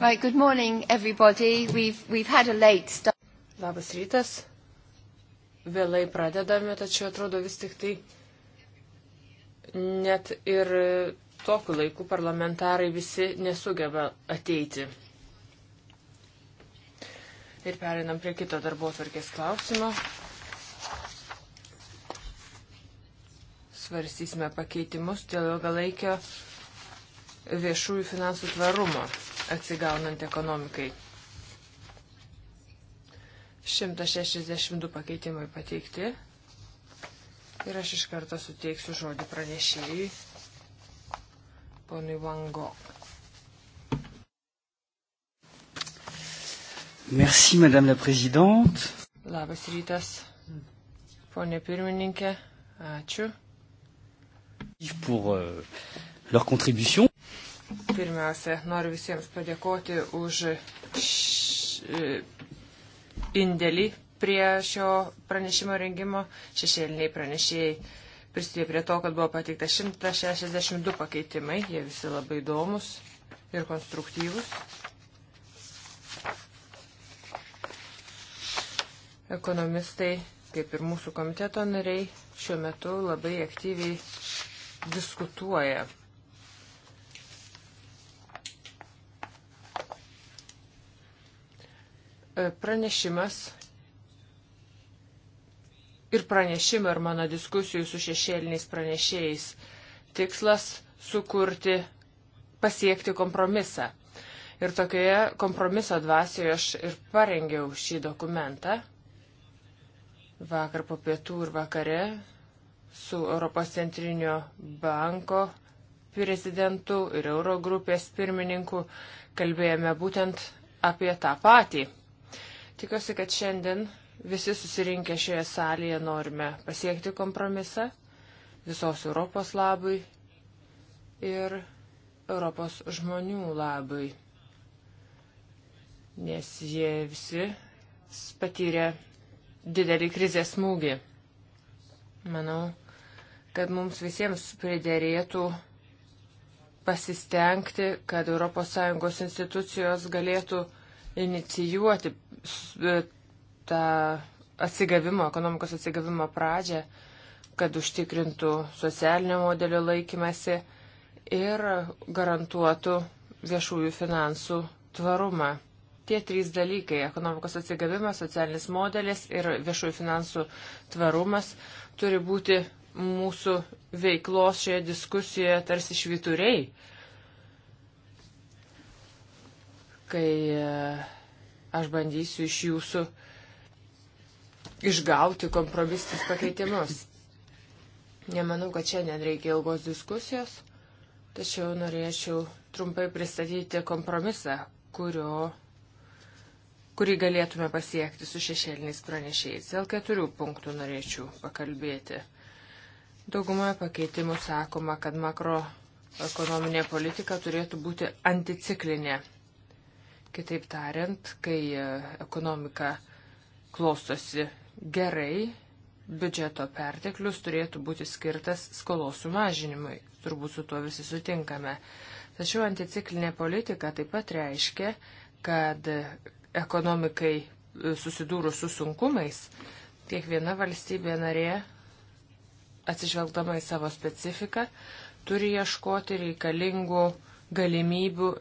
Right, good morning everybody. We've, we've had a late start. Labas rytas. Vėlai pradedame, tačiau atrodo vis tik tai net ir tokiu laiku parlamentarai visi nesugeba ateiti. Ir perinam prie kito darbo atvarkės klausimo. Svarstysime pakeitimus dėl ilgalaikio viešųjų finansų tvarumo atsigaunant ekonomikai. 162 pakeitimai pateikti ir aš iš karto suteiksiu žodį pranešėjui, ponui Vango. Merci, Madame la Présidente. Labas rytas, ponė pirmininkė. Ačiū. Pour, euh, leur contribution. Pirmiausia, noriu visiems padėkoti už indėlį prie šio pranešimo rengimo. Šešėliniai pranešėjai prisidėjo prie to, kad buvo pateikta 162 pakeitimai. Jie visi labai įdomus ir konstruktyvus. Ekonomistai, kaip ir mūsų komiteto nariai, šiuo metu labai aktyviai diskutuoja E, pranešimas ir pranešimų ir mano diskusijų su šešėliniais pranešėjais tikslas sukurti, pasiekti kompromisą. Ir tokioje kompromiso dvasioje aš ir parengiau šį dokumentą vakar po pietų ir vakare su Europos centrinio banko prezidentu ir Eurogrupės pirmininku kalbėjome būtent apie tą patį. Tikiuosi, kad šiandien visi susirinkę šioje salėje norime pasiekti kompromisą visos Europos labui ir Europos žmonių labui, nes jie visi patyrė didelį krizės smūgį. Manau, kad mums visiems pridėrėtų pasistengti, kad ES institucijos galėtų inicijuoti E, tą atsigavimo, ekonomikos atsigavimo pradžią, kad užtikrintų socialinio modelio laikymasi ir garantuotų viešųjų finansų tvarumą. Tie trys dalykai - ekonomikos atsigavimas, socialinis modelis ir viešųjų finansų tvarumas - turi būti mūsų veiklos šioje diskusijoje tarsi švituriai. Kai e, Aš bandysiu iš jūsų išgauti kompromistus pakeitimus. Nemanau, kad šiandien reikia ilgos diskusijos, tačiau norėčiau trumpai pristatyti kompromisą, kurio, kurį galėtume pasiekti su šešėliniais pranešėjais. Dėl keturių punktų norėčiau pakalbėti. Daugumoje pakeitimų sakoma, kad makroekonominė politika turėtų būti anticiklinė. Kitaip tariant, kai e, ekonomika klostosi gerai, biudžeto perteklius turėtų būti skirtas skolos sumažinimui. Turbūt su tuo visi sutinkame. Tačiau anticiklinė politika taip pat reiškia, kad ekonomikai e, susidūrus su sunkumais, kiekviena valstybė narė, atsižvelgdama į savo specifiką, turi ieškoti reikalingų galimybių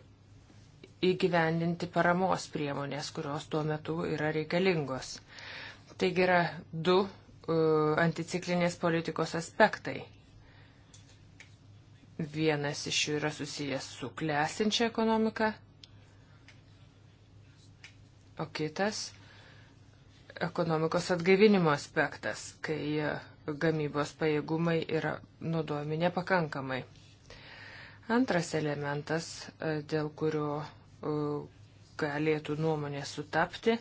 įgyvendinti paramos priemonės, kurios tuo metu yra reikalingos. Taigi yra du uh, anticiklinės politikos aspektai. Vienas iš jų yra susijęs su klesinčia ekonomika, o kitas - ekonomikos atgaivinimo aspektas, kai e, gamybos pajėgumai yra naudojami nepakankamai. Antras elementas, e, dėl kurio galėtų nuomonė sutapti,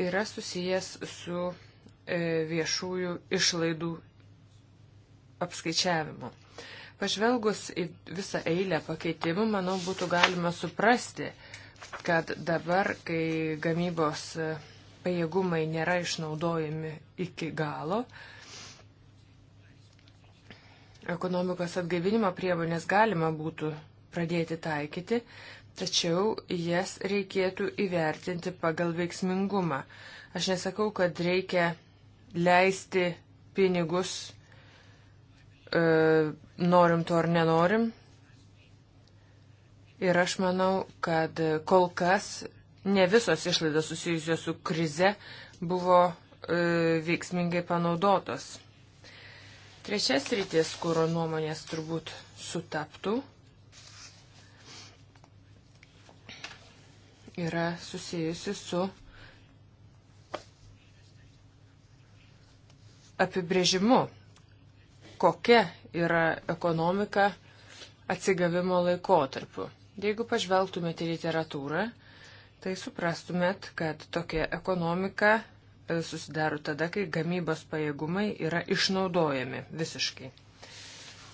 yra susijęs su e, viešųjų išlaidų apskaičiavimu. Pažvelgus į visą eilę pakeitimų, manau, būtų galima suprasti, kad dabar, kai gamybos e, pajėgumai nėra išnaudojami iki galo, ekonomikos atgaivinimo priemonės galima būtų pradėti taikyti, tačiau jas reikėtų įvertinti pagal veiksmingumą. Aš nesakau, kad reikia leisti pinigus, e, norim to ar nenorim. Ir aš manau, kad kol kas ne visos išlaidos susijusios su krize buvo e, veiksmingai panaudotos. Trečias rytis, kuro nuomonės turbūt sutaptų, yra susijusi su apibrėžimu, kokia yra ekonomika atsigavimo laikotarpiu. Jeigu pažvelgtumėte į literatūrą, tai suprastumėt, kad tokia ekonomika e, susidaro tada, kai gamybos pajėgumai yra išnaudojami visiškai.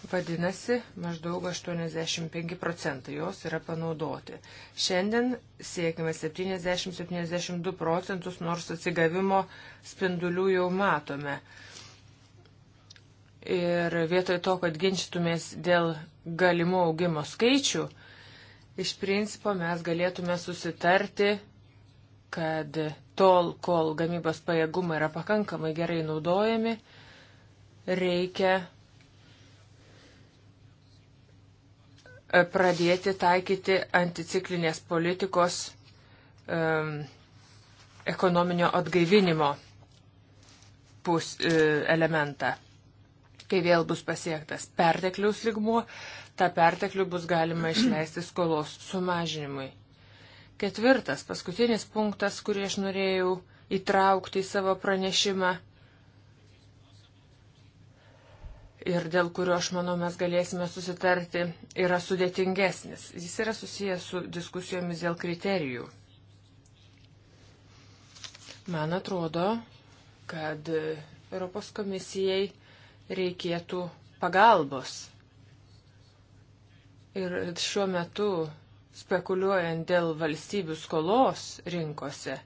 Vadinasi, maždaug 85 procentai jos yra panaudoti. Šiandien siekime 70-72 procentus, nors atsigavimo spindulių jau matome. Ir vietoj to, kad ginčytumės dėl galimų augimo skaičių, iš principo mes galėtume susitarti, kad tol, kol gamybos pajėgumai yra pakankamai gerai naudojami, reikia pradėti taikyti anticiklinės politikos um, ekonominio atgaivinimo pus, e, elementą. Kai vėl bus pasiektas pertekliaus ligmuo, tą perteklių bus galima išleisti skolos sumažinimui. Ketvirtas, paskutinis punktas, kurį aš norėjau įtraukti į savo pranešimą ir dėl kurio aš manau mes galėsime susitarti, yra sudėtingesnis. Jis yra susijęs su diskusijomis dėl kriterijų. Man atrodo, kad Europos komisijai reikėtų pagalbos. Ir šiuo metu spekuliuojant dėl valstybių skolos rinkose,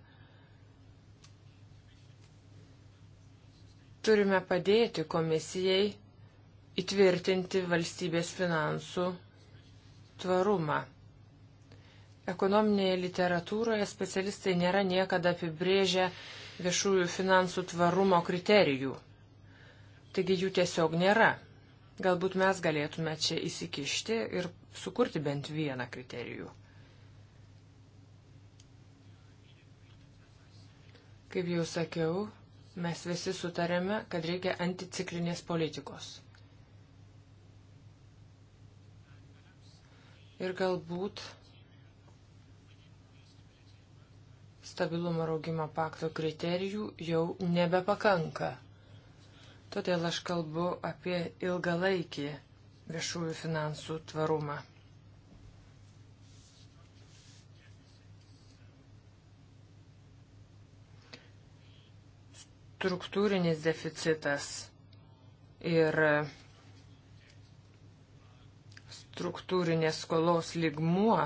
turime padėti komisijai įtvirtinti valstybės finansų tvarumą. Ekonominėje literatūroje specialistai nėra niekada apibrėžę viešųjų finansų tvarumo kriterijų. Taigi jų tiesiog nėra. Galbūt mes galėtume čia įsikišti ir sukurti bent vieną kriterijų. Kaip jau sakiau, mes visi sutarėme, kad reikia anticiklinės politikos. ir galbūt stabilumo raugimo pakto kriterijų jau nebepakanka. Todėl aš kalbu apie ilgalaikį viešųjų finansų tvarumą. Struktūrinis deficitas ir struktūrinės skolos ligmuo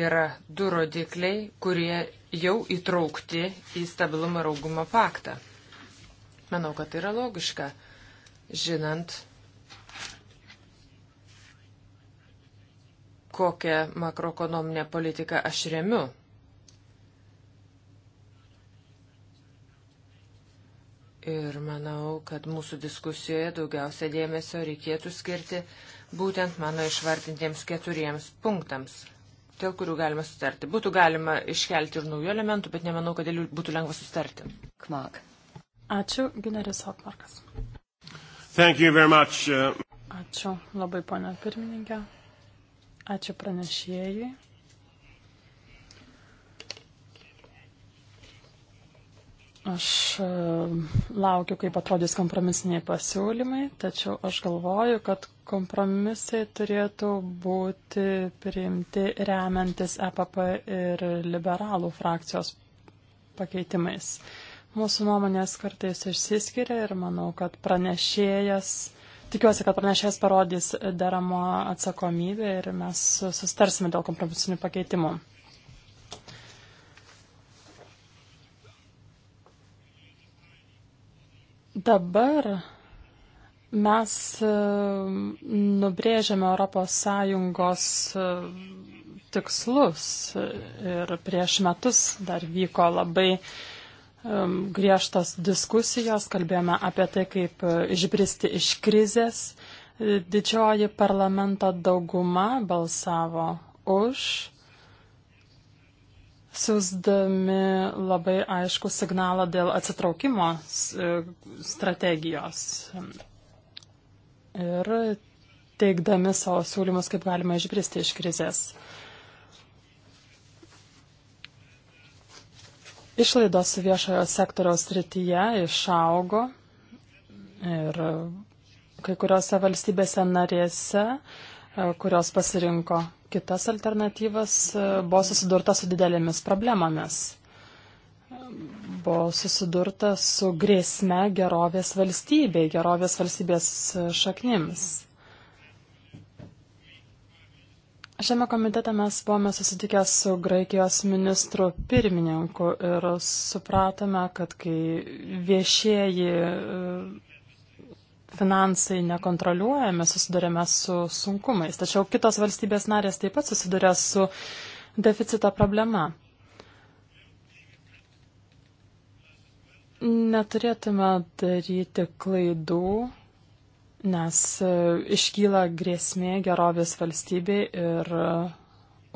yra du rodikliai, kurie jau įtraukti į stabilumo ir augumo paktą. Manau, kad tai yra logiška, žinant, kokią makroekonominę politiką aš remiu. Ir manau, kad mūsų diskusijoje daugiausia dėmesio reikėtų skirti būtent mano išvardintiems keturiems punktams, dėl kurių galima sutarti. Būtų galima iškelti ir naujų elementų, bet nemanau, kad dėl jų būtų lengva sutarti. Kmak. Ačiū, Gineris Hotmarkas. Uh, Ačiū labai, ponia pirmininkė. Ačiū pranešėjai. Aš e, laukiu, kaip atrodys kompromisiniai pasiūlymai, tačiau aš galvoju, kad Kompromisai turėtų būti priimti remiantis EPP ir liberalų frakcijos pakeitimais. Mūsų nuomonės kartais išsiskiria ir manau, kad pranešėjas, tikiuosi, kad pranešėjas parodys deramą atsakomybę ir mes sustarsime dėl kompromisinių pakeitimų. Dabar Mes e, nubrėžiame ES e, tikslus ir prieš metus dar vyko labai e, griežtos diskusijos, kalbėjome apie tai, kaip išbristi iš krizės. Didžioji parlamento dauguma balsavo už, siūsdami labai aišku signalą dėl atsitraukimo strategijos ir teikdami savo siūlymus, kaip galima išbristi iš krizės. Išlaidos viešojo sektoriaus rytyje išaugo ir kai kuriuose valstybėse narėse, kurios pasirinko kitas alternatyvas, buvo susidurta su didelėmis problemomis buvo susidurta su grėsme gerovės valstybei, gerovės valstybės šaknims. Šiame komitete mes buvome susitikę su Graikijos ministru pirmininku ir supratome, kad kai viešieji e, finansai nekontroliuojame, susidurėme su sunkumais. Tačiau kitos valstybės narės taip pat susidurė su deficito problema. Neturėtume daryti klaidų, nes e, iškyla grėsmė gerovės valstybei ir e,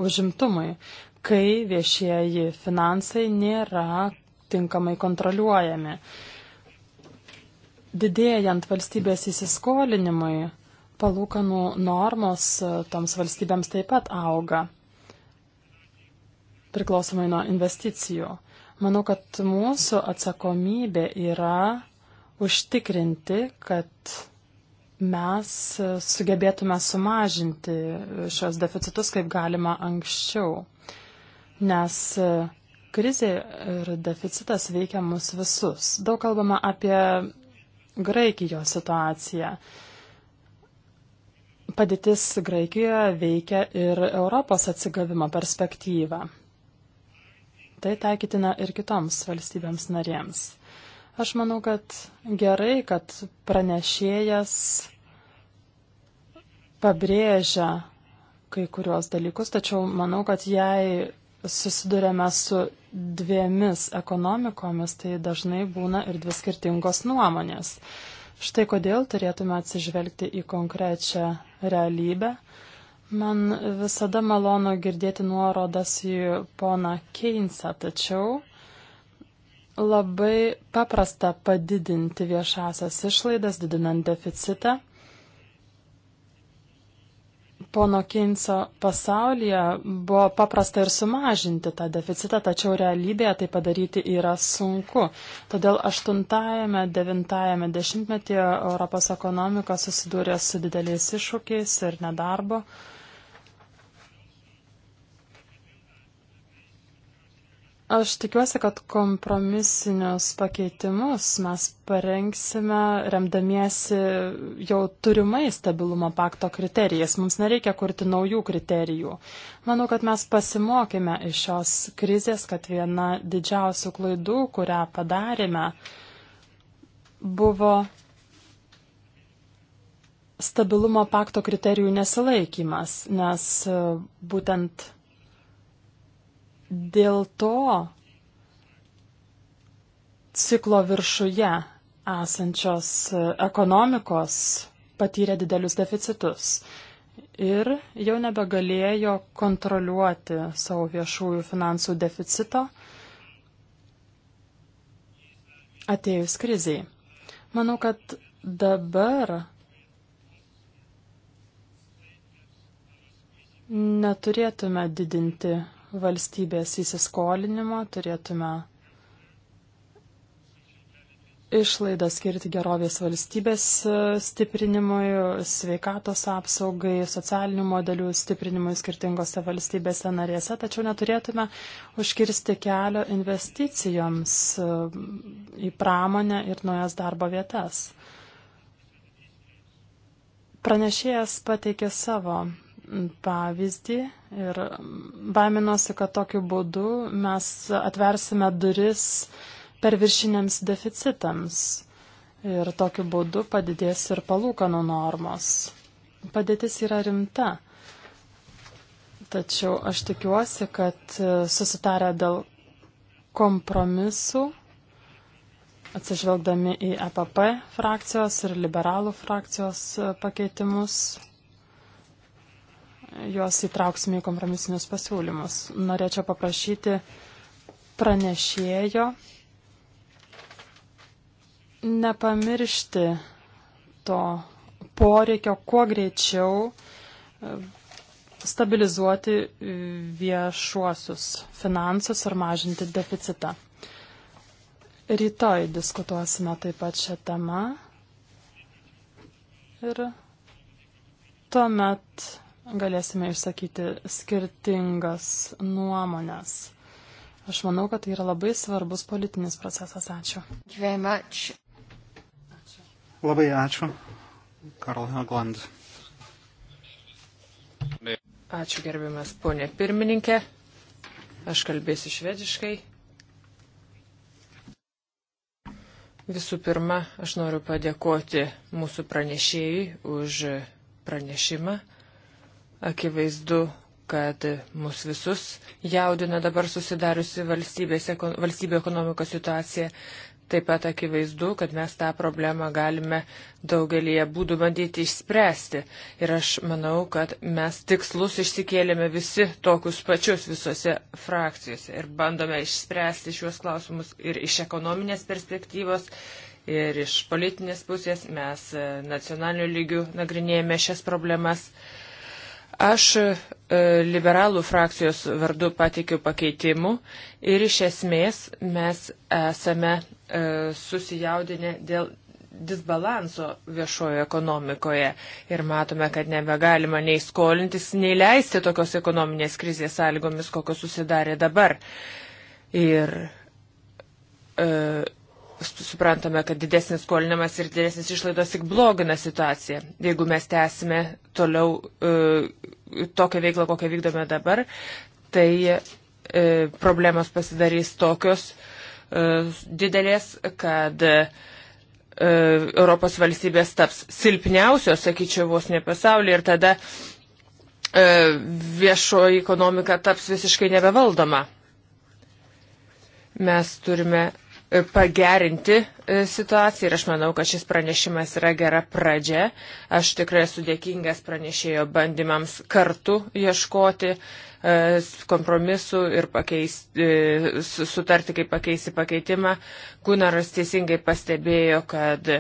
užimtumui, kai viešieji finansai nėra tinkamai kontroliuojami. Didėjant valstybės įsiskolinimui, palūkanų normos e, toms valstybėms taip pat auga, priklausomai nuo investicijų. Manau, kad mūsų atsakomybė yra užtikrinti, kad mes sugebėtume sumažinti šios deficitus kaip galima anksčiau, nes krizė ir deficitas veikia mus visus. Daug kalbama apie Graikijos situaciją. Padėtis Graikijoje veikia ir Europos atsigavimo perspektyvą. Tai taikytina ir kitoms valstybėms narėms. Aš manau, kad gerai, kad pranešėjas pabrėžia kai kuriuos dalykus, tačiau manau, kad jei susidurėme su dviemis ekonomikomis, tai dažnai būna ir dvi skirtingos nuomonės. Štai kodėl turėtume atsižvelgti į konkrečią realybę Man visada malonu girdėti nuorodas į poną Keinsą, tačiau labai paprasta padidinti viešasias išlaidas, didinant deficitą. Pono Keinso pasaulyje buvo paprasta ir sumažinti tą deficitą, tačiau realybėje tai padaryti yra sunku. Todėl 8-9 dešimtmetyje Europos ekonomika susidūrė su dideliais iššūkiais ir nedarbo. Aš tikiuosi, kad kompromisinius pakeitimus mes parengsime remdamiesi jau turimais stabilumo pakto kriterijais. Mums nereikia kurti naujų kriterijų. Manau, kad mes pasimokime iš šios krizės, kad viena didžiausių klaidų, kurią padarėme, buvo stabilumo pakto kriterijų nesilaikymas, nes būtent Dėl to ciklo viršuje esančios ekonomikos patyrė didelius deficitus ir jau nebegalėjo kontroliuoti savo viešųjų finansų deficito atėjus kriziai. Manau, kad dabar neturėtume didinti valstybės įsiskolinimo, turėtume išlaidą skirti gerovės valstybės e, stiprinimui, sveikatos apsaugai, socialinių modelių stiprinimui skirtingose valstybėse narėse, tačiau neturėtume užkirsti kelio investicijoms e, į pramonę ir naujas darbo vietas. Pranešėjas pateikė savo pavyzdį ir baiminosi, kad tokiu būdu mes atversime duris per viršiniams deficitams ir tokiu būdu padidės ir palūkanų normos. Padėtis yra rimta. Tačiau aš tikiuosi, kad susitarę dėl kompromisų, atsižvelgdami į EPP frakcijos ir liberalų frakcijos pakeitimus, juos įtrauksime į kompromisinius pasiūlymus. Norėčiau paprašyti pranešėjo nepamiršti to poreikio kuo greičiau e, stabilizuoti viešuosius finansus ir mažinti deficitą. Rytoj diskutuosime taip pat šią temą ir tuomet galėsime išsakyti skirtingas nuomonės. Aš manau, kad tai yra labai svarbus politinis procesas. Ačiū. ačiū. Labai ačiū. Karl Hagland. Ačiū gerbiamas ponė pirmininkė. Aš kalbėsiu švediškai. Visų pirma, aš noriu padėkoti mūsų pranešėjui už pranešimą. Akivaizdu, kad mus visus jaudina dabar susidariusi valstybių ekonomikos situacija. Taip pat akivaizdu, kad mes tą problemą galime daugelį būdų bandyti išspręsti. Ir aš manau, kad mes tikslus išsikėlėme visi tokius pačius visose frakcijose ir bandome išspręsti šiuos klausimus ir iš ekonominės perspektyvos, ir iš politinės pusės. Mes e, nacionaliniu lygiu nagrinėjame šias problemas. Aš e, liberalų frakcijos vardu patikiu pakeitimų ir iš esmės mes esame e, susijaudinę dėl disbalanso viešojo ekonomikoje ir matome, kad nebegalima nei skolintis, nei leisti tokios ekonominės krizės sąlygomis, kokios susidarė dabar. Ir e, suprantame, kad didesnis skolinimas ir didesnis išlaidos tik blogina situaciją. Jeigu mes tęsime toliau e, tokią veiklą, kokią vykdome dabar, tai e, problemos pasidarys tokios e, didelės, kad e, Europos valstybės taps silpniausios, sakyčiau, vos ne pasaulyje ir tada e, viešoji ekonomika taps visiškai nebevaldoma. Mes turime pagerinti e, situaciją ir aš manau, kad šis pranešimas yra gera pradžia. Aš tikrai esu dėkingas pranešėjo bandymams kartu ieškoti e, kompromisų ir pakeis, e, sutarti, kaip pakeisti pakeitimą. Gunaras teisingai pastebėjo, kad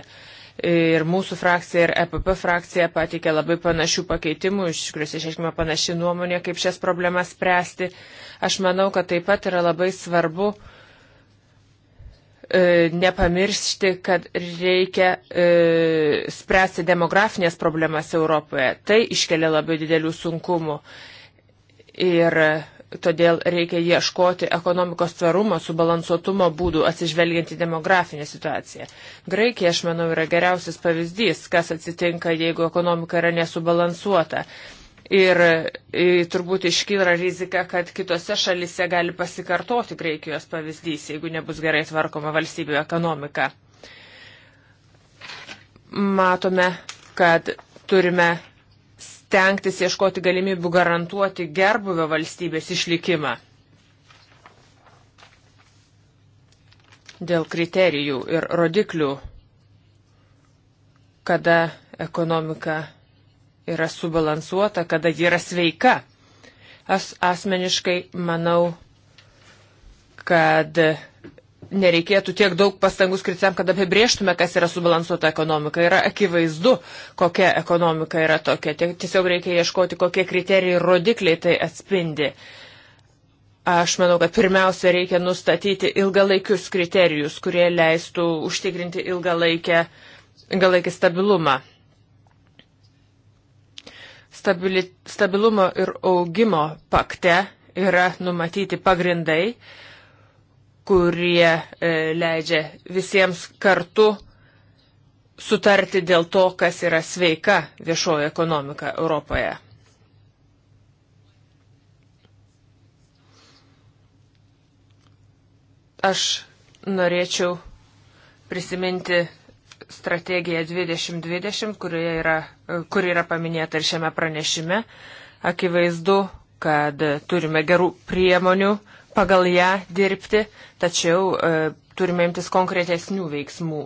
ir mūsų frakcija, ir EPP frakcija pateikė labai panašių pakeitimų, iš kuriuos išaiškime panaši nuomonė, kaip šias problemas spręsti. Aš manau, kad taip pat yra labai svarbu uh, E, nepamiršti, kad reikia e, spręsti demografinės problemas Europoje. Tai iškelia labai didelių sunkumų. Ir todėl reikia ieškoti ekonomikos tvarumo, subalansuotumo būdų, atsižvelgiant į demografinę situaciją. Graikija, aš manau, yra geriausias pavyzdys, kas atsitinka, jeigu ekonomika yra nesubalansuota. Ir e, turbūt iškyla rizika, kad kitose šalise gali pasikartoti Graikijos pavyzdys, jeigu nebus gerai tvarkoma valstybių ekonomika. Matome, kad turime stengtis ieškoti galimybių garantuoti gerbuvio valstybės išlikimą dėl kriterijų ir rodiklių, kada ekonomika yra subalansuota, kada ji yra sveika. Aš asmeniškai manau, kad nereikėtų tiek daug pastangų skirtiam, kad apibrieštume, kas yra subalansuota ekonomika. Yra akivaizdu, kokia ekonomika yra tokia. Tiesiog reikia ieškoti, kokie kriterijai ir rodikliai tai atspindi. Aš manau, kad pirmiausia reikia nustatyti ilgalaikius kriterijus, kurie leistų užtikrinti ilgalaikę, ilgalaikį stabilumą stabili, stabilumo ir augimo pakte yra numatyti pagrindai, kurie e, leidžia visiems kartu sutarti dėl to, kas yra sveika viešoji ekonomika Europoje. Aš norėčiau prisiminti strategija 2020, kuri yra, e, kuri yra paminėta ir šiame pranešime. Akivaizdu, kad turime gerų priemonių pagal ją dirbti, tačiau e, turime imtis konkretesnių veiksmų.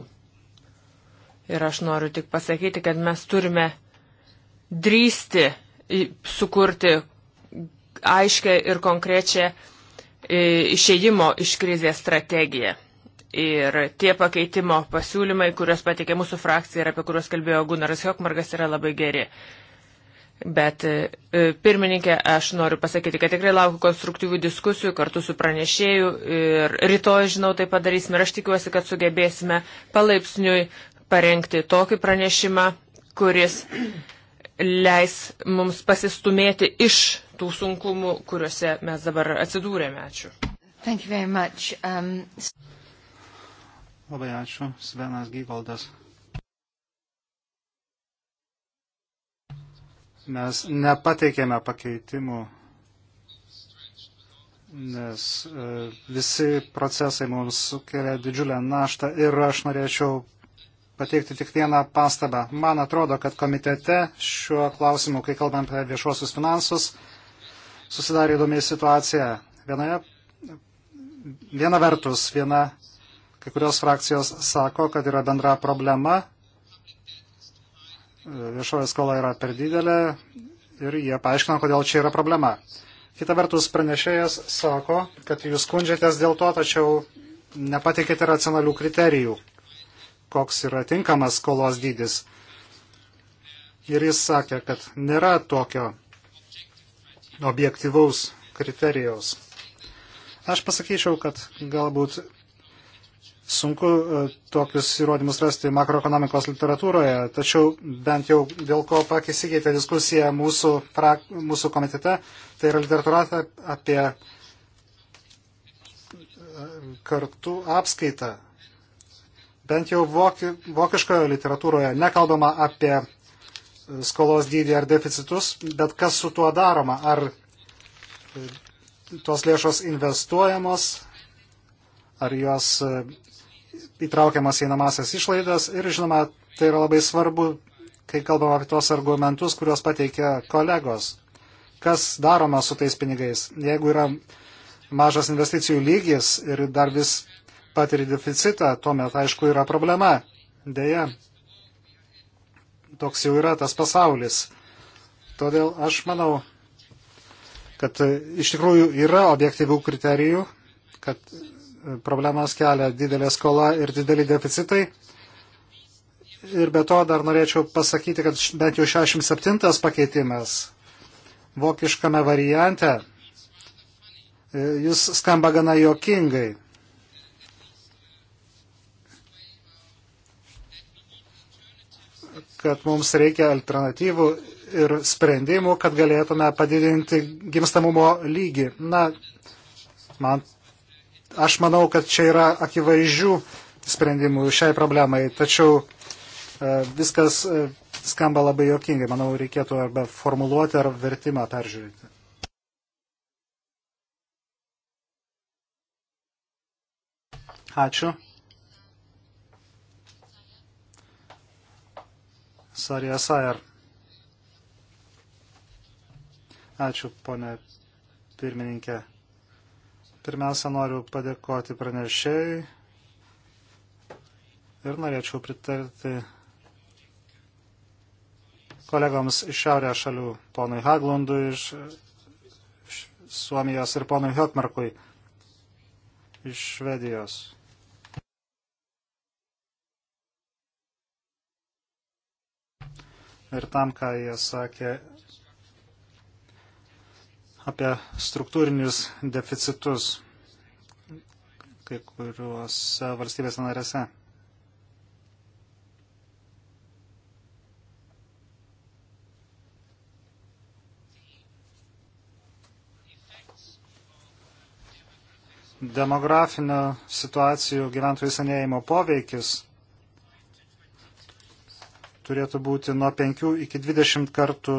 Ir aš noriu tik pasakyti, kad mes turime drįsti sukurti aiškę ir konkrečią e, išėjimo iš krizės strategiją. Ir tie pakeitimo pasiūlymai, kuriuos patikė mūsų frakcija ir apie kuriuos kalbėjo Gunaras Jokmargas, yra labai geri. Bet e, e, pirmininkė, aš noriu pasakyti, kad tikrai laukiu konstruktyvių diskusijų kartu su pranešėju ir rytoj, žinau, tai padarysime ir aš tikiuosi, kad sugebėsime palaipsniui parengti tokį pranešimą, kuris leis mums pasistumėti iš tų sunkumų, kuriuose mes dabar atsidūrėme. Ačiū. Um... Labai ačiū. Svenas Gygaldas. Mes nepateikėme pakeitimų, nes e, visi procesai mums sukelia didžiulę naštą ir aš norėčiau pateikti tik vieną pastabą. Man atrodo, kad komitete šiuo klausimu, kai kalbam apie viešuosius finansus, susidarė įdomi situacija. Vienoje, viena vertus, viena Kai kurios frakcijos sako, kad yra bendra problema, viešoji skola yra per didelė ir jie paaiškino, kodėl čia yra problema. Kita vertus, pranešėjas sako, kad jūs skundžiatės dėl to, tačiau nepateikėte racionalių kriterijų, koks yra tinkamas skolos dydis. Ir jis sakė, kad nėra tokio objektivaus kriterijaus. Aš pasakyčiau, kad galbūt Sunku e, tokius įrodymus rasti makroekonomikos literatūroje, tačiau bent jau dėl ko pakisikeitė diskusija mūsų, pra, mūsų komitete, tai yra literatūra apie e, kartų apskaitą. Bent jau voki, vokiškoje literatūroje nekalbama apie e, skolos dydį ar deficitus, bet kas su tuo daroma, ar tos lėšos investuojamos, ar jos įtraukiamas einamasias išlaidas ir, žinoma, tai yra labai svarbu, kai kalbam apie tuos argumentus, kuriuos pateikia kolegos. Kas daroma su tais pinigais? Jeigu yra mažas investicijų lygis ir dar vis patiri deficitą, tuomet, aišku, yra problema. Deja, toks jau yra tas pasaulis. Todėl aš manau, kad iš tikrųjų yra objektyvių kriterijų, kad problemas kelia didelė skola ir dideli deficitai. Ir be to dar norėčiau pasakyti, kad bent jau 67 pakeitimas vokiškame variante, e, jis skamba gana jokingai. kad mums reikia alternatyvų ir sprendimų, kad galėtume padidinti gimstamumo lygį. Na, man Aš manau, kad čia yra akivaizdžių sprendimų šiai problemai, tačiau e, viskas e, skamba labai jokingai. Manau, reikėtų arba formuluoti, ar vertimą peržiūrėti. Ačiū. Sarija Sajar. Ačiū, ponė pirmininkė. Pirmiausia, noriu padėkoti pranešėjai ir norėčiau pritarti kolegoms iš šiaurės šalių, ponui Haglundui iš, iš Suomijos ir ponui Hotmarkui iš Švedijos. Ir tam, ką jie sakė apie struktūrinius deficitus kai kuriuose valstybės narėse. Demografinio situacijų gyventojų senėjimo poveikis turėtų būti nuo 5 iki 20 kartų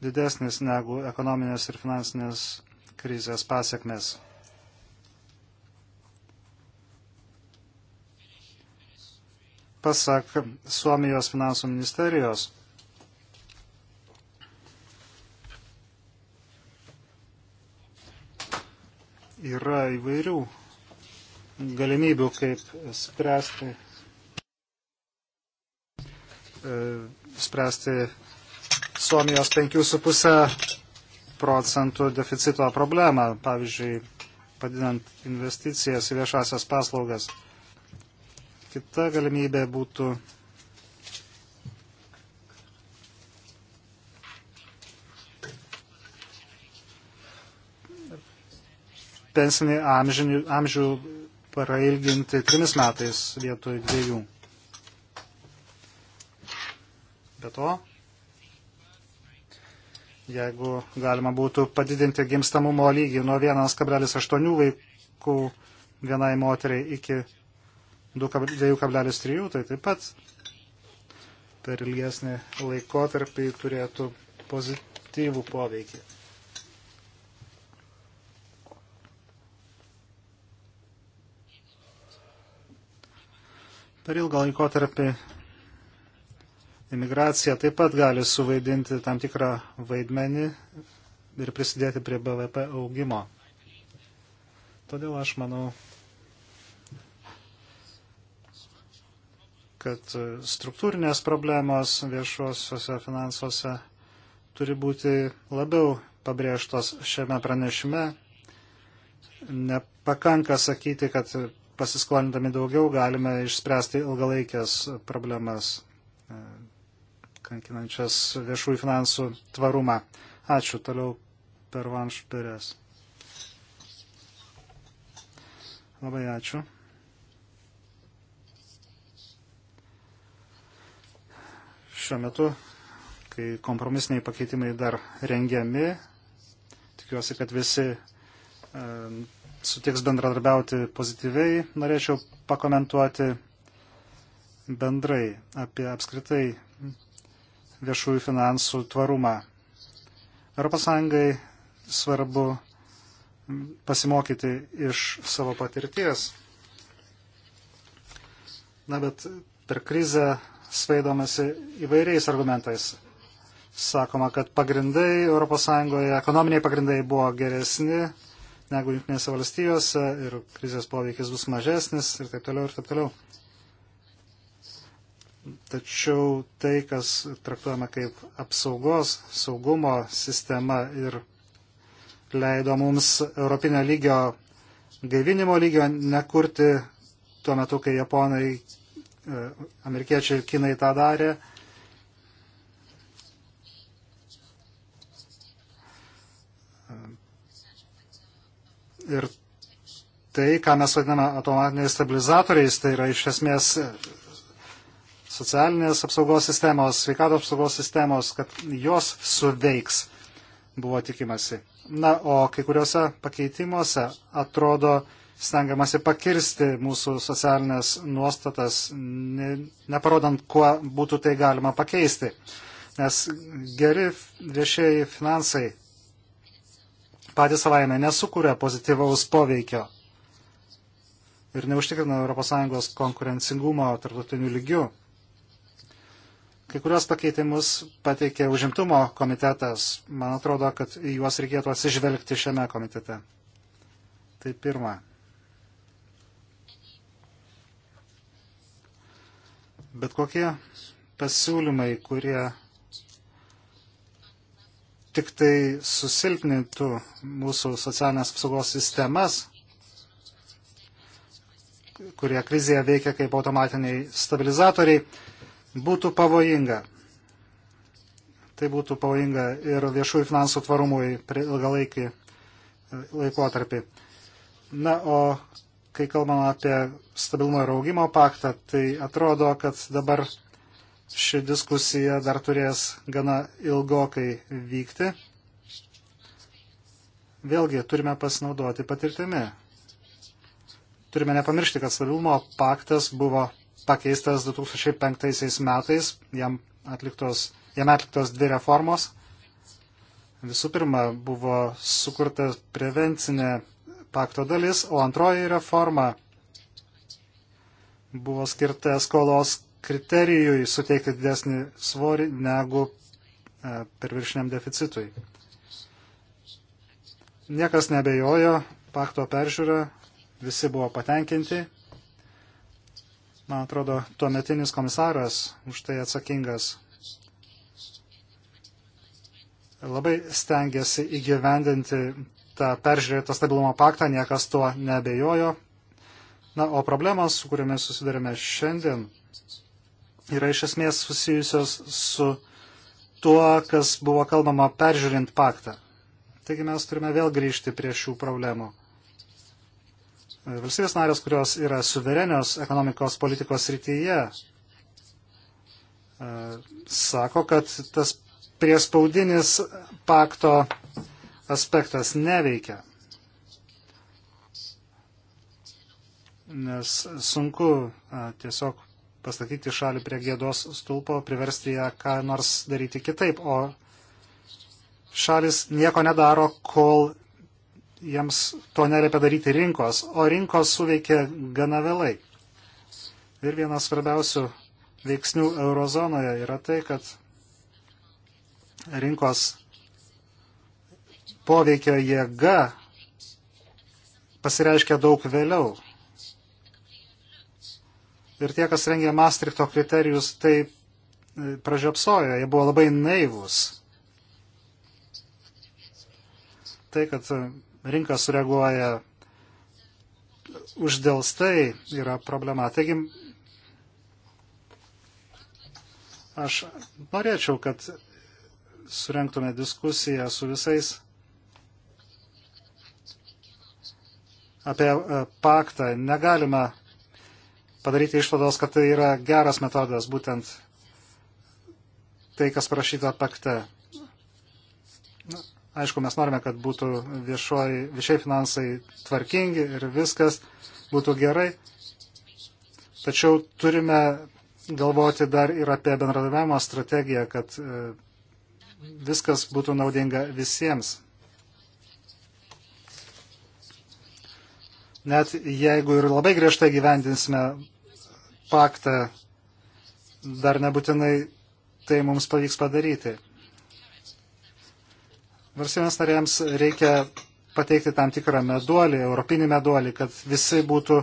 didesnis negu ekonominės ir finansinės krizės pasiekmes. Pasak Suomijos finansų ministerijos, yra įvairių galimybių, kaip spręsti, e, spręsti Suomijos 5,5 procentų deficito problemą, pavyzdžiui, padidinant investicijas į viešasias paslaugas. Kita galimybė būtų pensinį amžinį, amžių prailginti trimis metais vietoj dviejų. Be to, jeigu galima būtų padidinti gimstamumo lygį nuo 1,8 vaikų vienai moteriai iki 2,3, tai taip pat per ilgesnį laikotarpį turėtų pozityvų poveikį. Per ilgą laikotarpį imigracija taip pat gali suvaidinti tam tikrą vaidmenį ir prisidėti prie BVP augimo. Todėl aš manau, kad struktūrinės problemos viešuosiuose finansuose turi būti labiau pabrėžtos šiame pranešime. Nepakanka sakyti, kad pasiskolindami daugiau galime išspręsti ilgalaikės problemas kankinančias viešųjų finansų tvarumą. Ačiū. Toliau per Vanšperės. Labai ačiū. Šiuo metu, kai kompromisiniai pakeitimai dar rengiami, tikiuosi, kad visi e, sutiks bendradarbiauti pozityviai. Norėčiau pakomentuoti bendrai apie apskritai viešųjų finansų tvarumą. ES svarbu pasimokyti iš savo patirties. Na, bet per krizę svaidomasi įvairiais argumentais. Sakoma, kad pagrindai ES, ekonominiai pagrindai buvo geresni negu Junktinėse valstijose ir krizės poveikis bus mažesnis ir taip toliau ir taip toliau. Tačiau tai, kas traktuojama kaip apsaugos, saugumo sistema ir leido mums Europinio lygio gaivinimo lygio nekurti tuo metu, kai japonai, e, amerikiečiai ir kinai tą darė. Ir tai, ką mes vadiname automatiniais stabilizatoriais, tai yra iš esmės socialinės apsaugos sistemos, sveikatos apsaugos sistemos, kad jos suveiks, buvo tikimasi. Na, o kai kuriuose pakeitimuose atrodo stengiamasi pakirsti mūsų socialinės nuostatas, ne, neparodant, kuo būtų tai galima pakeisti. Nes geri viešieji finansai patys savaime nesukuria pozityvaus poveikio ir neužtikrina ES konkurencingumo tarptautiniu lygiu. Kai kurios pakeitimus pateikė užimtumo komitetas. Man atrodo, kad juos reikėtų atsižvelgti šiame komitete. Tai pirma. Bet kokie pasiūlymai, kurie tik tai susilpnintų mūsų socialinės apsaugos sistemas, kurie krizėje veikia kaip automatiniai stabilizatoriai, būtų pavojinga. Tai būtų pavojinga ir viešųjų finansų tvarumui ilgalaikį e, laikotarpį. Na, o kai kalbam apie stabilumo ir augimo paktą, tai atrodo, kad dabar ši diskusija dar turės gana ilgokai vykti. Vėlgi, turime pasinaudoti patirtimi. Turime nepamiršti, kad stabilumo paktas buvo pakeistas 2005 metais, jam atliktos, jam atliktos dvi reformos. Visų pirma, buvo sukurta prevencinė pakto dalis, o antroji reforma buvo skirta skolos kriterijui suteikti didesnį svorį negu e, per viršiniam deficitui. Niekas nebejojo, pakto peržiūra, visi buvo patenkinti, man atrodo, tuometinis komisaras už tai atsakingas labai stengiasi įgyvendinti tą peržiūrėtą stabilumo paktą, niekas tuo nebejojo. Na, o problemos, su kuriamis susidurime šiandien, yra iš esmės susijusios su tuo, kas buvo kalbama peržiūrint paktą. Taigi mes turime vėl grįžti prie šių problemų valstybės narės, kurios yra suverenios ekonomikos politikos rytyje, e, sako, kad tas priespaudinis pakto aspektas neveikia. Nes sunku e, tiesiog pastatyti šalį prie gėdos stulpo, priversti ją ką nors daryti kitaip, o šalis nieko nedaro, kol jiems to nereikia daryti rinkos, o rinkos suveikė gana vėlai. Ir vienas svarbiausių veiksnių eurozonoje yra tai, kad rinkos poveikio jėga pasireiškia daug vėliau. Ir tie, kas rengė Maastrichto kriterijus, tai e, pražiopsojo, jie buvo labai naivus. Tai, kad e, rinka sureaguoja uždėlstai, yra problema. Taigi, aš norėčiau, kad surenktume diskusiją su visais apie e, paktą. Negalime padaryti išvados, kad tai yra geras metodas, būtent tai, kas parašyta pakte. Aišku, mes norime, kad būtų viešoj, viešiai finansai tvarkingi ir viskas būtų gerai. Tačiau turime galvoti dar ir apie bendradarbiavimo strategiją, kad e, viskas būtų naudinga visiems. Net jeigu ir labai griežtai gyvendinsime paktą, dar nebūtinai tai mums pavyks padaryti. Varsienas narėms reikia pateikti tam tikrą meduolį, europinį meduolį, kad visi būtų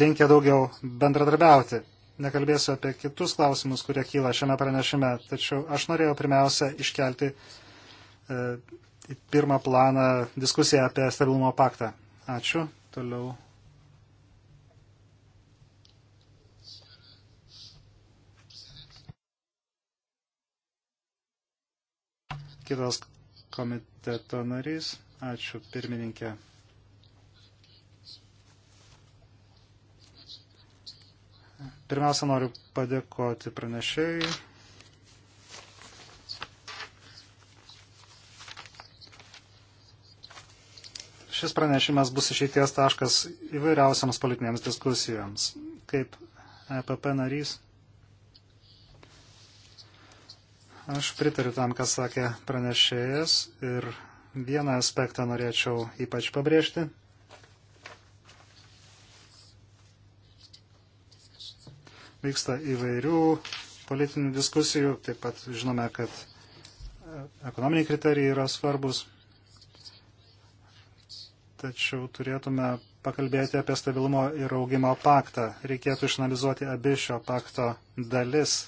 linkę daugiau bendradarbiauti. Nekalbėsiu apie kitus klausimus, kurie kyla šiame pranešime, tačiau aš norėjau pirmiausia iškelti e, pirmą planą diskusiją apie stabilumo paktą. Ačiū. Toliau. Kitas komiteto narys. Ačiū pirmininkė. Pirmiausia, noriu padėkoti pranešėjai. Šis pranešimas bus išeities taškas įvairiausiams politinėms diskusijoms. Kaip EPP narys Aš pritariu tam, kas sakė pranešėjas ir vieną aspektą norėčiau ypač pabrėžti. Vyksta įvairių politinių diskusijų, taip pat žinome, kad e, ekonominiai kriterijai yra svarbus, tačiau turėtume pakalbėti apie stabilumo ir augimo paktą. Reikėtų išanalizuoti abi šio pakto dalis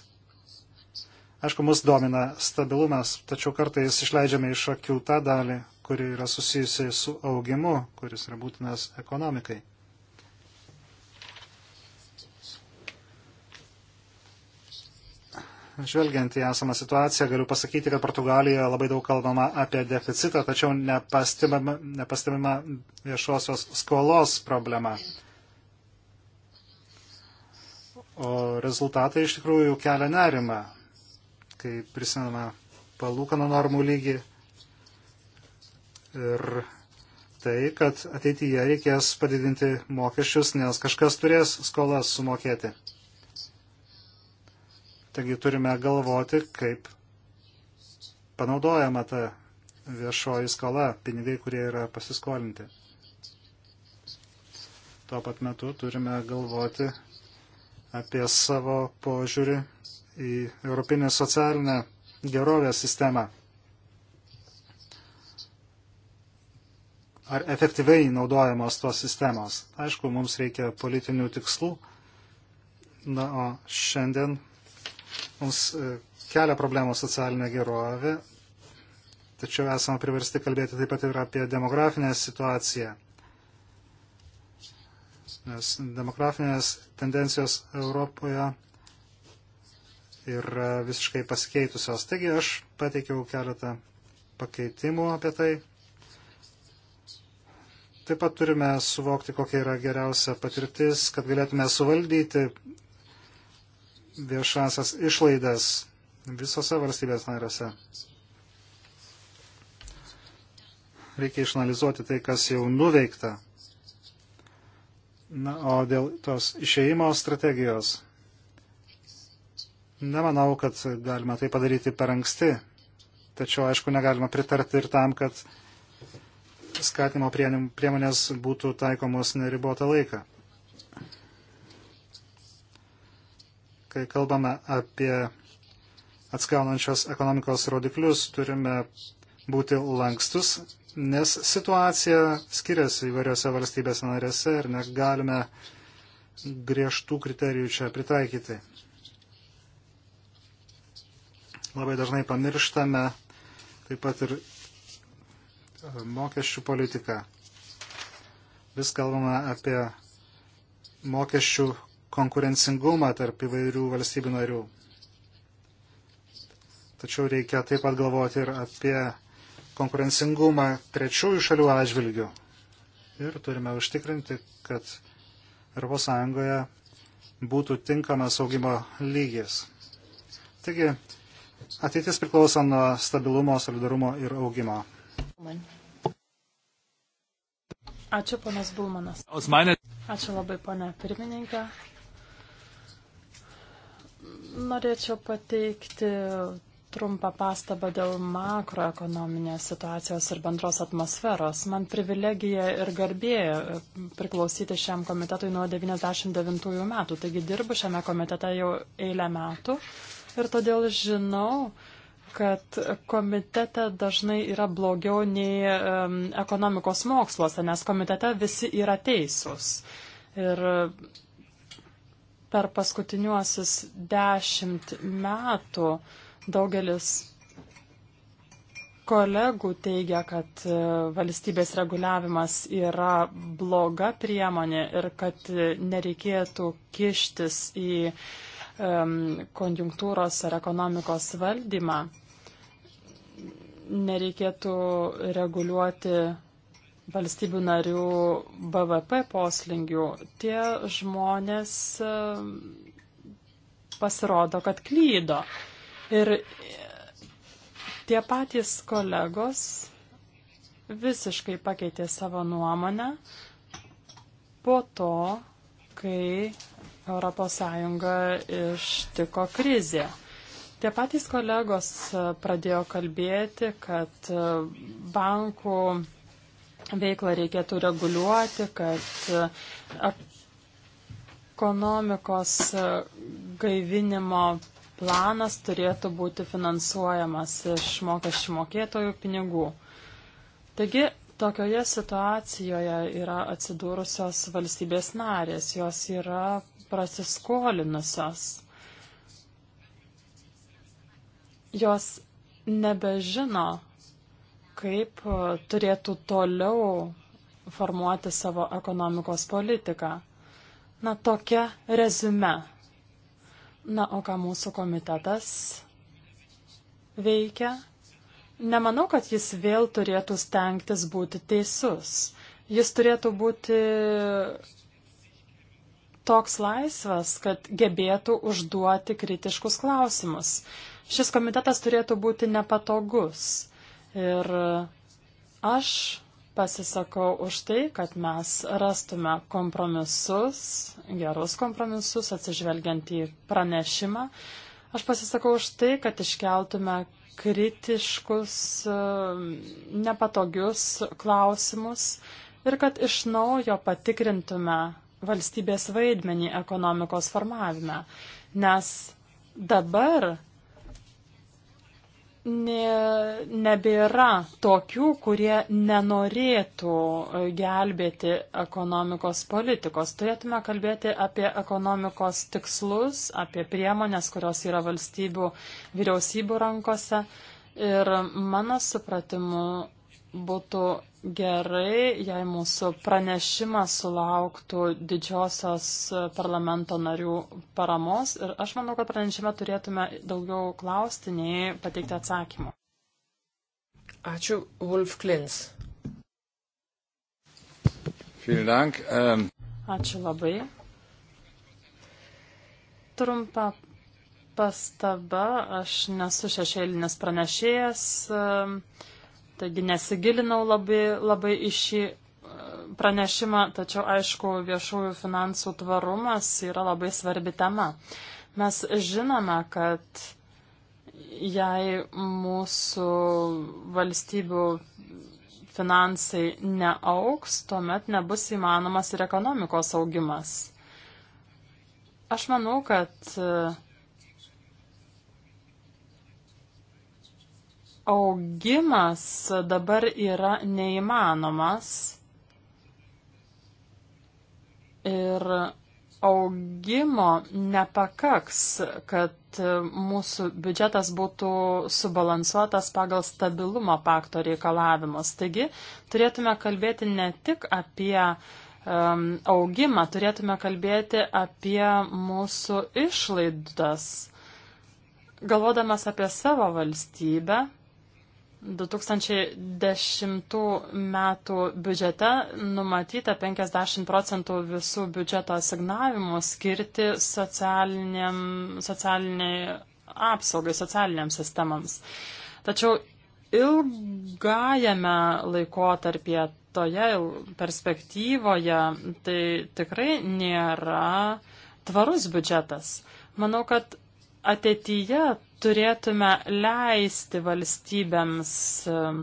Aišku, mus domina stabilumas, tačiau kartais išleidžiame iš akių tą dalį, kuri yra susijusi su augimu, kuris yra būtinas ekonomikai. žvelgiant į esamą situaciją, galiu pasakyti, kad Portugalijoje labai daug kalbama apie deficitą, tačiau nepastebima, nepastebima viešosios skolos problema. O rezultatai iš tikrųjų kelia nerimą kai prisimename palūkanų normų lygį ir tai, kad ateityje reikės padidinti mokesčius, nes kažkas turės skolas sumokėti. Taigi turime galvoti, kaip panaudojama ta viešoji skola, pinigai, kurie yra pasiskolinti. Tuo pat metu turime galvoti apie savo požiūrį į Europinę socialinę gerovės sistemą. Ar efektyviai naudojamos tos sistemos? Aišku, mums reikia politinių tikslų. Na, o šiandien mums e, kelia problemų socialinė gerovė, tačiau esame priversti kalbėti taip pat ir apie demografinę situaciją. Nes demografinės tendencijos Europoje yra visiškai pasikeitusios. Taigi aš pateikiau keletą pakeitimų apie tai. Taip pat turime suvokti, kokia yra geriausia patirtis, kad galėtume suvaldyti viešasias išlaidas visose valstybės narėse. Reikia išanalizuoti tai, kas jau nuveikta. Na, o dėl tos išėjimo strategijos Nemanau, kad galima tai padaryti per anksti. Tačiau, aišku, negalima pritarti ir tam, kad skatimo priemonės būtų taikomos neribotą laiką. Kai kalbame apie atskaunančios ekonomikos rodiklius, turime būti lankstus, nes situacija skiriasi įvairiose valstybėse narėse ir negalime griežtų kriterijų čia pritaikyti labai dažnai pamirštame taip pat ir e, mokesčių politiką. Vis kalbame apie mokesčių konkurencingumą tarp įvairių valstybių narių. Tačiau reikia taip pat galvoti ir apie konkurencingumą trečiųjų šalių atžvilgių. Ir turime užtikrinti, kad ES būtų tinkamas augimo lygis. Taigi, Ateitis priklauso nuo stabilumo, solidarumo ir augimo. Ačiū, ponas Bulmanas. Ačiū labai, ponė pirmininkė. Norėčiau pateikti trumpą pastabą dėl makroekonominės situacijos ir bendros atmosferos. Man privilegija ir garbė priklausyti šiam komitetui nuo 99 metų, taigi dirbu šiame komitete jau eilę metų ir todėl žinau, kad komitete dažnai yra blogiau nei um, ekonomikos moksluose, nes komitete visi yra teisūs. Ir per paskutiniuosius dešimt metų daugelis kolegų teigia, kad e, valstybės reguliavimas yra bloga priemonė ir kad e, nereikėtų kištis į uh, Um, konjunktūros ar ekonomikos valdymą, nereikėtų reguliuoti valstybių narių BVP poslingių. Tie žmonės um, pasirodo, kad klydo. Ir tie patys kolegos visiškai pakeitė savo nuomonę po to, kai ES ištiko krizė. Tie patys kolegos e, pradėjo kalbėti, kad e, bankų veiklą reikėtų reguliuoti, kad e, ekonomikos gaivinimo planas turėtų būti finansuojamas iš mokesčių mokėtojų pinigų. Taigi, tokioje situacijoje yra atsidūrusios valstybės narės, jos yra prasiskolinusios. Jos nebežino, kaip e, turėtų toliau formuoti savo ekonomikos politiką. Na, tokia rezume. Na, o ką mūsų komitetas veikia? Nemanau, kad jis vėl turėtų stengtis būti teisus. Jis turėtų būti toks laisvas, kad gebėtų užduoti kritiškus klausimus. Šis komitetas turėtų būti nepatogus. Ir aš pasisakau už tai, kad mes rastume kompromisus, gerus kompromisus, atsižvelgiant į pranešimą. Aš pasisakau už tai, kad iškeltume kritiškus, nepatogius klausimus ir kad iš naujo patikrintume valstybės vaidmenį ekonomikos formavime, nes dabar nebėra tokių, kurie nenorėtų gelbėti ekonomikos politikos. Turėtume kalbėti apie ekonomikos tikslus, apie priemonės, kurios yra valstybių vyriausybių rankose. Ir mano supratimu būtų gerai, jei mūsų pranešimas sulauktų didžiosios parlamento narių paramos ir aš manau, kad pranešime turėtume daugiau klausti nei pateikti atsakymų. Ačiū, Wolf Klins. Ähm, Ačiū labai. Trumpa pastaba, aš nesu šešėlinis pranešėjas. Uh, Taigi nesigilinau labai, labai į šį e, pranešimą, tačiau aišku, viešųjų finansų tvarumas yra labai svarbi tema. Mes žinome, kad jei mūsų valstybių finansai neauks, tuomet nebus įmanomas ir ekonomikos augimas. Aš manau, kad e, augimas dabar yra neįmanomas. Ir augimo nepakaks, kad mūsų biudžetas būtų subalansuotas pagal stabilumo pakto reikalavimus. Taigi turėtume kalbėti ne tik apie um, augimą, turėtume kalbėti apie mūsų išlaidas. Galvodamas apie savo valstybę, 2010 metų biudžete numatyta 50 procentų visų biudžeto asignavimų skirti socialiniai apsaugai, socialiniams sistemams. Tačiau ilgajame laikotarpyje, toje perspektyvoje, tai tikrai nėra tvarus biudžetas. Manau, kad ateityje turėtume leisti valstybėms um,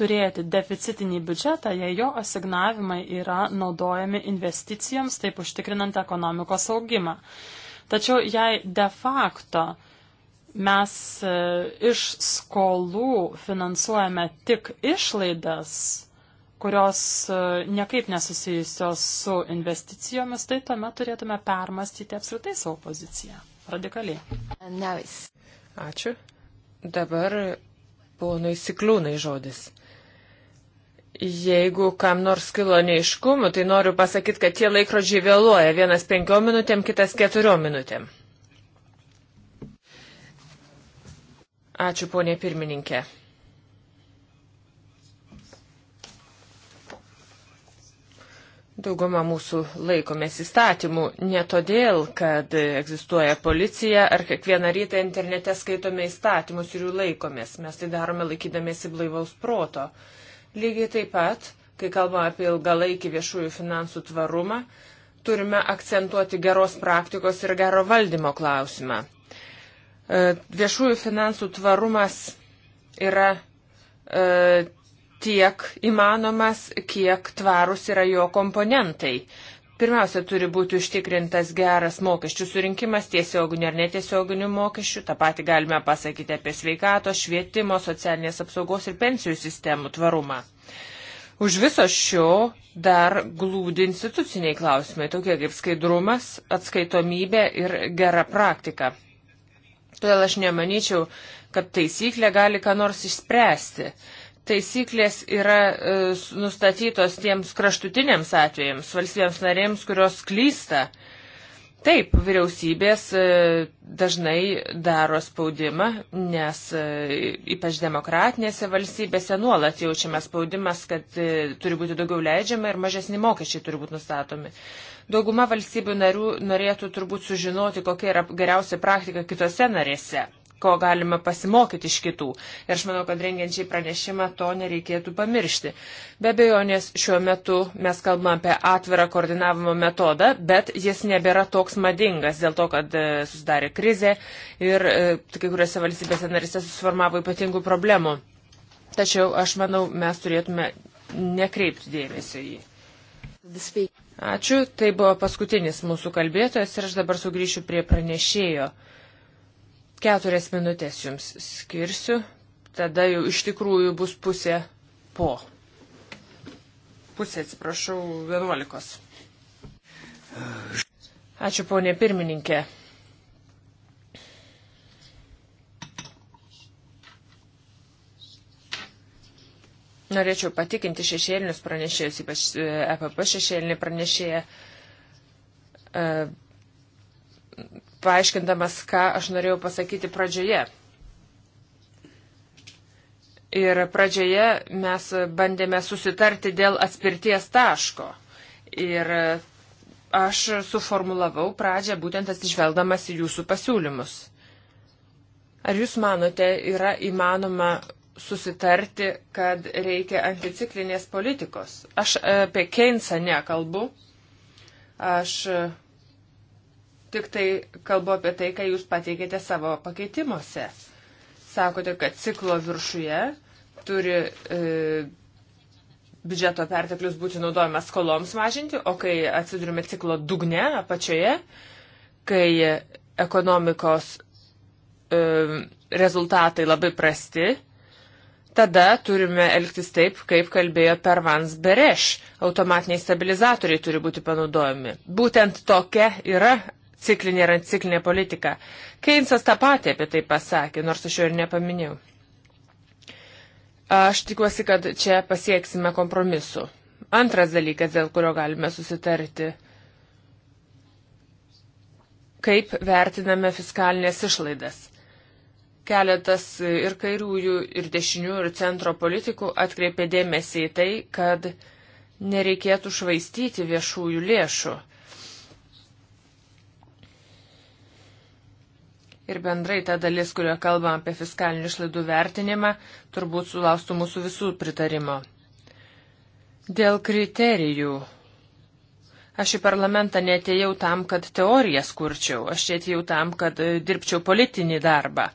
turėti deficitinį biudžetą, jei jo asignavimai yra naudojami investicijoms, taip užtikrinant ekonomikos augimą. Tačiau jei de facto mes e, iš skolų finansuojame tik išlaidas, kurios e, niekaip nesusijusios su investicijomis, tai tuomet turėtume permastyti apskritai savo poziciją radikaliai. Nice. Ačiū. Dabar ponui Siklūnai žodis. Jeigu kam nors kilo neiškumų, tai noriu pasakyti, kad tie laikrodžiai vėluoja. Vienas penkiom minutėm, kitas keturiom minutėm. Ačiū, ponė pirmininkė. Dauguma mūsų laikomės įstatymų ne todėl, kad egzistuoja policija ar kiekvieną rytą internete skaitome įstatymus ir jų laikomės. Mes tai darome laikydamėsi blaivaus proto. Lygiai taip pat, kai kalbame apie ilgalaikį viešųjų finansų tvarumą, turime akcentuoti geros praktikos ir gero valdymo klausimą. E, viešųjų finansų tvarumas yra e, tiek įmanomas, kiek tvarus yra jo komponentai. Pirmiausia, turi būti užtikrintas geras mokesčių surinkimas tiesioginių ar netiesioginių mokesčių. Ta pati galime pasakyti apie sveikato, švietimo, socialinės apsaugos ir pensijų sistemų tvarumą. Už viso šio dar glūdi instituciniai klausimai, tokie kaip skaidrumas, atskaitomybė ir gera praktika. Todėl aš nemanyčiau, kad taisyklė gali ką nors išspręsti taisyklės yra e, nustatytos tiems kraštutiniams atvejams, valstybėms narėms, kurios klysta. Taip, vyriausybės e, dažnai daro spaudimą, nes e, ypač demokratinėse valstybėse nuolat jaučiame spaudimas, kad e, turi būti daugiau leidžiama ir mažesni mokesčiai turi būti nustatomi. Dauguma valstybių narių norėtų turbūt sužinoti, kokia yra geriausia praktika kitose narėse ko galime pasimokyti iš kitų. Ir aš manau, kad rengiančiai pranešimą to nereikėtų pamiršti. Be bejonės, šiuo metu mes kalbame apie atvirą koordinavimo metodą, bet jis nebėra toks madingas dėl to, kad e, susidarė krizė ir e, kai kuriuose valstybėse narise susiformavo ypatingų problemų. Tačiau aš manau, mes turėtume nekreipti dėmesio į jį. Ačiū, tai buvo paskutinis mūsų kalbėtojas ir aš dabar sugrįšiu prie pranešėjo. Keturias minutės jums skirsiu, tada jau iš tikrųjų bus pusė po. Pusė, atsiprašau, vienuolikos. Ačiū, ponė pirmininkė. Norėčiau patikinti šešėlinius pranešėjus, ypač EPP e šešėlinį pranešėją e, paaiškindamas, ką aš norėjau pasakyti pradžioje. Ir pradžioje mes bandėme susitarti dėl atspirties taško. Ir aš suformulavau pradžią būtent atsižvelgdamas į jūsų pasiūlymus. Ar jūs manote, yra įmanoma susitarti, kad reikia anticiklinės politikos? Aš apie Keynesą nekalbu. Aš tik tai kalbu apie tai, ką jūs pateikėte savo pakeitimuose. Sakote, kad ciklo viršuje turi e, biudžeto perteklius būti naudojamas skoloms mažinti, o kai atsidurime ciklo dugne apačioje, kai ekonomikos e, rezultatai labai prasti, tada turime elgtis taip, kaip kalbėjo Pervans Bereš. Automatiniai stabilizatoriai turi būti panaudojami. Būtent tokia yra ciklinė ir anticiklinė politika. Keynesas tą patį apie tai pasakė, nors aš jo ir nepaminėjau. Aš tikiuosi, kad čia pasieksime kompromisu. Antras dalykas, dėl kurio galime susitarti. Kaip vertiname fiskalinės išlaidas? Keletas ir kairiųjų, ir dešinių, ir centro politikų atkreipė dėmesį į tai, kad nereikėtų švaistyti viešųjų lėšų. ir bendrai ta dalis, kurioje kalbam apie fiskalinių išlaidų vertinimą, turbūt sulaustų mūsų visų pritarimo. Dėl kriterijų. Aš į parlamentą netėjau tam, kad teorijas kurčiau, aš čia atėjau tam, kad e, dirbčiau politinį darbą.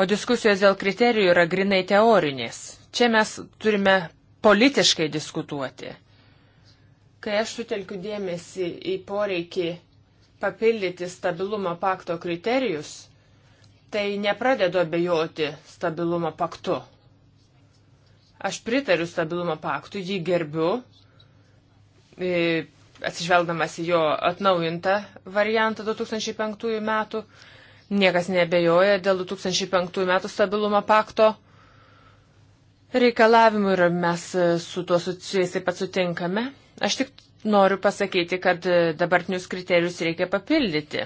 O diskusijos dėl kriterijų yra grinai teorinės. Čia mes turime politiškai diskutuoti. Kai aš sutelkiu dėmesį į poreikį papildyti stabilumo pakto kriterijus, tai nepradedu abejoti stabilumo paktu. Aš pritariu stabilumo paktui, jį gerbiu, atsižvelgdamas į jo atnaujintą variantą 2005 metų. Niekas nebejoja dėl 2005 metų stabilumo pakto reikalavimų ir mes su tuo susijęs taip pat sutinkame. Aš tik noriu pasakyti, kad dabartinius kriterijus reikia papildyti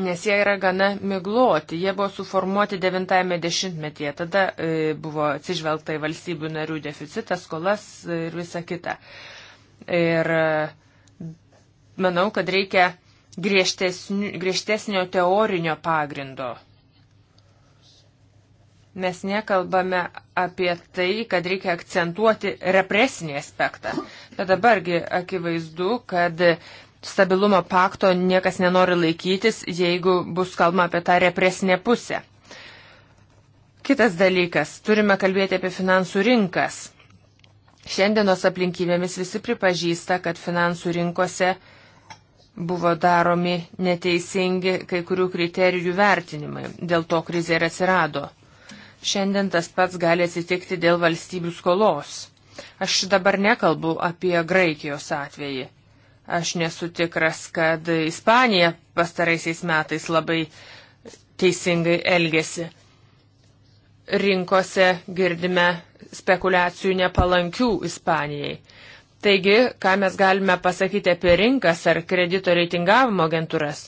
nes jie yra gana migloti. Jie buvo suformuoti 90-ame dešimtmetyje. Tada e, buvo atsižvelgta į valstybių narių deficitą, skolas e, ir visa kita. Ir e, manau, kad reikia griežtesnio teorinio pagrindo. Mes nekalbame apie tai, kad reikia akcentuoti represinį aspektą. Bet dabargi akivaizdu, kad stabilumo pakto niekas nenori laikytis, jeigu bus kalbama apie tą represinę pusę. Kitas dalykas, turime kalbėti apie finansų rinkas. Šiandienos aplinkybėmis visi pripažįsta, kad finansų rinkose buvo daromi neteisingi kai kurių kriterijų vertinimai. Dėl to krizė ir atsirado. Šiandien tas pats gali atsitikti dėl valstybių skolos. Aš dabar nekalbu apie Graikijos atvejį Aš nesu tikras, kad Ispanija pastaraisiais metais labai teisingai elgesi. Rinkose girdime spekulacijų nepalankių Ispanijai. Taigi, ką mes galime pasakyti apie rinkas ar kredito reitingavimo agentūras?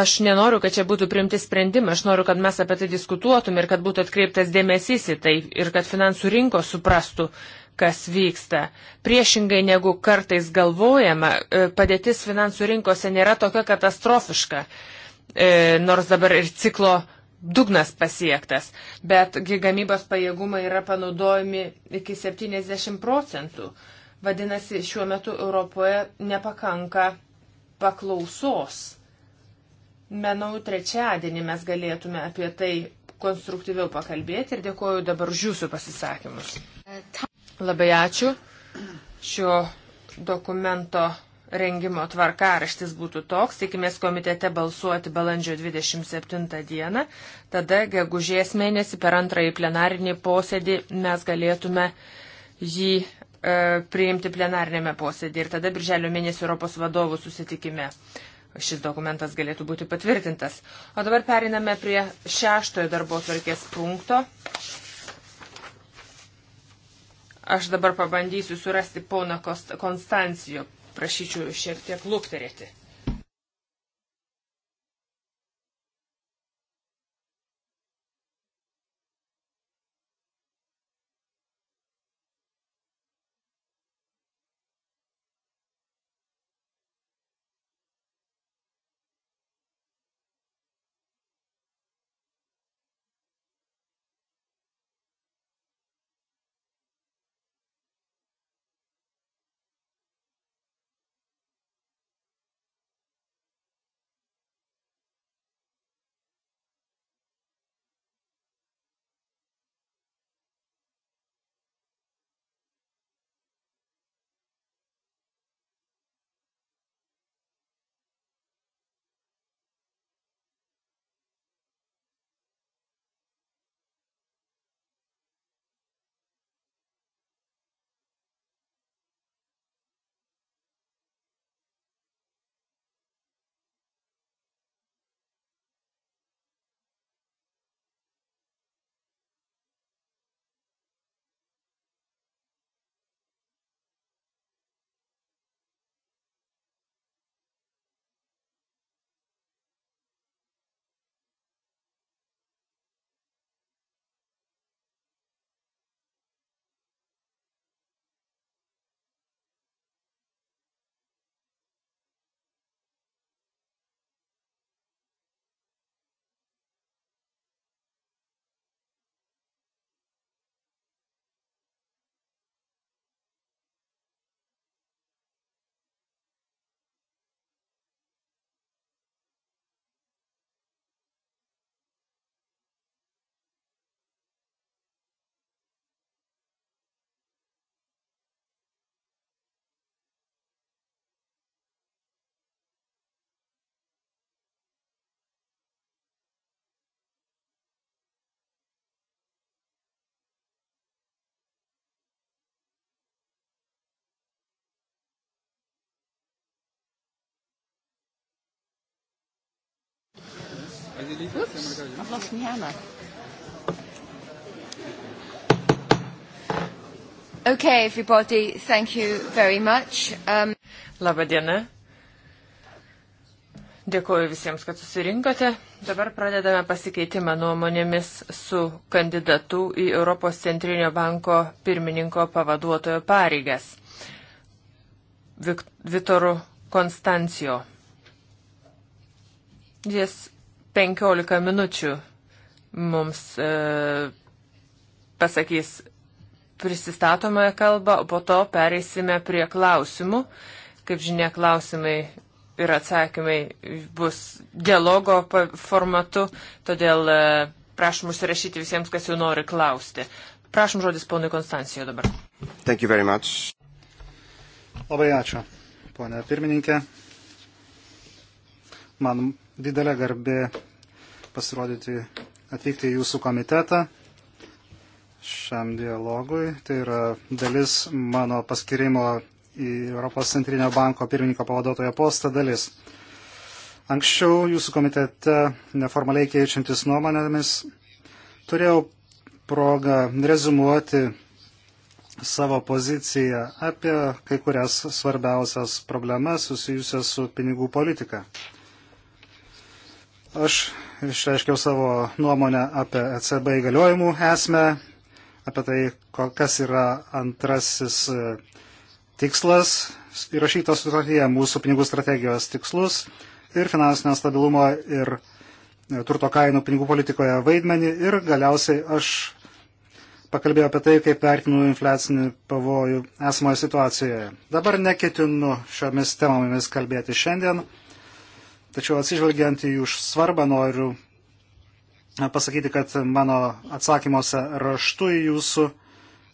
Aš nenoriu, kad čia būtų primti sprendimai, aš noriu, kad mes apie tai diskutuotum ir kad būtų atkreiptas dėmesys į tai ir kad finansų rinkos suprastų, kas vyksta. Priešingai negu kartais galvojama, e, padėtis finansų rinkose nėra tokia katastrofiška, e, nors dabar ir ciklo dugnas pasiektas, bet gamybos pajėgumai yra panaudojami iki 70 procentų. Vadinasi, šiuo metu Europoje nepakanka paklausos. Manau, trečiadienį mes galėtume apie tai konstruktyviau pakalbėti ir dėkoju dabar už jūsų pasisakymus. Labai ačiū. Šio dokumento rengimo tvarkaraštis būtų toks. Tikimės komitete balsuoti balandžio 27 dieną. Tada gegužės mėnesį per antrąjį plenarinį posėdį mes galėtume jį e, priimti plenarinėme posėdį. Ir tada birželio mėnesį Europos vadovų susitikime šis dokumentas galėtų būti patvirtintas. O dabar periname prie šeštojo darbo tvarkės punkto. Aš dabar pabandysiu surasti poną Konstancijo. Prašyčiau šiek tiek lukterėti. Oops, I've lost my hammer. Okay, everybody, thank you very much. Um... Labą dieną. Dėkuoju visiems, kad susirinkote. Dabar pradedame pasikeitimą nuomonėmis su kandidatu į Europos centrinio banko pirmininko pavaduotojo pareigas. Vik Vitoru Konstancijo. Jis 15 minučių mums e, pasakys prisistatomąją kalbą, o po to pereisime prie klausimų. Kaip žinia, klausimai ir atsakymai bus dialogo formatu, todėl e, prašom užsirašyti visiems, kas jau nori klausti. Prašom žodis ponui Konstancijoje dabar. Labai ačiū, ponė pirmininkė. Man didelė garbė pasirodyti, atvykti į jūsų komitetą šiam dialogui. Tai yra dalis mano paskirimo į Europos centrinio banko pirmininko pavaduotojo postą dalis. Anksčiau jūsų komitete neformaliai keičiantis nuomonėmis turėjau progą rezumuoti savo poziciją apie kai kurias svarbiausias problemas susijusias su pinigų politika. Aš išreiškiau savo nuomonę apie ECB įgaliojimų esmę, apie tai, kas yra antrasis e, tikslas įrašytas sutartyje mūsų pinigų strategijos tikslus ir finansinio stabilumo ir e, turto kainų pinigų politikoje vaidmenį ir galiausiai aš pakalbėjau apie tai, kaip vertinu infliacinį pavojų esamoje situacijoje. Dabar neketinu šiomis temomis kalbėti šiandien. Tačiau atsižvelgiant į jų svarbą noriu pasakyti, kad mano atsakymuose raštu į jūsų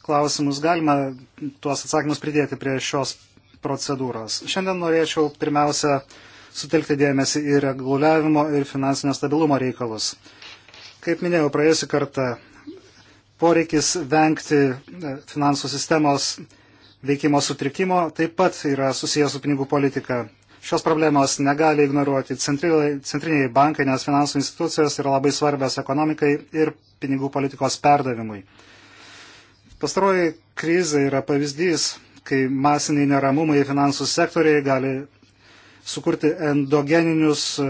klausimus galima tuos atsakymus pridėti prie šios procedūros. Šiandien norėčiau pirmiausia sutelkti dėmesį į reguliavimo ir finansinio stabilumo reikalus. Kaip minėjau praėjusią kartą, poreikis vengti e, finansų sistemos veikimo sutrikimo taip pat yra susijęs su pinigų politika. Šios problemos negali ignoruoti centriniai bankai, nes finansų institucijos yra labai svarbios ekonomikai ir pinigų politikos perdavimui. Pastaroji krizė yra pavyzdys, kai masiniai neramumai finansų sektoriai gali sukurti endogeninės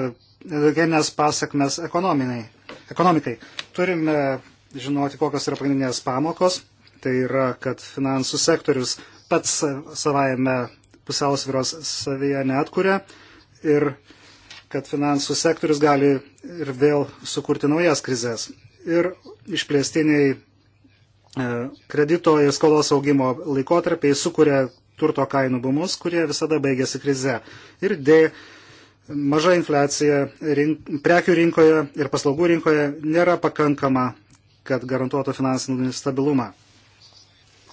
pasiekmes ekonomikai. Turime žinoti, kokios yra pagrindinės pamokos. Tai yra, kad finansų sektorius pats savaime pusiausviros savyje netkuria ir kad finansų sektorius gali ir vėl sukurti naujas krizės. Ir išplėstiniai e, kredito ir skolos augimo laikotarpiai sukuria turto kainų bumus, kurie visada baigėsi krize. Ir D. Maža infliacija rink, prekių rinkoje ir paslaugų rinkoje nėra pakankama, kad garantuotų finansinį stabilumą.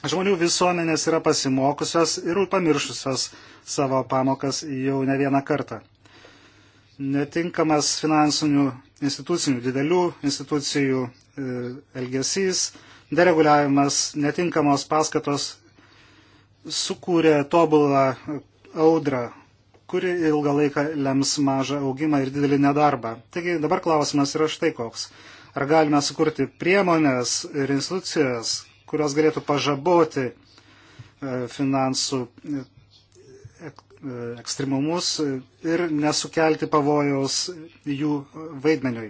Žmonių visuomenės yra pasimokusios ir pamiršusios savo pamokas jau ne vieną kartą. Netinkamas finansinių institucijų, didelių institucijų e, elgesys, dereguliavimas, netinkamos paskatos sukūrė tobulą audrą, kuri ilgą laiką lems mažą augimą ir didelį nedarbą. Taigi dabar klausimas yra štai koks. Ar galime sukurti priemonės ir institucijas, kurios galėtų pažaboti e, finansų e, e, ekstremumus ir nesukelti pavojaus jų vaidmeniui.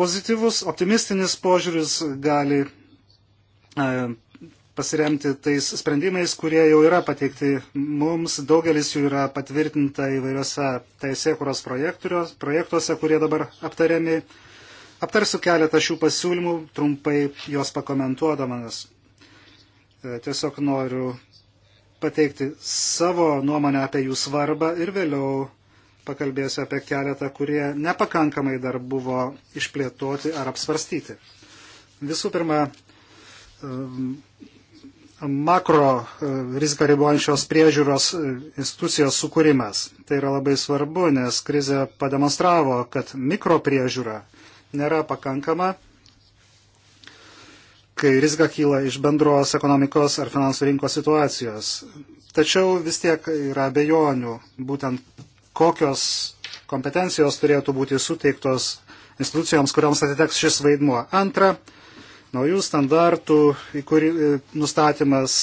Pozityvus, optimistinis požiūris gali pasiremti tais sprendimais, kurie jau yra pateikti mums. Daugelis jų yra patvirtinta įvairiose teisėkuros projektuose, kurie dabar aptariami. Aptarsiu keletą šių pasiūlymų, trumpai juos pakomentuodamas. E, tiesiog noriu pateikti savo nuomonę apie jų svarbą ir vėliau pakalbėsiu apie keletą, kurie nepakankamai dar buvo išplėtoti ar apsvarstyti. Visų pirma, e, makro e, riziką ribojančios priežiūros institucijos sukūrimas. Tai yra labai svarbu, nes krizė pademonstravo, kad mikro priežiūra nėra pakankama, kai rizika kyla iš bendros ekonomikos ar finansų rinkos situacijos. Tačiau vis tiek yra abejonių, būtent kokios kompetencijos turėtų būti suteiktos institucijoms, kuriams atiteks šis vaidmuo. Antra, naujų standartų kuri, nustatymas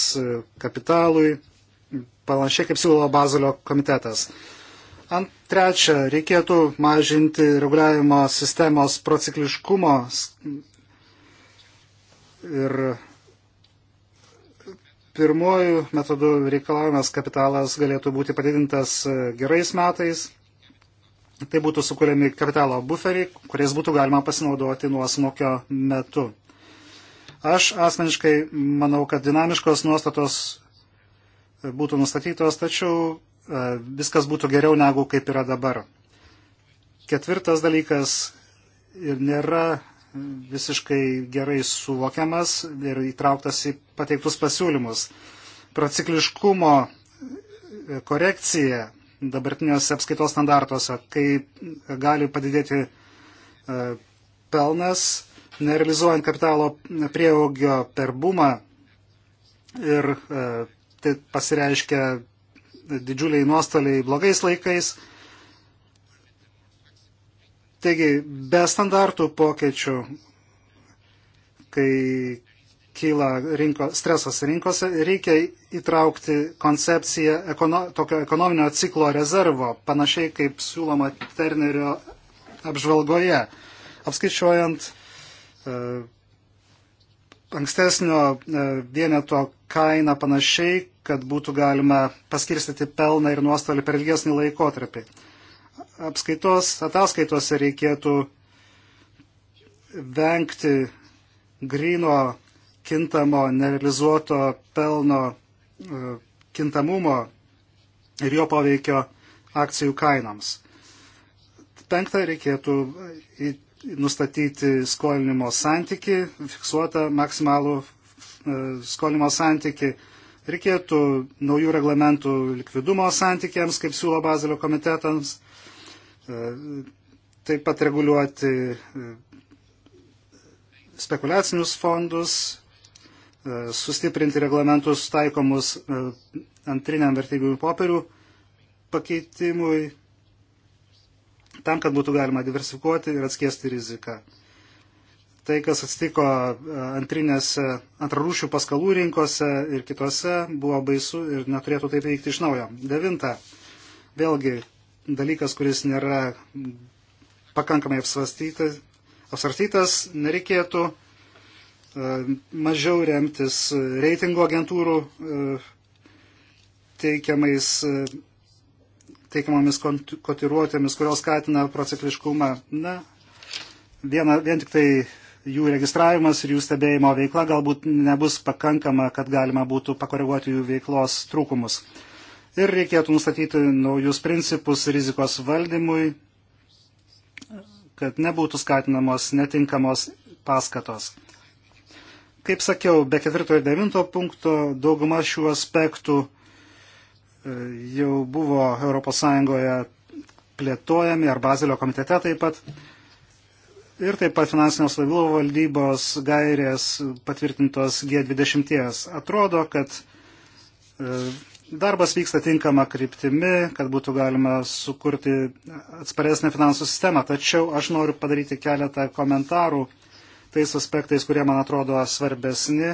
kapitalui, panašiai kaip siūlo Bazalio komitetas. Ant trečia, reikėtų mažinti reguliavimo sistemos procikliškumo ir pirmojų metodų reikalavimas kapitalas galėtų būti padidintas e, gerais metais. Tai būtų sukūrėmi kapitalo buferiai, kuriais būtų galima pasinaudoti nuosmokio metu. Aš asmeniškai manau, kad dinamiškos nuostatos būtų nustatytos, tačiau E, viskas būtų geriau negu kaip yra dabar. Ketvirtas dalykas nėra visiškai gerai suvokiamas ir įtrauktas į pateiktus pasiūlymus. Procikliškumo korekcija dabartiniuose apskaitos standartuose, kai gali padidėti e, pelnas, nerealizuojant kapitalo prieaugio per bumą ir e, tai pasireiškia didžiuliai nuostoliai blogais laikais. Taigi, be standartų pokyčių, kai kyla rinko, stresas rinkose, reikia įtraukti koncepciją ekono, tokio ekonominio ciklo rezervo, panašiai kaip siūloma Ternerio apžvalgoje, apskaičiuojant uh, ankstesnio uh, vieneto kainą panašiai, kad būtų galima paskirstyti pelną ir nuostolį per ilgesnį laikotarpį. Apskaitos, ataskaitose reikėtų vengti grino kintamo, nerealizuoto pelno e, kintamumo ir jo poveikio akcijų kainoms. Penktą reikėtų nustatyti skolinimo santyki, fiksuotą maksimalų E, skolimo santyki. Reikėtų naujų reglamentų likvidumo santykiams, kaip siūlo Bazilio komitetams, e, taip pat reguliuoti e, spekuliacinius fondus, sustiprinti reglamentus taikomus antriniam vertybių popierių pakeitimui, tam, kad būtų galima diversifikuoti ir atskiesti riziką tai, kas atsitiko e, antrinėse, antrarūšių paskalų rinkose ir kitose, buvo baisu ir neturėtų taip vykti iš naujo. Devinta, vėlgi dalykas, kuris nėra pakankamai apsvarstytas, apsvarstytas nereikėtų e, mažiau remtis reitingų agentūrų e, teikiamais teikiamomis kotiruotėmis, kurios skatina procikliškumą. Na, viena, vien tik tai jų registravimas ir jų stebėjimo veikla galbūt nebus pakankama, kad galima būtų pakoreguoti jų veiklos trūkumus. Ir reikėtų nustatyti naujus principus rizikos valdymui, kad nebūtų skatinamos netinkamos paskatos. Kaip sakiau, be ketvirto ir devinto punkto dauguma šių aspektų e, jau buvo ES plėtojami ar Bazilio komitete taip pat ir taip pat finansinio stabilumo valdybos gairės patvirtintos G20. Atrodo, kad e, darbas vyksta tinkama kryptimi, kad būtų galima sukurti atsparesnę finansų sistemą. Tačiau aš noriu padaryti keletą komentarų tais aspektais, kurie man atrodo svarbesni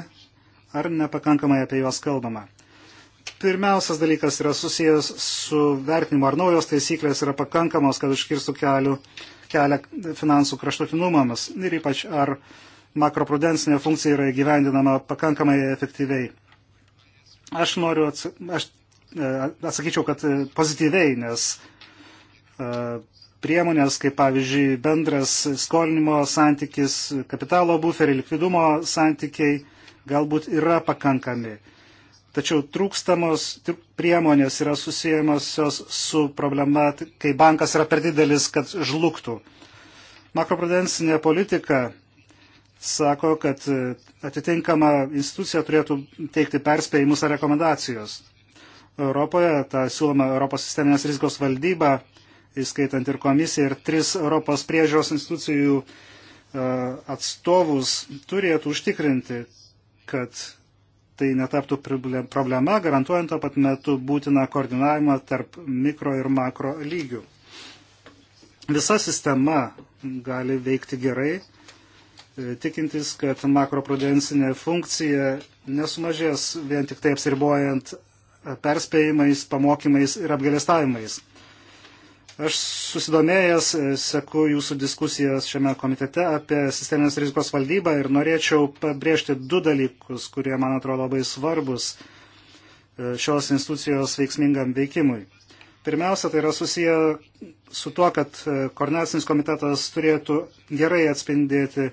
ar nepakankamai apie juos kalbama. Pirmiausias dalykas yra susijęs su vertinimu, ar naujos taisyklės yra pakankamos, kad užkirstų kelių kelia finansų kraštutinumams ir ypač ar makroprudencinė funkcija yra įgyvendinama pakankamai efektyviai. Aš noriu, ats aš e, atsakyčiau, kad pozityviai, nes e, priemonės, kaip pavyzdžiui, bendras skolinimo santykis, kapitalo buferį, likvidumo santykiai galbūt yra pakankami. Tačiau trūkstamos priemonės yra susijęmosios su problema, kai bankas yra per didelis, kad žlugtų. Makroprudencinė politika sako, kad e, atitinkama institucija turėtų teikti perspėjimus ar rekomendacijos. Europoje ta siūloma Europos sisteminės rizikos valdyba, įskaitant ir komisiją, ir tris Europos priežiūros institucijų e, atstovus turėtų užtikrinti, kad tai netaptų problema, garantuojant tuo pat metu būtiną koordinavimą tarp mikro ir makro lygių. Visa sistema gali veikti gerai, e, tikintis, kad makroprudensinė funkcija nesumažės vien tik tai apsiribojant perspėjimais, pamokymais ir apgalėstavimais. Aš susidomėjęs e, seku jūsų diskusijas šiame komitete apie sisteminės rizikos valdybą ir norėčiau pabrėžti du dalykus, kurie man atrodo labai svarbus e, šios institucijos veiksmingam veikimui. Pirmiausia, tai yra susiję su tuo, kad e, koordinacinis komitetas turėtų gerai atspindėti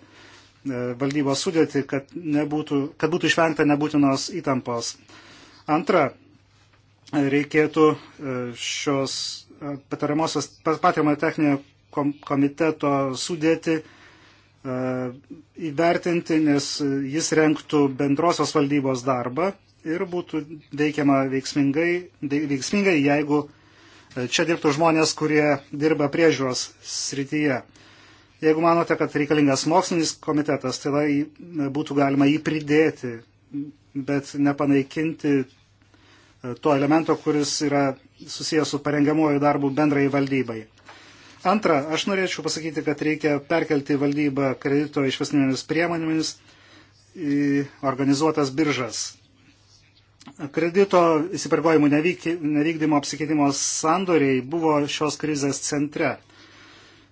valdybos sudėti, kad, nebūtų, kad būtų išvengta nebūtinos įtampos. Antra, reikėtų šios patariamosios patiriamą techninio komiteto sudėti e, įvertinti, nes jis renktų bendrosios valdybos darbą ir būtų veikiama veiksmingai, veiksmingai jeigu e, čia dirbtų žmonės, kurie dirba priežiūros srityje. Jeigu manote, kad reikalingas mokslinis komitetas, tada e, būtų galima jį pridėti, bet nepanaikinti to elemento, kuris yra susijęs su parengiamuoju darbu bendrai valdybai. Antra, aš norėčiau pasakyti, kad reikia perkelti valdybą kredito išvesnėmis priemonėmis į organizuotas biržas. Kredito įsipareigojimų nevykdymo apsikeitimo sandoriai buvo šios krizės centre.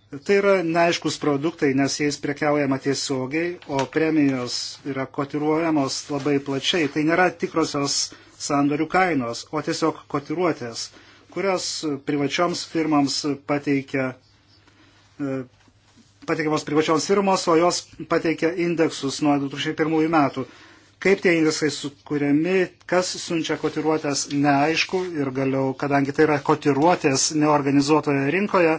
Tai yra neaiškus produktai, nes jais prekiaujama tiesiogiai, o premijos yra kotiruojamos labai plačiai. Tai nėra tikrosios sandorių kainos, o tiesiog kotiruotės, kurios privačioms firmams pateikia, e, pateikiamos privačioms firmos, o jos pateikia indeksus nuo 2001 metų. Kaip tie indeksai sukūriami, kas siunčia kotiruotės, neaišku ir galiau, kadangi tai yra kotiruotės neorganizuotoje rinkoje,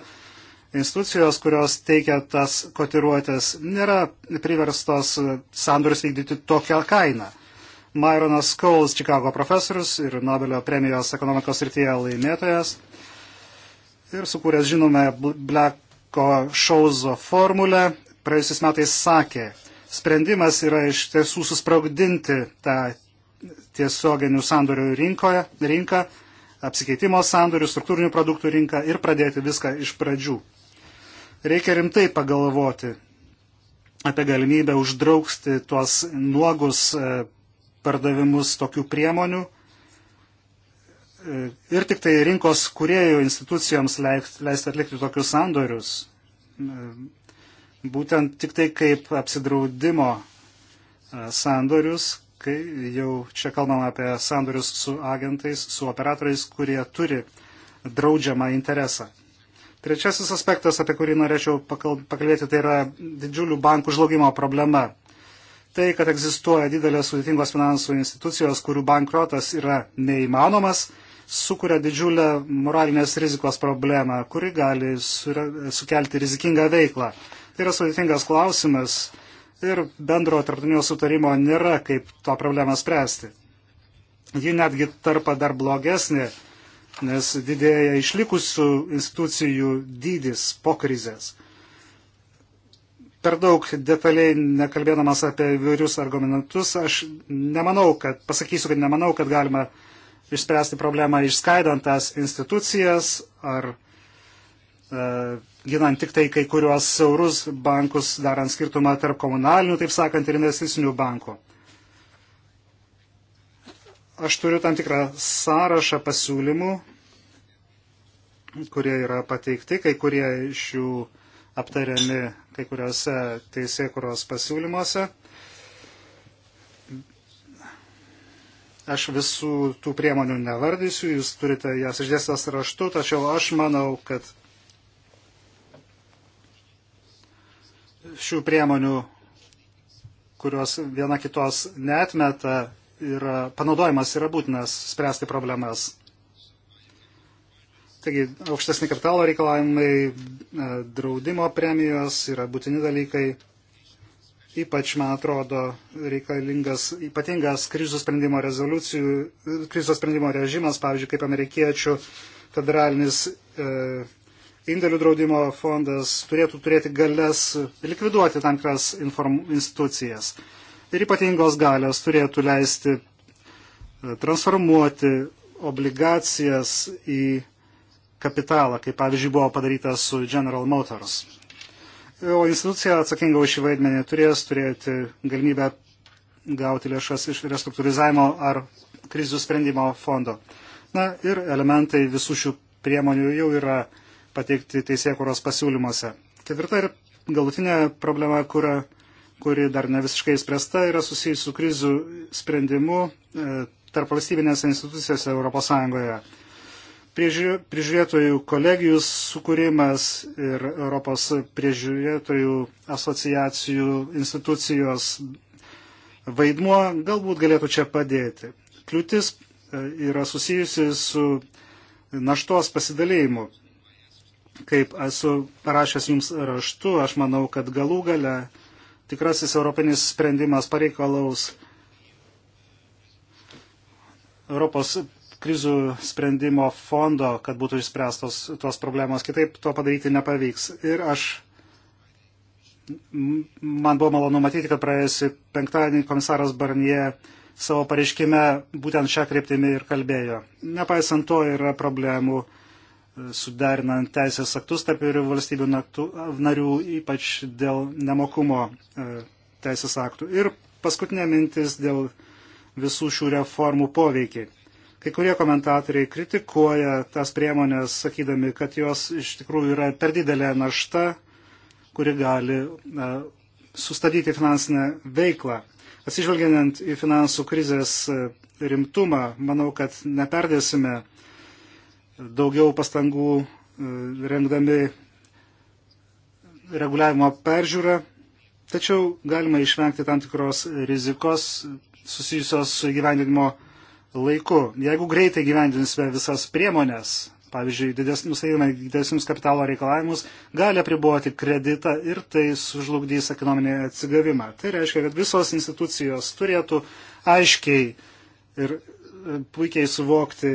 institucijos, kurios teikia tas kotiruotės, nėra priverstos sandorius vykdyti tokią kainą. Myronas Coles, Čikago profesorius ir Nobelio premijos ekonomikos rytyje laimėtojas ir sukūręs žinome Blacko Šauzo formulę, praėjusiais metais sakė, sprendimas yra iš tiesų susprogdinti tą tiesioginių sandorių rinkoje, rinką apsikeitimo sandorių, struktūrinių produktų rinką ir pradėti viską iš pradžių. Reikia rimtai pagalvoti apie galimybę uždrausti tuos nuogus e, pardavimus tokių priemonių e, ir tik tai rinkos kuriejų institucijoms leisti atlikti tokius sandorius. E, būtent tik tai kaip apsidraudimo sandorius, kai jau čia kalbam apie sandorius su agentais, su operatoriais, kurie turi draudžiamą interesą. Trečiasis aspektas, apie kurį norėčiau pakalbėti, tai yra didžiulių bankų žlugimo problema. Tai, kad egzistuoja didelės sudėtingos finansų institucijos, kurių bankrotas yra neįmanomas, sukuria didžiulę moralinės rizikos problemą, kuri gali sukelti rizikingą veiklą. Tai yra sudėtingas klausimas ir bendro tarptautinio sutarimo nėra, kaip to problemą spręsti. Ji netgi tarpa dar blogesnė nes didėja išlikusių institucijų dydis po krizės. Per daug detaliai nekalbėdamas apie vairius argumentus, aš nemanau, kad, pasakysiu, kad nemanau, kad galima išspręsti problemą išskaidant tas institucijas ar e, ginant tik tai kai kuriuos siaurus bankus, darant skirtumą tarp komunalinių, taip sakant, ir investicinių bankų. Aš turiu tam tikrą sąrašą pasiūlymų, kurie yra pateikti, kai kurie iš jų aptariami kai kuriuose teisėkuros pasiūlymuose. Aš visų tų priemonių nevardysiu, jūs turite jas išdėstas raštu, tačiau aš manau, kad šių priemonių, kurios viena kitos netmeta, yra, panaudojimas yra būtinas spręsti problemas. Taigi, aukštesni kapitalo reikalavimai, e, draudimo premijos yra būtini dalykai. Ypač, man atrodo, reikalingas ypatingas krizių sprendimo rezoliucijų, e, krizių sprendimo režimas, pavyzdžiui, kaip amerikiečių federalinis e, indėlių draudimo fondas turėtų turėti galės likviduoti tam tikras institucijas. E, ir ypatingos galios turėtų leisti e, transformuoti obligacijas į kapitalą, kaip pavyzdžiui buvo padaryta su General Motors. O institucija atsakinga už šį vaidmenį turės turėti galimybę gauti lėšas iš restruktūrizavimo ar krizių sprendimo fondo. Na ir elementai visų šių priemonių jau yra pateikti teisėkuros pasiūlymuose. Ketvirta ir galutinė problema, kurią kuri dar ne visiškai spręsta, yra susijusi su krizių sprendimu e, tarp valstybinės institucijose ES. Prižiūrėtojų kolegijų sukūrimas ir Europos priežiūrėtojų asociacijų institucijos vaidmuo galbūt galėtų čia padėti. Kliūtis e, yra susijusi su naštos pasidalėjimu. Kaip esu parašęs jums raštu, aš manau, kad galų gale tikrasis europinis sprendimas pareikalaus Europos krizių sprendimo fondo, kad būtų išspręstos tos problemos. Kitaip to padaryti nepavyks. Ir aš, man buvo malonu matyti, kad praėjusi penktadienį komisaras Barnie savo pareiškime būtent šią kryptimį ir kalbėjo. Nepaisant to yra problemų suderinant teisės aktus tarp ir valstybių naktų, narių, ypač dėl nemokumo e, teisės aktų. Ir paskutinė mintis dėl visų šių reformų poveikiai. Kai kurie komentatoriai kritikuoja tas priemonės, sakydami, kad jos iš tikrųjų yra per didelė našta, kuri gali e, sustabdyti finansinę veiklą. Atsižvelgiant į finansų krizės e, rimtumą, manau, kad neperdėsime uh, daugiau pastangų e, rengdami reguliavimo peržiūrą, tačiau galima išvengti tam tikros rizikos susijusios su gyvendinimo laiku. Jeigu greitai gyvendinsime visas priemonės, pavyzdžiui, nustatydami didesnius kapitalo reikalavimus, gali apriboti kreditą ir tai sužlugdys ekonominį atsigavimą. Tai reiškia, kad visos institucijos turėtų aiškiai ir e, puikiai suvokti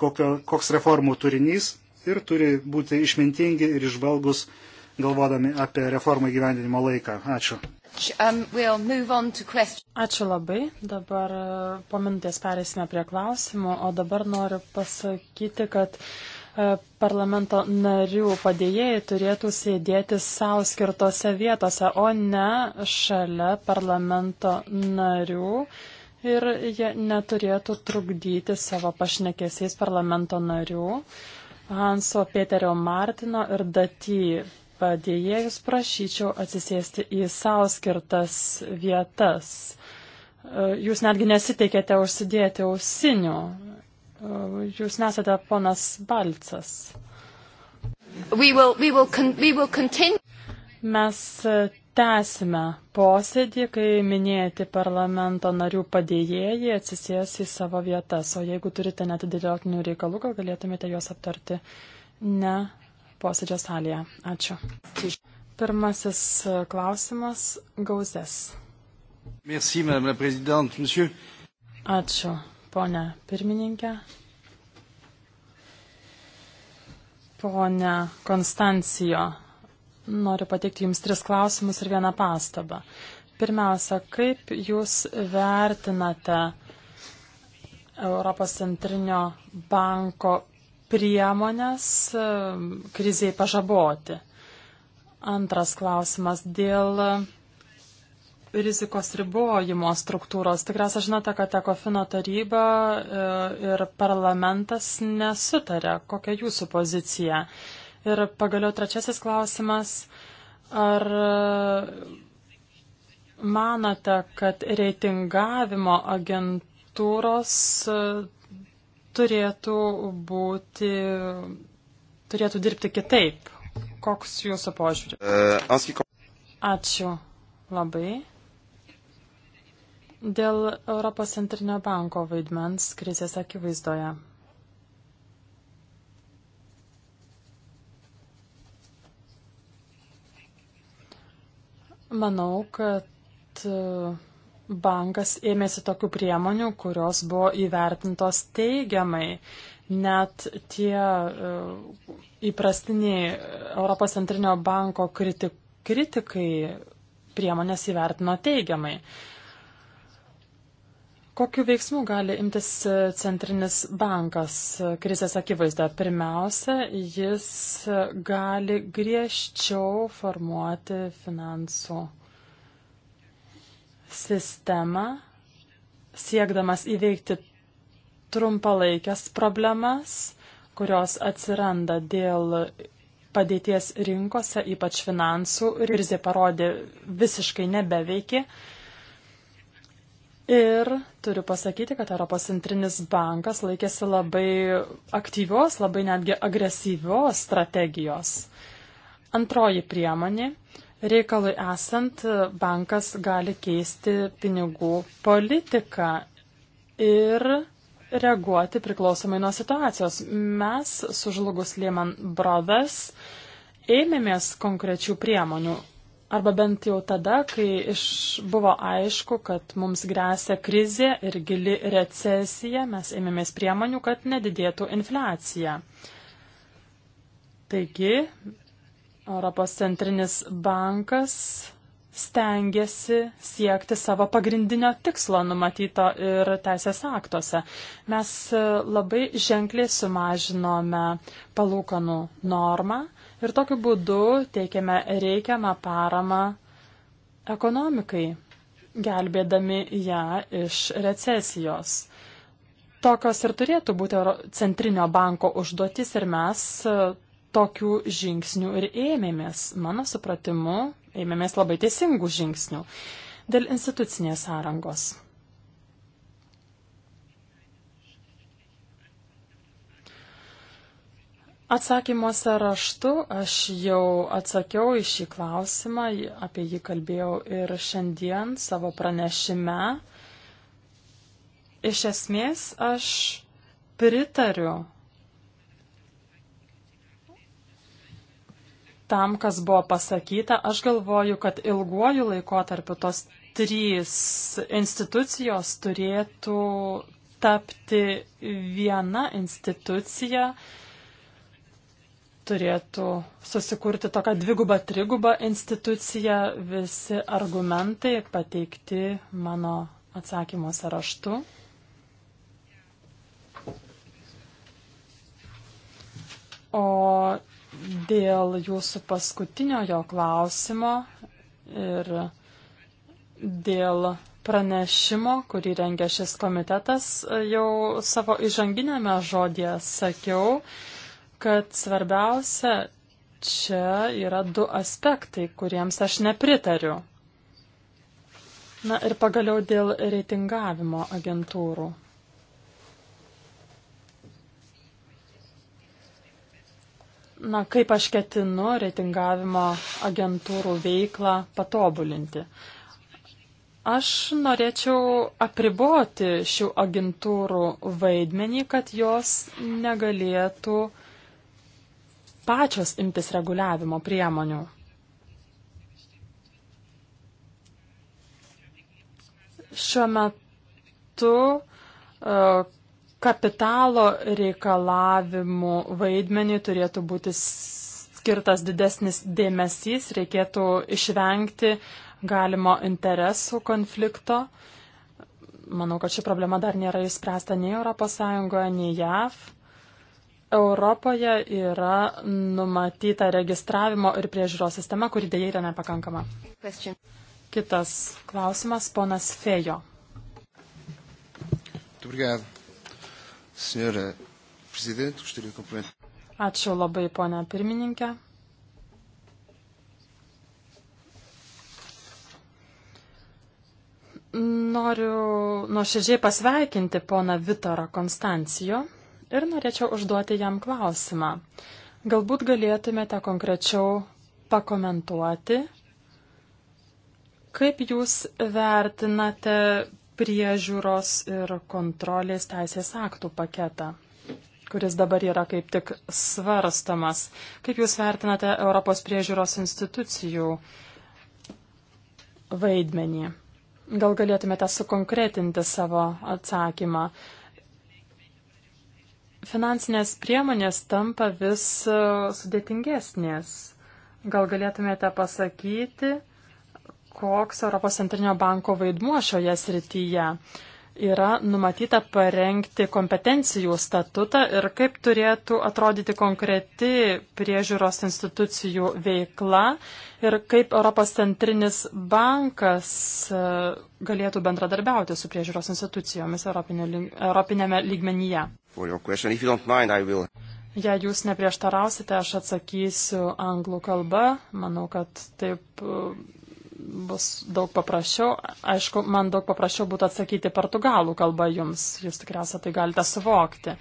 kokio, koks reformų turinys ir turi būti išmintingi ir išvalgus, galvodami apie reformą gyvendinimo laiką. Ačiū. Um, Ačiū labai. Dabar uh, po minutės perėsime prie klausimų, o dabar noriu pasakyti, kad uh, parlamento narių padėjėjai turėtų sėdėti savo skirtose vietose, o ne šalia parlamento narių. Uh, ir jie neturėtų trukdyti savo pašnekėsiais parlamento narių Hanso Peterio Martino ir Daty padėjėjus prašyčiau atsisėsti į savo skirtas vietas. E, jūs netgi nesiteikėte užsidėti ausinių. E, jūs nesate ponas Balcas. We will, we will, we will continue. Mes Tęsime posėdį, kai minėti parlamento narių padėjėjai atsisės į savo vietas, o jeigu turite netidėliotinių reikalų, gal galėtumėte juos aptarti ne posėdžio salėje. Ačiū. Pirmasis e, klausimas - gauzės. Merci, madame la présidente, monsieur. Ačiū, ponia pirmininkė. Ponia Konstancijo, Noriu pateikti Jums tris klausimus ir vieną pastabą. Pirmiausia, kaip Jūs vertinate Europos centrinio banko priemonės kriziai pažaboti? Antras klausimas dėl rizikos ribojimo struktūros. Tikriausiai žinote, kad Ekofino taryba e, ir parlamentas nesutarė. Kokia jūsų pozicija? Ir pagaliau trečiasis klausimas. Ar e, manote, kad reitingavimo agentūros e, turėtų būti, turėtų dirbti kitaip? Koks jūsų požiūris? E, Ačiū labai. Dėl Europos centrinio banko vaidmens krizės akivaizdoje. Manau, kad e, bankas ėmėsi tokių priemonių, kurios buvo įvertintos teigiamai. Net tie e, įprastiniai e, Europos centrinio banko kritikai priemonės įvertino teigiamai. Kokiu veiksmu gali imtis e, centrinis bankas e, krizės akivaizda? Pirmiausia, jis e, gali griežčiau formuoti finansų sistemą, siekdamas įveikti trumpalaikės problemas, kurios atsiranda dėl padėties rinkose, ypač finansų. Rizė parodė visiškai nebeveikė. Ir turiu pasakyti, kad Europos centrinis bankas laikėsi labai aktyvios, labai netgi agresyvios strategijos. Antroji priemonė - reikalui esant bankas gali keisti pinigų politiką ir reaguoti priklausomai nuo situacijos. Mes sužlugus Lehman Brothers ėmėmės konkrečių priemonių arba bent jau tada, kai iš, buvo aišku, kad mums grėsia krizė ir gili recesija, mes ėmėmės priemonių, kad nedidėtų infliacija. Taigi, Europos centrinis bankas stengiasi siekti savo pagrindinio tikslo numatyto ir teisės aktuose. Mes labai ženkliai sumažinome palūkanų normą ir tokiu būdu teikiame reikiamą paramą ekonomikai, gelbėdami ją iš recesijos. Tokios ir turėtų būti Centrinio banko užduotis ir mes e, tokių žingsnių ir ėmėmės. Mano supratimu, ėmėmės labai teisingų žingsnių dėl institucinės sąrangos. Atsakymuose raštu aš jau atsakiau į šį klausimą, apie jį kalbėjau ir šiandien savo pranešime. Iš esmės aš pritariu tam, kas buvo pasakyta. Aš galvoju, kad ilguoju laikotarpiu tos trys institucijos turėtų tapti viena institucija, uh, turėtų susikurti tokią dvigubą, trigubą instituciją. Visi argumentai pateikti mano atsakymuose raštu. O dėl jūsų paskutinio jo klausimo ir dėl pranešimo, kurį rengia šis komitetas, jau savo įžanginėme žodėje sakiau, kad svarbiausia čia yra du aspektai, kuriems aš nepritariu. Na ir pagaliau dėl reitingavimo agentūrų. Na, kaip aš ketinu reitingavimo agentūrų veiklą patobulinti. Aš norėčiau apriboti šių agentūrų vaidmenį, kad jos negalėtų uh, pačios imtis reguliavimo priemonių. Šiuo metu e, kapitalo reikalavimų vaidmenį turėtų būti skirtas didesnis dėmesys, reikėtų išvengti galimo interesų konflikto. Manau, kad ši problema dar nėra įspręsta nei ES, nei JAV. Europoje yra numatyta registravimo ir priežiūros sistema, kuri dėja yra nepakankama. Question. Kitas klausimas, ponas Fejo. Ačiū labai, ponia pirmininkė. Noriu nuoširdžiai pasveikinti poną Vitorą Konstancijo ir norėčiau užduoti jam klausimą. Galbūt galėtumėte konkrečiau pakomentuoti, kaip jūs vertinate priežiūros ir kontrolės teisės aktų paketą, kuris dabar yra kaip tik svarstamas. Kaip jūs vertinate Europos priežiūros institucijų vaidmenį? Gal galėtumėte sukonkretinti savo atsakymą? finansinės priemonės tampa vis e, sudėtingesnės. Gal galėtumėte pasakyti, koks Europos centrinio banko vaidmuo šioje srityje? yra numatyta parengti kompetencijų statutą ir kaip turėtų atrodyti konkreti priežiūros institucijų veikla ir kaip Europos centrinis bankas e, galėtų bendradarbiauti su priežiūros institucijomis Europinėme lygmenyje. Jei jūs neprieštarausite, aš atsakysiu anglų kalba. Manau, kad taip bus daug paprasčiau. Aišku, man daug paprasčiau būtų atsakyti portugalų kalbą jums, jūs tikriausiai tai galite suvokti.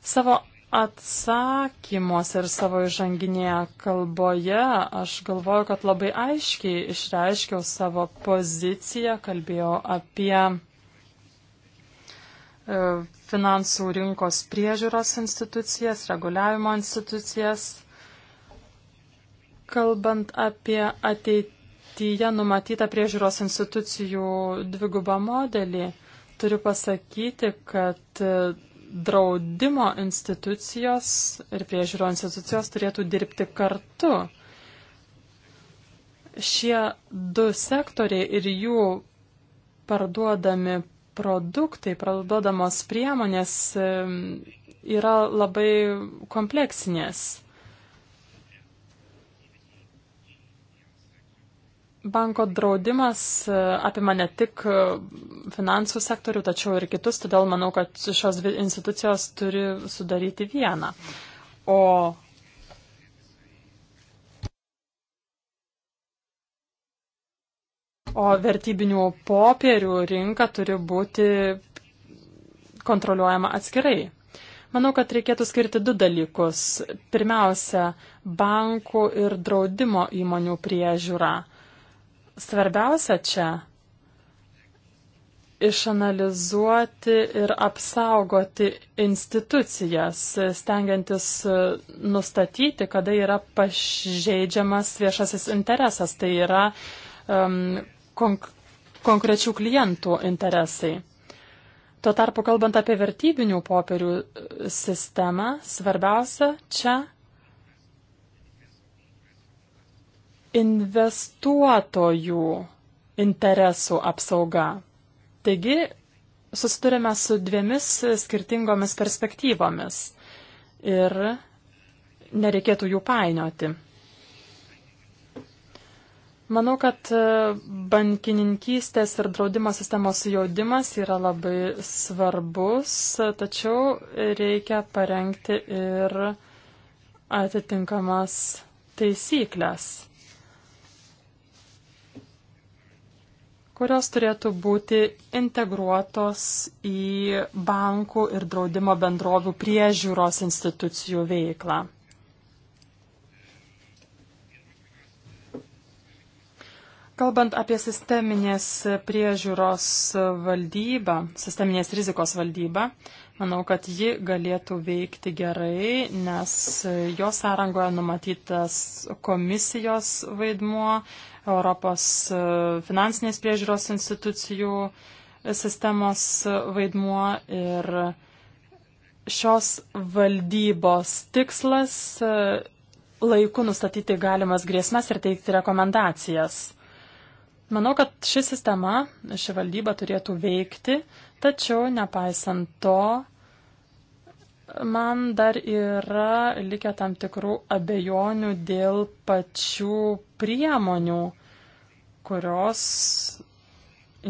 Savo atsakymuose ir savo įžanginėje kalboje aš galvoju, kad labai aiškiai išreiškiau savo poziciją, kalbėjau apie e, finansų rinkos priežiūros institucijas, reguliavimo institucijas. Kalbant apie ateitį sutartyje numatytą priežiūros institucijų dvigubą modelį, turiu pasakyti, kad e, draudimo institucijos ir priežiūro institucijos turėtų dirbti kartu. Šie du sektoriai ir jų parduodami produktai, parduodamos priemonės e, yra labai kompleksinės. Banko draudimas e, apima ne tik e, finansų sektorių, tačiau ir kitus, todėl manau, kad šios dvi institucijos turi sudaryti vieną. O O vertybinių popierių rinka turi būti kontroliuojama atskirai. Manau, kad reikėtų skirti du dalykus. Pirmiausia, bankų ir draudimo įmonių priežiūra. Svarbiausia čia išanalizuoti ir apsaugoti institucijas, stengiantis nustatyti, kada yra pažeidžiamas viešasis interesas, tai yra um, konk konkrečių klientų interesai. Tuo tarpu, kalbant apie vertybinių popierių sistemą, svarbiausia čia investuotojų interesų apsauga. Taigi, susidurime su dviemis skirtingomis perspektyvomis ir nereikėtų jų painioti. Manau, kad bankininkystės ir draudimo sistemos sujaudimas yra labai svarbus, tačiau reikia parengti ir atitinkamas taisyklės. kurios turėtų būti integruotos į bankų ir draudimo bendrovių priežiūros institucijų veiklą. Kalbant apie sisteminės priežiūros valdybą, sisteminės rizikos valdybą, manau, kad ji galėtų veikti gerai, nes jos sąrangoje numatytas komisijos vaidmuo, Europos e, finansinės priežiūros institucijų e, sistemos vaidmuo ir šios valdybos tikslas e, laiku nustatyti galimas grėsmes ir teikti rekomendacijas. Manau, kad ši sistema, ši valdyba turėtų veikti, tačiau nepaisant to, man dar yra likę tam tikrų abejonių dėl pačių priemonių, kurios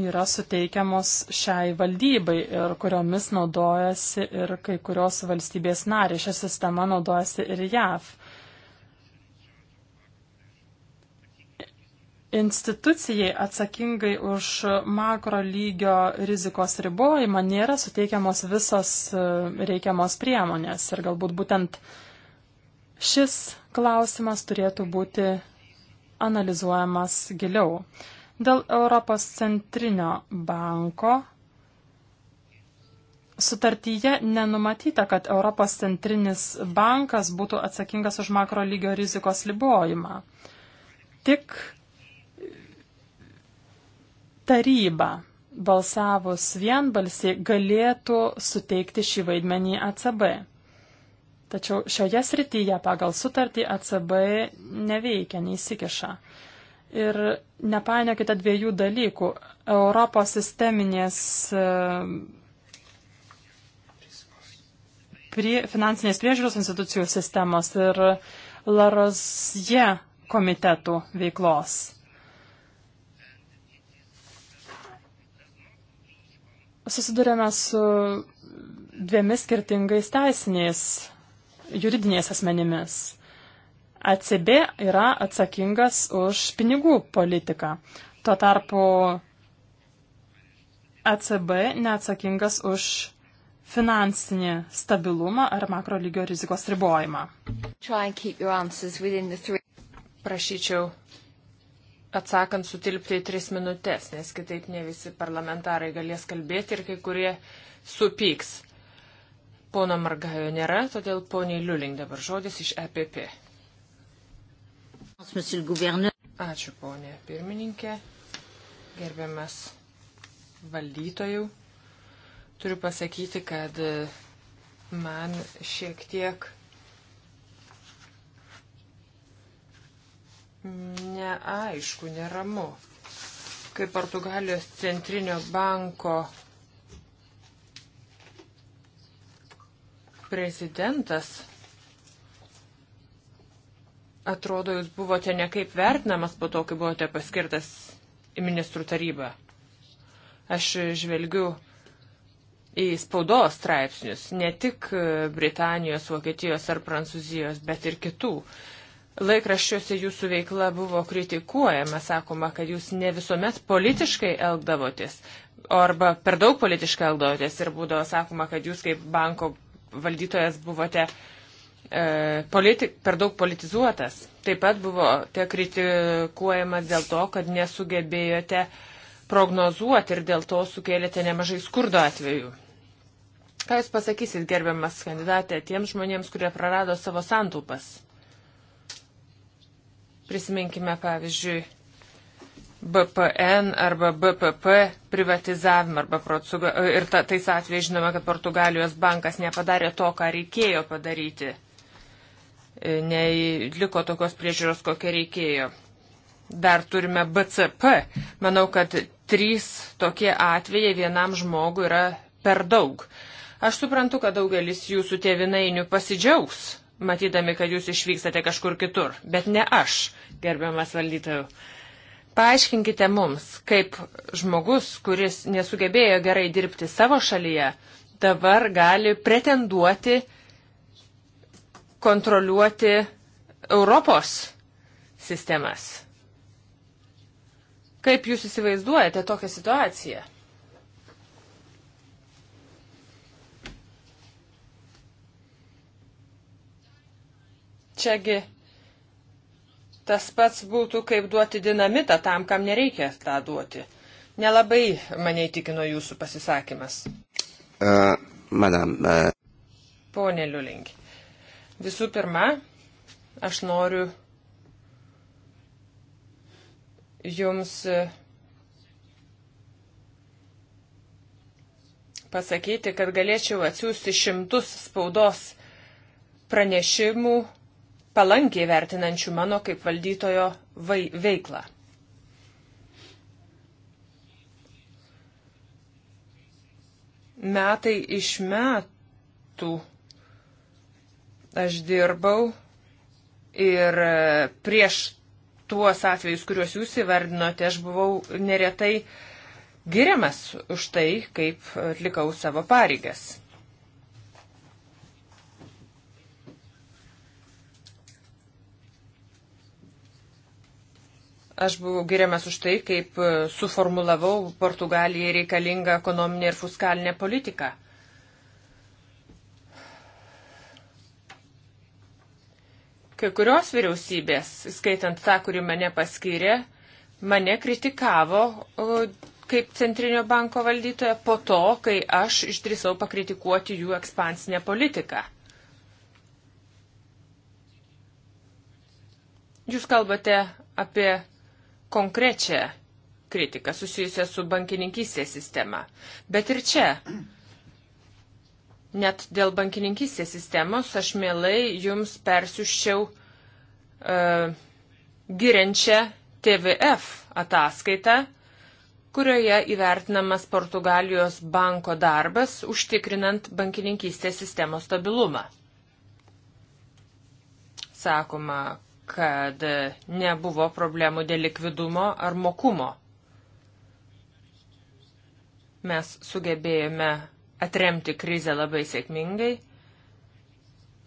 yra suteikiamos šiai valdybai ir kuriomis naudojasi ir kai kurios valstybės nariai. Šią sistemą naudojasi ir JAV. Institucijai atsakingai už makro lygio rizikos ribojimą nėra suteikiamos visos e, reikiamos priemonės ir galbūt būtent šis klausimas turėtų būti analizuojamas giliau. Dėl Europos centrinio banko sutartyje nenumatyta, kad Europos centrinis bankas būtų atsakingas už makro lygio rizikos libojimą. Tik taryba balsavus vienbalsiai galėtų suteikti šį vaidmenį ACB. Tačiau šioje srityje pagal sutartį ECB neveikia, neįsikiša. Ir nepainiokite dviejų dalykų. Europos sisteminės e, prie, finansinės priežiūros institucijų sistemos ir Larosje komitetų veiklos. Susidurėme su dviemis skirtingais teisiniais juridiniais asmenimis. ECB yra atsakingas už pinigų politiką. Tuo tarpu ECB neatsakingas už finansinį stabilumą ar makro lygio rizikos ribojimą. Prašyčiau atsakant sutilpti į tris minutės, nes kitaip ne visi parlamentarai galės kalbėti ir kai kurie supyks. Pono Margajo nėra, todėl poniai Liuling dabar žodis iš EPP. Ačiū, ponė pirmininkė, gerbiamas valdytojų. Turiu pasakyti, kad e, man šiek tiek neaišku, neramu, kaip Portugalijos centrinio banko prezidentas, atrodo, jūs buvote nekaip vertinamas po to, kai buvote paskirtas į ministrų tarybą. Aš žvelgiu į spaudos straipsnius, ne tik Britanijos, Vokietijos ar Prancūzijos, bet ir kitų. Laikraščiuose jūsų veikla buvo kritikuojama, sakoma, kad jūs ne visuomet politiškai elgdavotės, arba per daug politiškai elgdavotės ir būdavo sakoma, kad jūs kaip banko valdytojas buvote e, politik, per daug politizuotas. Taip pat buvote kritikuojamas dėl to, kad nesugebėjote prognozuoti ir dėl to sukėlėte nemažai skurdo atvejų. Ką Jūs pasakysit, gerbiamas kandidatė, tiems žmonėms, kurie prarado savo santaupas? Prisiminkime, pavyzdžiui, BPN arba BPP privatizavimą arba procugą, ir ta, tais atvejais žinome, kad Portugalijos bankas nepadarė to, ką reikėjo padaryti, e, neliko tokios priežiūros, kokią reikėjo. Dar turime BCP. Manau, kad trys tokie atvejai vienam žmogui yra per daug. Aš suprantu, kad daugelis jūsų tėvinainių pasidžiaugs, matydami, kad jūs išvykstate kažkur kitur, bet ne aš, gerbiamas valdytojų. Paaiškinkite mums, kaip žmogus, kuris nesugebėjo gerai dirbti savo šalyje, dabar gali pretenduoti kontroliuoti Europos sistemas. Kaip jūs įsivaizduojate tokią situaciją? Čiagi Tas pats būtų kaip duoti dinamitą tam, kam nereikia tą duoti. Nelabai mane įtikino jūsų pasisakymas. Uh, madam. Uh... Pone Liulink. Visų pirma, aš noriu jums e, pasakyti, kad galėčiau atsiųsti šimtus spaudos pranešimų palankiai vertinančių mano kaip valdytojo vai, veiklą. Metai iš metų aš dirbau ir prieš tuos atvejus, kuriuos jūs įvardinote, aš buvau neretai giriamas už tai, kaip atlikau savo pareigas. Aš buvau giriamas už tai, kaip e, suformulavau Portugalijai reikalingą ekonominę ir fiskalinę politiką. Kai kurios vyriausybės, skaitant tą, kuri mane paskyrė, mane kritikavo kaip Centrinio banko valdytoja po to, kai aš išdrįsau pakritikuoti jų ekspansinę politiką. Jūs kalbate apie konkrečią kritiką susijusią su bankininkystės sistema. Bet ir čia, net dėl bankininkystės sistemos, aš mielai jums persiuščiau uh, e, giriančią TVF ataskaitą, kurioje įvertinamas Portugalijos banko darbas užtikrinant bankininkystės sistemos stabilumą. Sakoma, kad nebuvo problemų dėl likvidumo ar mokumo. Mes sugebėjome atremti krizę labai sėkmingai.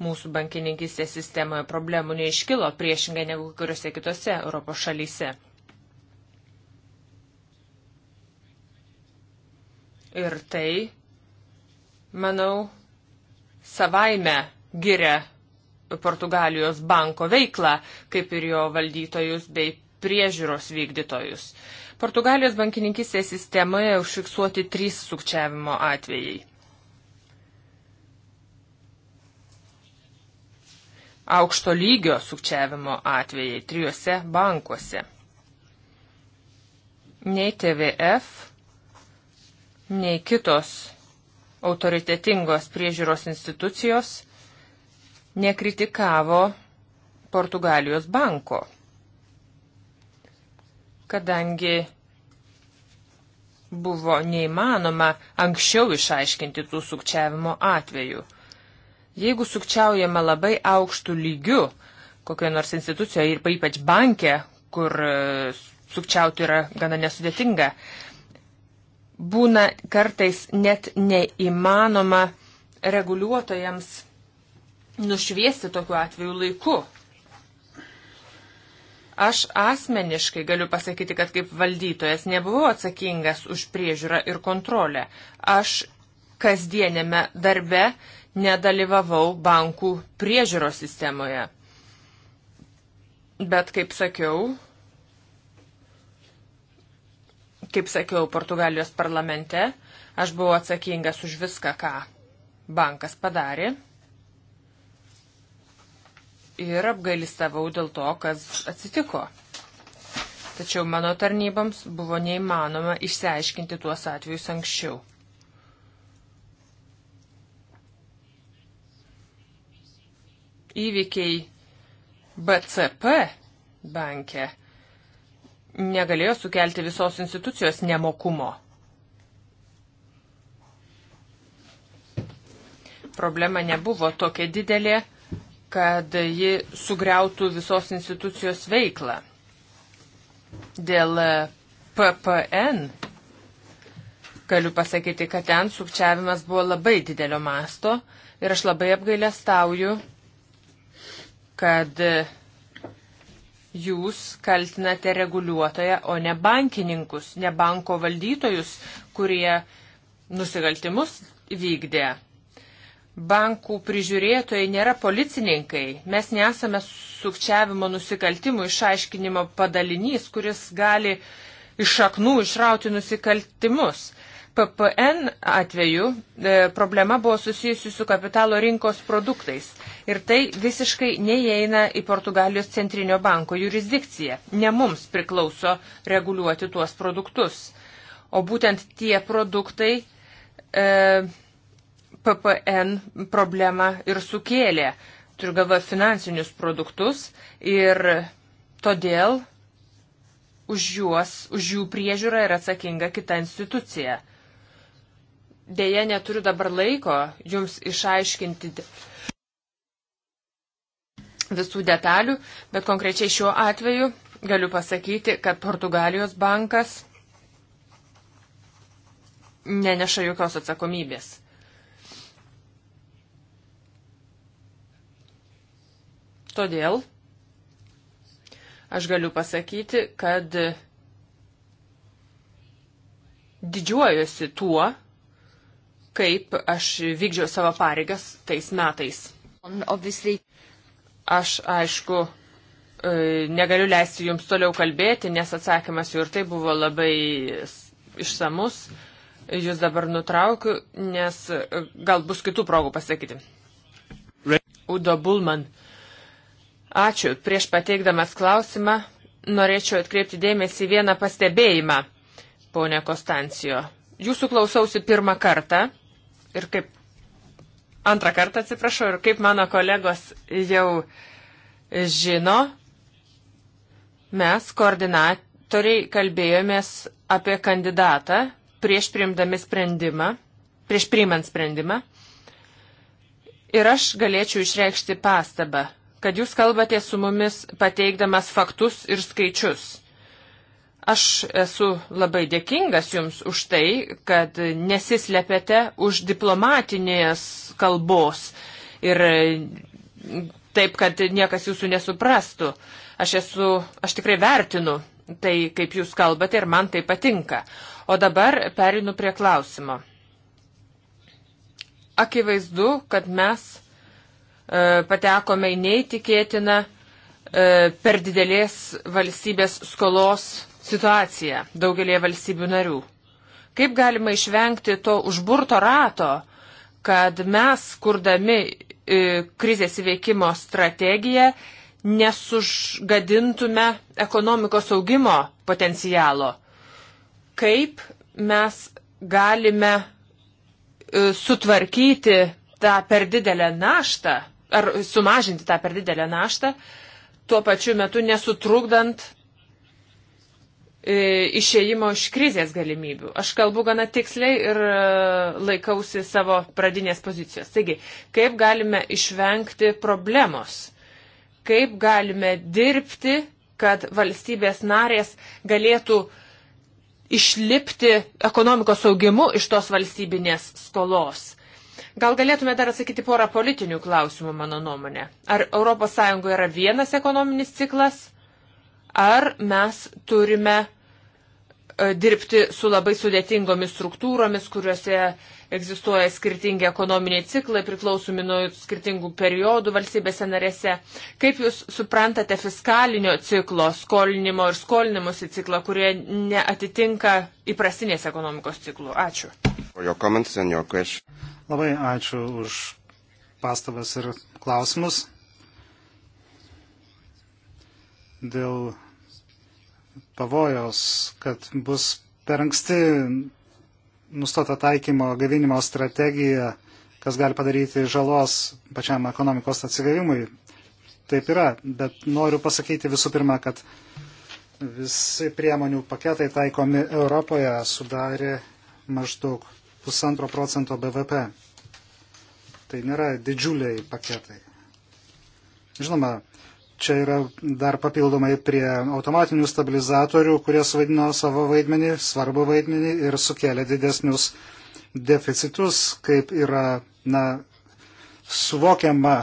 Mūsų bankininkistės sistemoje problemų neiškilo priešingai negu kuriuose kitose Europos šalyse. Ir tai, manau, savaime giria Portugalijos banko veiklą, kaip ir jo valdytojus bei priežiūros vykdytojus. Portugalijos bankininkistės sistemoje užfiksuoti trys sukčiavimo atvejai. Aukšto lygio sukčiavimo atvejai trijose bankuose. Nei TVF, nei kitos autoritetingos priežiūros institucijos nekritikavo Portugalijos banko, kadangi buvo neįmanoma anksčiau išaiškinti tų sukčiavimo atvejų. Jeigu sukčiaujama labai aukštų lygių, kokioje nors institucijoje ir ypač banke, kur e, sukčiauti yra gana nesudėtinga, būna kartais net neįmanoma reguliuotojams nušviesti tokiu atveju laiku. Aš asmeniškai galiu pasakyti, kad kaip valdytojas nebuvau atsakingas už priežiūrą ir kontrolę. Aš kasdienėme darbe nedalyvavau bankų priežiūros sistemoje. Bet kaip sakiau, kaip sakiau, Portugalijos parlamente aš buvau atsakingas už viską, ką bankas padarė ir apgailistavau dėl to, kas atsitiko. Tačiau mano tarnyboms buvo neįmanoma išsiaiškinti tuos atvejus anksčiau. Įvykiai BCP banke negalėjo sukelti visos institucijos nemokumo. Problema nebuvo tokia didelė, kad ji sugriautų visos institucijos veiklą. Dėl PPN galiu pasakyti, kad ten sukčiavimas buvo labai didelio masto ir aš labai apgailestauju, kad jūs kaltinate reguliuotoją, o ne bankininkus, ne banko valdytojus, kurie nusikaltimus vykdė bankų prižiūrėtojai nėra policininkai. Mes nesame sukčiavimo nusikaltimų išaiškinimo padalinys, kuris gali iš šaknų išrauti nusikaltimus. PPN atveju e, problema buvo susijusi su kapitalo rinkos produktais ir tai visiškai neįeina į Portugalijos centrinio banko jurisdikciją. Ne mums priklauso reguliuoti tuos produktus. O būtent tie produktai e, PPN problemą ir sukėlė. Turiu galvą finansinius produktus ir todėl už juos, už jų priežiūrą yra atsakinga kita institucija. Deja, neturiu dabar laiko jums išaiškinti visų detalių, bet konkrečiai šiuo atveju galiu pasakyti, kad Portugalijos bankas neneša jokios atsakomybės. Todėl aš galiu pasakyti, kad didžiuojuosi tuo, kaip aš vykdžiau savo pareigas tais metais. Aš, aišku, e, negaliu leisti jums toliau kalbėti, nes atsakymas jau ir tai buvo labai išsamus. Jūs dabar nutraukiu, nes e, gal bus kitų progų pasakyti. Udo Bulman Ačiū. Prieš pateikdamas klausimą norėčiau atkreipti dėmesį vieną pastebėjimą, ponė Konstancijo. Jūsų klausiausi pirmą kartą ir kaip antrą kartą atsiprašau ir kaip mano kolegos jau žino, mes koordinatoriai kalbėjomės apie kandidatą prieš priimdami sprendimą, prieš priimant sprendimą. Ir aš galėčiau išreikšti pastabą kad jūs kalbate su mumis pateikdamas faktus ir skaičius. Aš esu labai dėkingas Jums už tai, kad nesislepėte už diplomatinės kalbos ir taip, kad niekas Jūsų nesuprastų. Aš, esu, aš tikrai vertinu tai, kaip Jūs kalbate ir man tai patinka. O dabar perinu prie klausimo. Akivaizdu, kad mes E, patekome į neįtikėtiną e, per didelės valstybės skolos situaciją daugelie valstybių narių. Kaip galima išvengti to užburto rato, kad mes, kurdami e, krizės įveikimo strategiją, nesužgadintume ekonomikos augimo potencialo? Kaip mes galime sutvarkyti tą per didelę naštą ar sumažinti tą per didelę naštą, tuo pačiu metu nesutrukdant e, išėjimo iš krizės galimybių. Aš kalbu gana tiksliai ir e, laikausi savo pradinės pozicijos. Taigi, kaip galime išvengti problemos? Kaip galime dirbti, kad valstybės narės galėtų išlipti ekonomikos augimu iš tos valstybinės skolos? Gal galėtume dar atsakyti porą politinių klausimų, mano nuomonė. Ar ES yra vienas ekonominis ciklas, ar mes turime e, dirbti su labai sudėtingomis struktūromis, kuriuose egzistuoja skirtingi ekonominiai ciklai, priklausomi nuo skirtingų periodų valstybėse narėse. Kaip Jūs suprantate fiskalinio ciklo, skolinimo ir skolinimusi ciklo, kurie neatitinka įprastinės ekonomikos ciklų? Ačiū. Labai ačiū už pastabas ir klausimus dėl pavojos, kad bus per anksti nustota taikymo gavinimo strategija, kas gali padaryti žalos pačiam ekonomikos atsigavimui. Taip yra, bet noriu pasakyti visų pirma, kad visi priemonių paketai taikomi Europoje sudarė maždaug pusantro procento BVP. Tai nėra didžiuliai paketai. Žinoma, čia yra dar papildomai prie automatinių stabilizatorių, kurie suvaidino savo vaidmenį, svarbu vaidmenį ir sukėlė didesnius deficitus, kaip yra na, suvokiama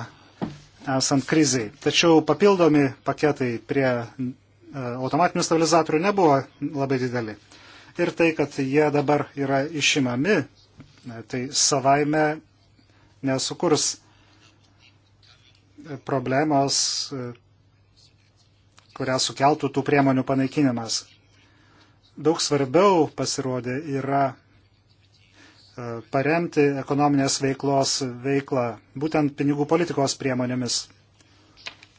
esant kriziai. Tačiau papildomi paketai prie e, automatinių stabilizatorių nebuvo labai dideli ir tai, kad jie dabar yra išimami, tai savaime nesukurs problemos, kurią sukeltų tų priemonių panaikinimas. Daug svarbiau pasirodė yra e, paremti ekonominės veiklos veiklą būtent pinigų politikos priemonėmis.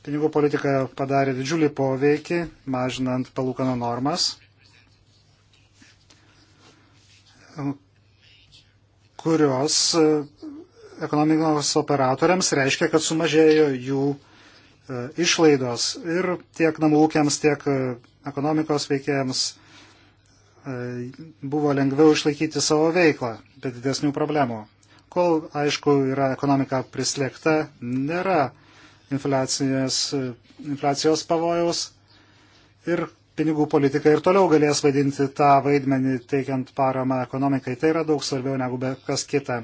Pinigų politika padarė didžiulį poveikį, mažinant palūkanų normas kurios e, ekonomikos operatoriams reiškia, kad sumažėjo jų e, išlaidos ir tiek namų ūkiams, tiek e, ekonomikos veikėjams buvo lengviau išlaikyti savo veiklą be didesnių problemų. Kol, aišku, yra ekonomika prislėgta, nėra infliacijos pavojaus ir pinigų politika ir toliau galės vaidinti tą vaidmenį teikiant paramą ekonomikai. Tai yra daug svarbiau negu be kas kita.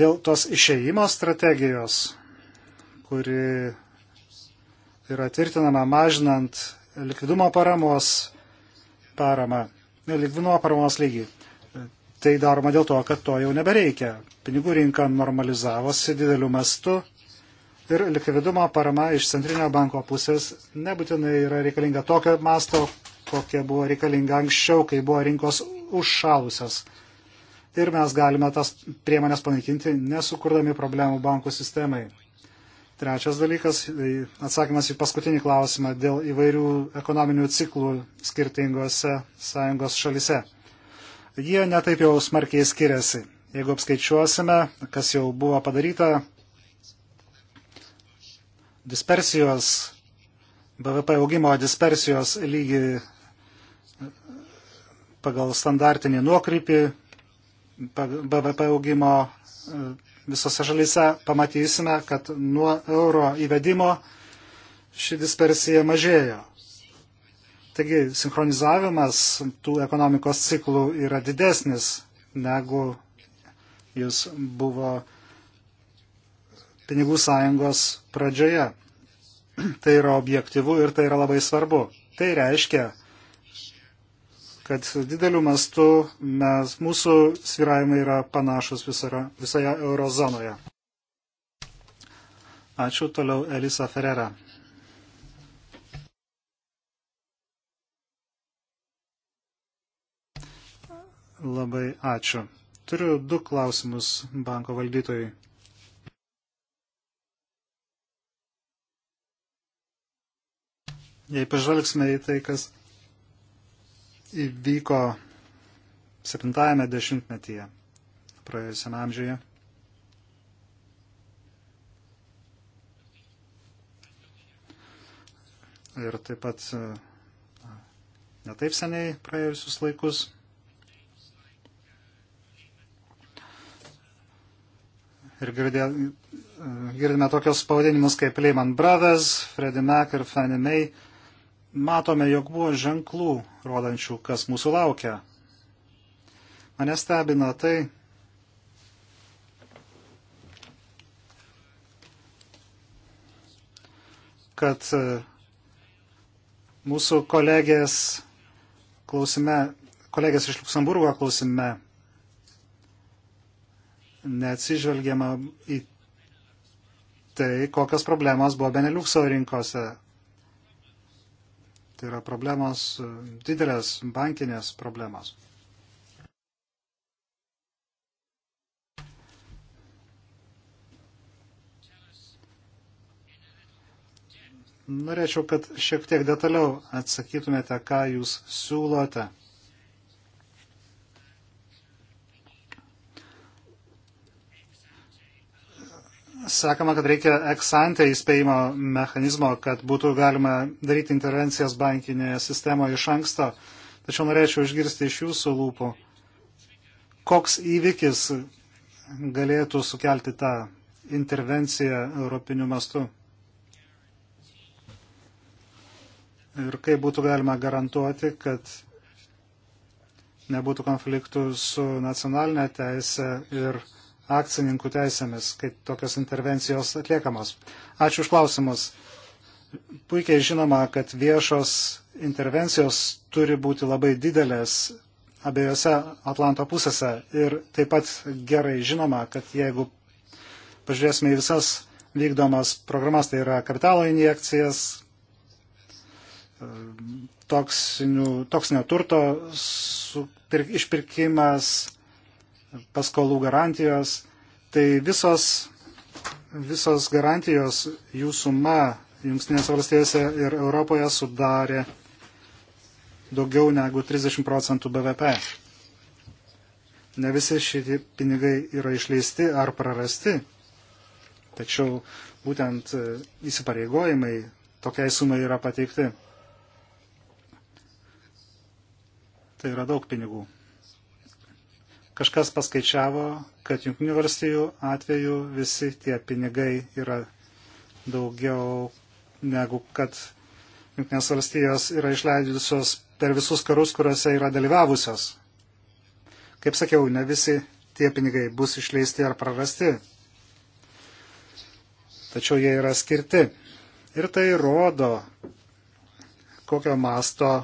Dėl tos išeimo strategijos, kuri yra tvirtinama mažinant likvidumo paramos paramą, likvidumo paramos lygį. Tai daroma dėl to, kad to jau nebereikia. Pinigų rinka normalizavosi dideliu mastu ir likvidumo parama iš centrinio banko pusės nebūtinai yra reikalinga tokio masto, kokia buvo reikalinga anksčiau, kai buvo rinkos užšalusios. Ir mes galime tas priemonės panaikinti, nesukurdami problemų bankų sistemai. Trečias dalykas, tai atsakymas į paskutinį klausimą dėl įvairių ekonominių ciklų skirtingose sąjungos šalise. Jie netaip jau smarkiai skiriasi. Jeigu apskaičiuosime, kas jau buvo padaryta, dispersijos, BVP augimo dispersijos lygį pagal standartinį nuokrypį BVP augimo e, visose šalyse pamatysime, kad nuo euro įvedimo ši dispersija mažėjo. Taigi sinchronizavimas tų ekonomikos ciklų yra didesnis negu jis buvo pinigų sąjungos pradžioje. Tai yra objektivu ir tai yra labai svarbu. Tai reiškia, kad dideliu mastu mes, mūsų sviravimai yra panašus visoje, visoje eurozonoje. Ačiū toliau Elisa Ferrera. Labai ačiū. Turiu du klausimus banko valdytojai. Jei pažvelgsime į tai, kas įvyko 70-ame dešimtmetyje praėjusiam amžiuje. Ir taip pat netaip seniai praėjusius laikus. Ir girdė, girdime tokios pavadinimus kaip Lehman Brothers, Freddie Mac ir Fannie Mae matome, jog buvo ženklų rodančių, kas mūsų laukia. Mane stebina tai, kad e, mūsų kolegės klausime, kolegės iš Luksemburgo klausime neatsižvelgiama į tai, kokios problemos buvo Beneliukso rinkose Tai yra problemos, didelės bankinės problemos. Norėčiau, kad šiek tiek detaliau atsakytumėte, ką jūs siūlote. sakoma, kad reikia eksantę įspėjimo mechanizmo, kad būtų galima daryti intervencijas bankinėje sistemoje iš anksto. Tačiau norėčiau išgirsti iš jūsų lūpų, koks įvykis galėtų sukelti tą intervenciją europiniu mastu. Ir kaip būtų galima garantuoti, kad nebūtų konfliktų su nacionalinė teisė ir akcininkų teisėmis, kai tokios intervencijos atliekamos. Ačiū už klausimus. Puikiai žinoma, kad viešos intervencijos turi būti labai didelės abiejose Atlanto pusėse ir taip pat gerai žinoma, kad jeigu pažiūrėsime į visas vykdomas programas, tai yra kapitalo injekcijas, toksinių, toksinio turto su, pir, išpirkimas, paskolų garantijos, tai visos, visos garantijos jų suma Junktinės valstijose ir Europoje sudarė daugiau negu 30 procentų BVP. Ne visi šitie pinigai yra išleisti ar prarasti, tačiau būtent e, įsipareigojimai tokiai sumai yra pateikti. Tai yra daug pinigų. Kažkas paskaičiavo, kad Junktinių valstijų atveju visi tie pinigai yra daugiau negu kad Junktinės valstijos yra išleidusios per visus karus, kuriuose yra dalyvavusios. Kaip sakiau, ne visi tie pinigai bus išleisti ar prarasti, tačiau jie yra skirti. Ir tai rodo, kokio masto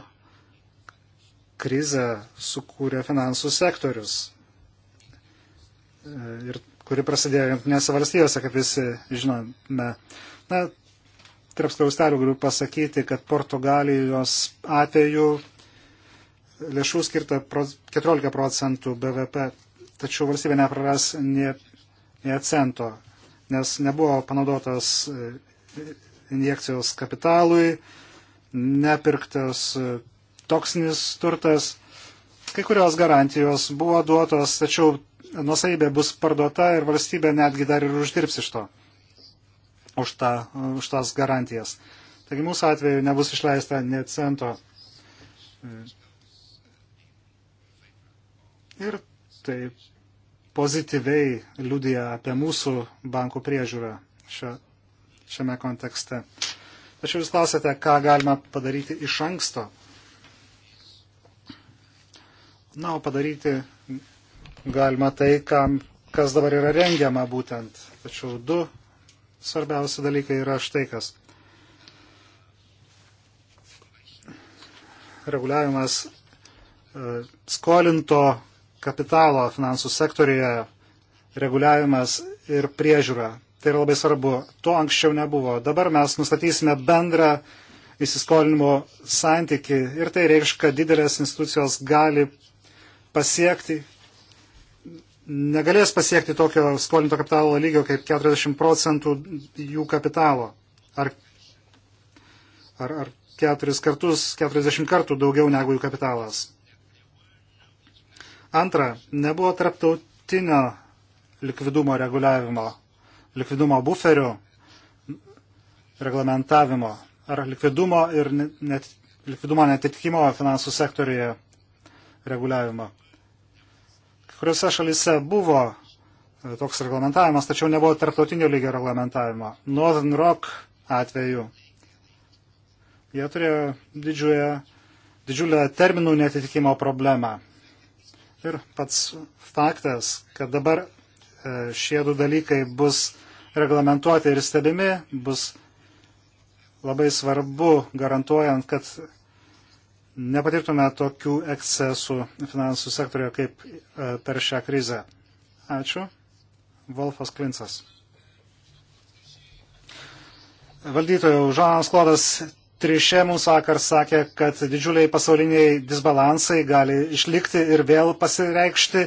krizę sukūrė finansų sektorius. E, ir kuri prasidėjo Junktinėse valstijose, kaip visi žinome. Na, trepskaustelių galiu pasakyti, kad Portugalijos atveju lėšų skirta 14 procentų BVP, tačiau valstybė nepraras nie, nie cento, nes nebuvo panaudotas e, injekcijos kapitalui, nepirktas e, toksinis turtas. Kai kurios garantijos buvo duotos, tačiau nusaibė bus parduota ir valstybė netgi dar ir uždirbs iš to, už, tą, už tas garantijas. Taigi mūsų atveju nebus išleista ne cento. Ir tai pozityviai liudija apie mūsų bankų priežiūrą šio, šiame kontekste. Tačiau jūs klausėte, ką galima padaryti iš anksto. Na, o padaryti galima tai, kam, kas dabar yra rengiama būtent. Tačiau du svarbiausi dalykai yra štai kas. Reguliavimas e, skolinto kapitalo finansų sektorija, reguliavimas ir priežiūra. Tai yra labai svarbu. To anksčiau nebuvo. Dabar mes nustatysime bendrą įsiskolinimo santyki ir tai reikš, kad didelės institucijos gali pasiekti negalės pasiekti tokio skolinto kapitalo lygio kaip 40 procentų jų kapitalo. Ar, ar, ar keturis kartus, 40 kartų daugiau negu jų kapitalas. Antra, nebuvo tarptautinio likvidumo reguliavimo, likvidumo buferių reglamentavimo ar likvidumo ir net, likvidumo netitikimo finansų sektorijoje reguliavimo kuriuose šalise buvo e, toks reglamentavimas, tačiau nebuvo tarptautinio lygio reglamentavimo. Northern Rock atveju jie turėjo didžiulę, didžiulę terminų netitikimo problemą. Ir pats faktas, kad dabar e, šie du dalykai bus reglamentuoti ir stebimi, bus labai svarbu garantuojant, kad nepatirtume tokių ekscesų finansų sektorioje kaip e, per šią krizę. Ačiū. Volfas Klincas. Valdytojų Žanas Klodas Trišė mums vakar sakė, kad didžiuliai pasauliniai disbalansai gali išlikti ir vėl pasireikšti,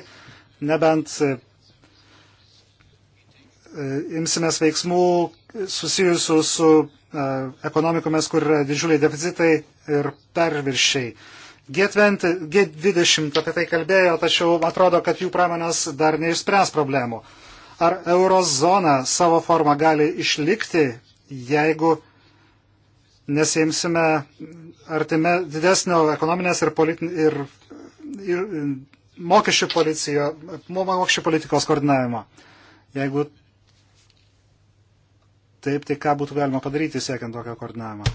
nebent e, imsimės veiksmų susijusių su E, ekonomikomis, kur yra didžiuliai deficitai ir perviršiai. G20 apie tai kalbėjo, tačiau atrodo, kad jų pramonės dar neišspręs problemų. Ar eurozona savo formą gali išlikti, jeigu nesėimsime artime didesnio ekonominės ir, politi, ir, ir mokesčių, policijo, mokesčių politikos koordinavimo? Jeigu taip, tai ką būtų galima padaryti siekiant tokio koordinavimo?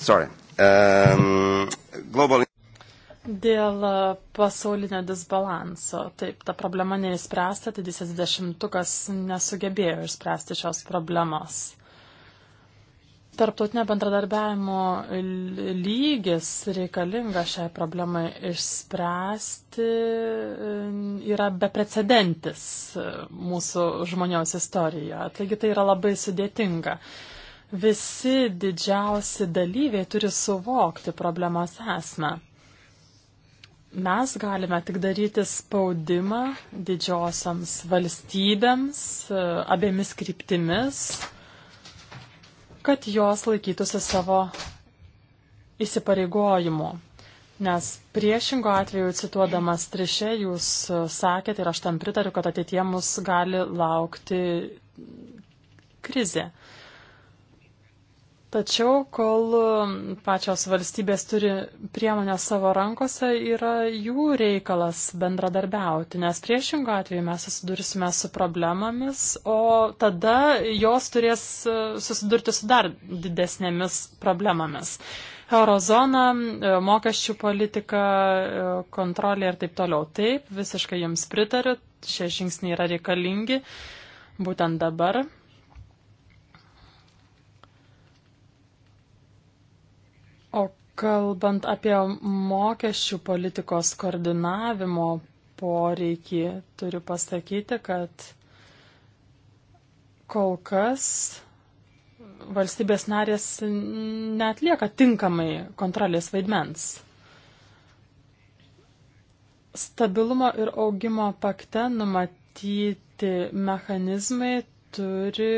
Sorry. Um, global... Dėl uh, pasaulinio disbalanso. Taip, ta problema neįspręsta, tai didysis dešimtukas nesugebėjo išspręsti šios problemos. Tarptautinio bendradarbiavimo lygis reikalingas šiai problemai išspręsti yra beprecedentis mūsų žmonijos istorijoje. Taigi tai yra labai sudėtinga. Visi didžiausi dalyviai turi suvokti problemos esmę. Mes galime tik daryti spaudimą didžiosiams valstybėms abiemis kryptimis kad jos laikytųsi savo įsipareigojimų. Nes priešingo atveju, cituodamas trišė, jūs e, sakėte ir aš tam pritariu, kad ateitie mus gali laukti krizė. Tačiau, kol um, pačios valstybės turi priemonę savo rankose, yra jų reikalas bendradarbiauti, nes priešingų atveju mes susidursime su problemomis, o tada jos turės uh, susidurti su dar didesnėmis problemomis. Eurozona, uh, mokesčių politika, uh, kontrolė ir taip toliau. Taip, visiškai jums pritariu, šie žingsniai yra reikalingi būtent dabar. O kalbant apie mokesčių politikos koordinavimo poreikį, turiu pasakyti, kad kol kas valstybės narės netlieka tinkamai kontrolės vaidmens. Stabilumo ir augimo pakte numatyti mechanizmai turi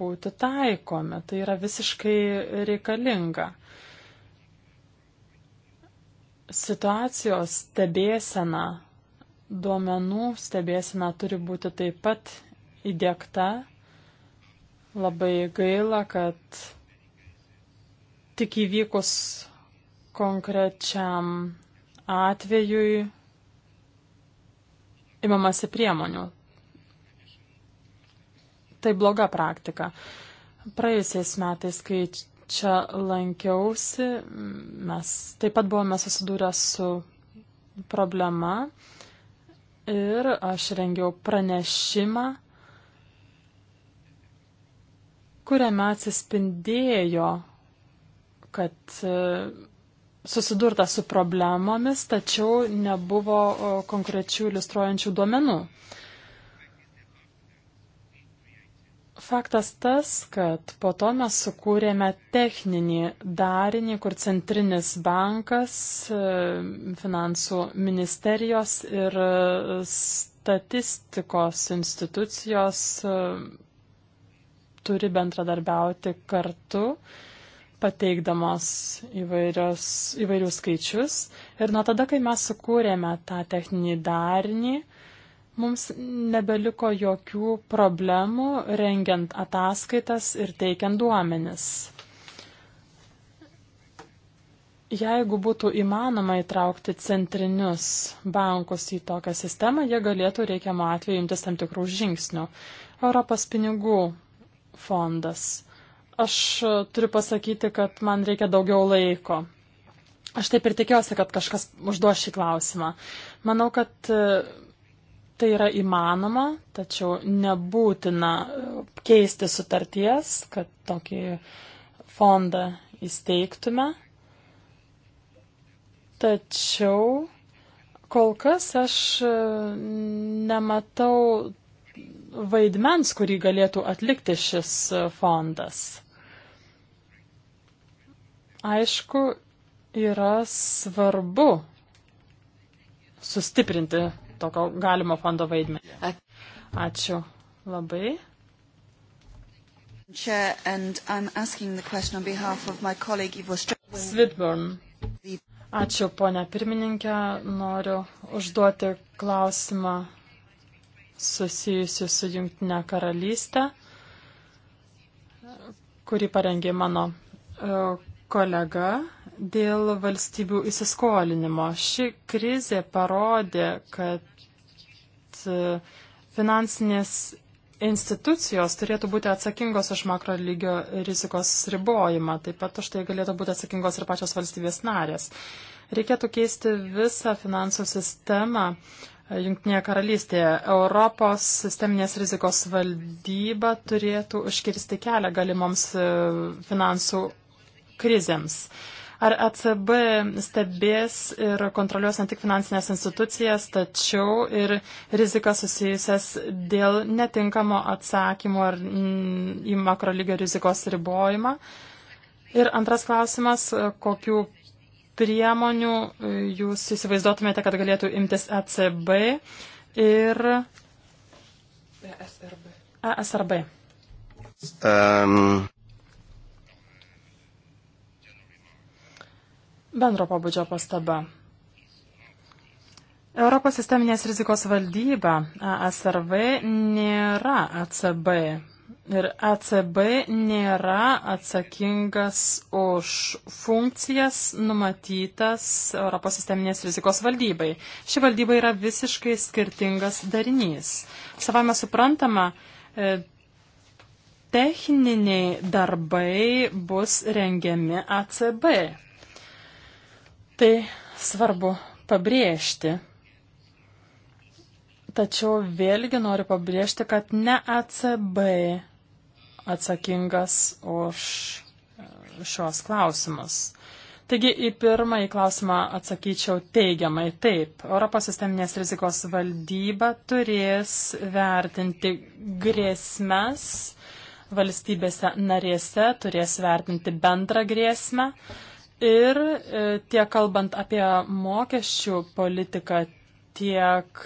būti taikomi. Tai yra visiškai reikalinga. Situacijos stebėsena, duomenų stebėsena turi būti taip pat įdėkta. Labai gaila, kad tik įvykus konkrečiam atvejui imamasi priemonių. Tai bloga praktika. Praėjusiais metais, kai čia lankiausi, mes taip pat buvome susidūrę su problema ir aš rengiau pranešimą, kuriame atsispindėjo, kad e, susidurta su problemomis, tačiau nebuvo e, konkrečių iliustruojančių duomenų. Faktas tas, kad po to mes sukūrėme techninį darinį, kur centrinis bankas, e, finansų ministerijos ir e, statistikos institucijos e, turi bendradarbiauti kartu, pateikdamos įvairius skaičius. Ir nuo tada, kai mes sukūrėme tą techninį darinį, Mums nebeliko jokių problemų rengiant ataskaitas ir teikiant duomenis. Jeigu būtų įmanoma įtraukti centrinius bankus į tokią sistemą, jie galėtų reikiamą atveju imtis tam tikrų žingsnių. Europos pinigų fondas. Aš turiu pasakyti, kad man reikia daugiau laiko. Aš taip ir tikiuosi, kad kažkas užduos šį klausimą. Manau, kad Tai yra įmanoma, tačiau nebūtina e, keisti sutarties, kad tokį fondą įsteigtume. Tačiau kol kas aš e, nematau vaidmens, kurį galėtų atlikti šis e, fondas. Aišku, yra svarbu sustiprinti tokio galimo fondo vaidmenį. Ačiū labai. Svidburn. Ačiū, ponia pirmininkė. Noriu užduoti klausimą susijusiu su Junktinė karalystė, kurį parengė mano e, kolega dėl valstybių įsiskolinimo. Ši krizė parodė, kad e, finansinės institucijos turėtų būti atsakingos už makro lygio rizikos ribojimą. Taip pat už tai galėtų būti atsakingos ir pačios valstybės narės. Reikėtų keisti visą finansų sistemą. E, Junktinėje karalystėje Europos sisteminės rizikos valdyba turėtų užkirsti kelią galimoms e, finansų krizėms. Ar ECB stebės ir kontroliuos ne tik finansinės institucijas, tačiau ir rizikas susijusias dėl netinkamo atsakymo ar mm, į makrolygio rizikos ribojimą? Ir antras klausimas, kokių priemonių e, jūs įsivaizduotumėte, kad galėtų imtis ECB ir ESRB. ESRB. Um. Bendro pabudžio pastaba. Europos sisteminės rizikos valdyba ASRV nėra ECB ir ECB nėra atsakingas už funkcijas numatytas Europos sisteminės rizikos valdybai. Ši valdyba yra visiškai skirtingas darinys. Savame suprantama, e, techniniai darbai bus rengiami ACB. Tai svarbu pabrėžti. Tačiau vėlgi noriu pabrėžti, kad ne ACB atsakingas už šios klausimus. Taigi į pirmąjį klausimą atsakyčiau teigiamai. Taip, Europos sisteminės rizikos valdyba turės vertinti grėsmes valstybėse narėse, turės vertinti bendrą grėsmę. Uh, Ir e, tiek kalbant apie mokesčių politiką, tiek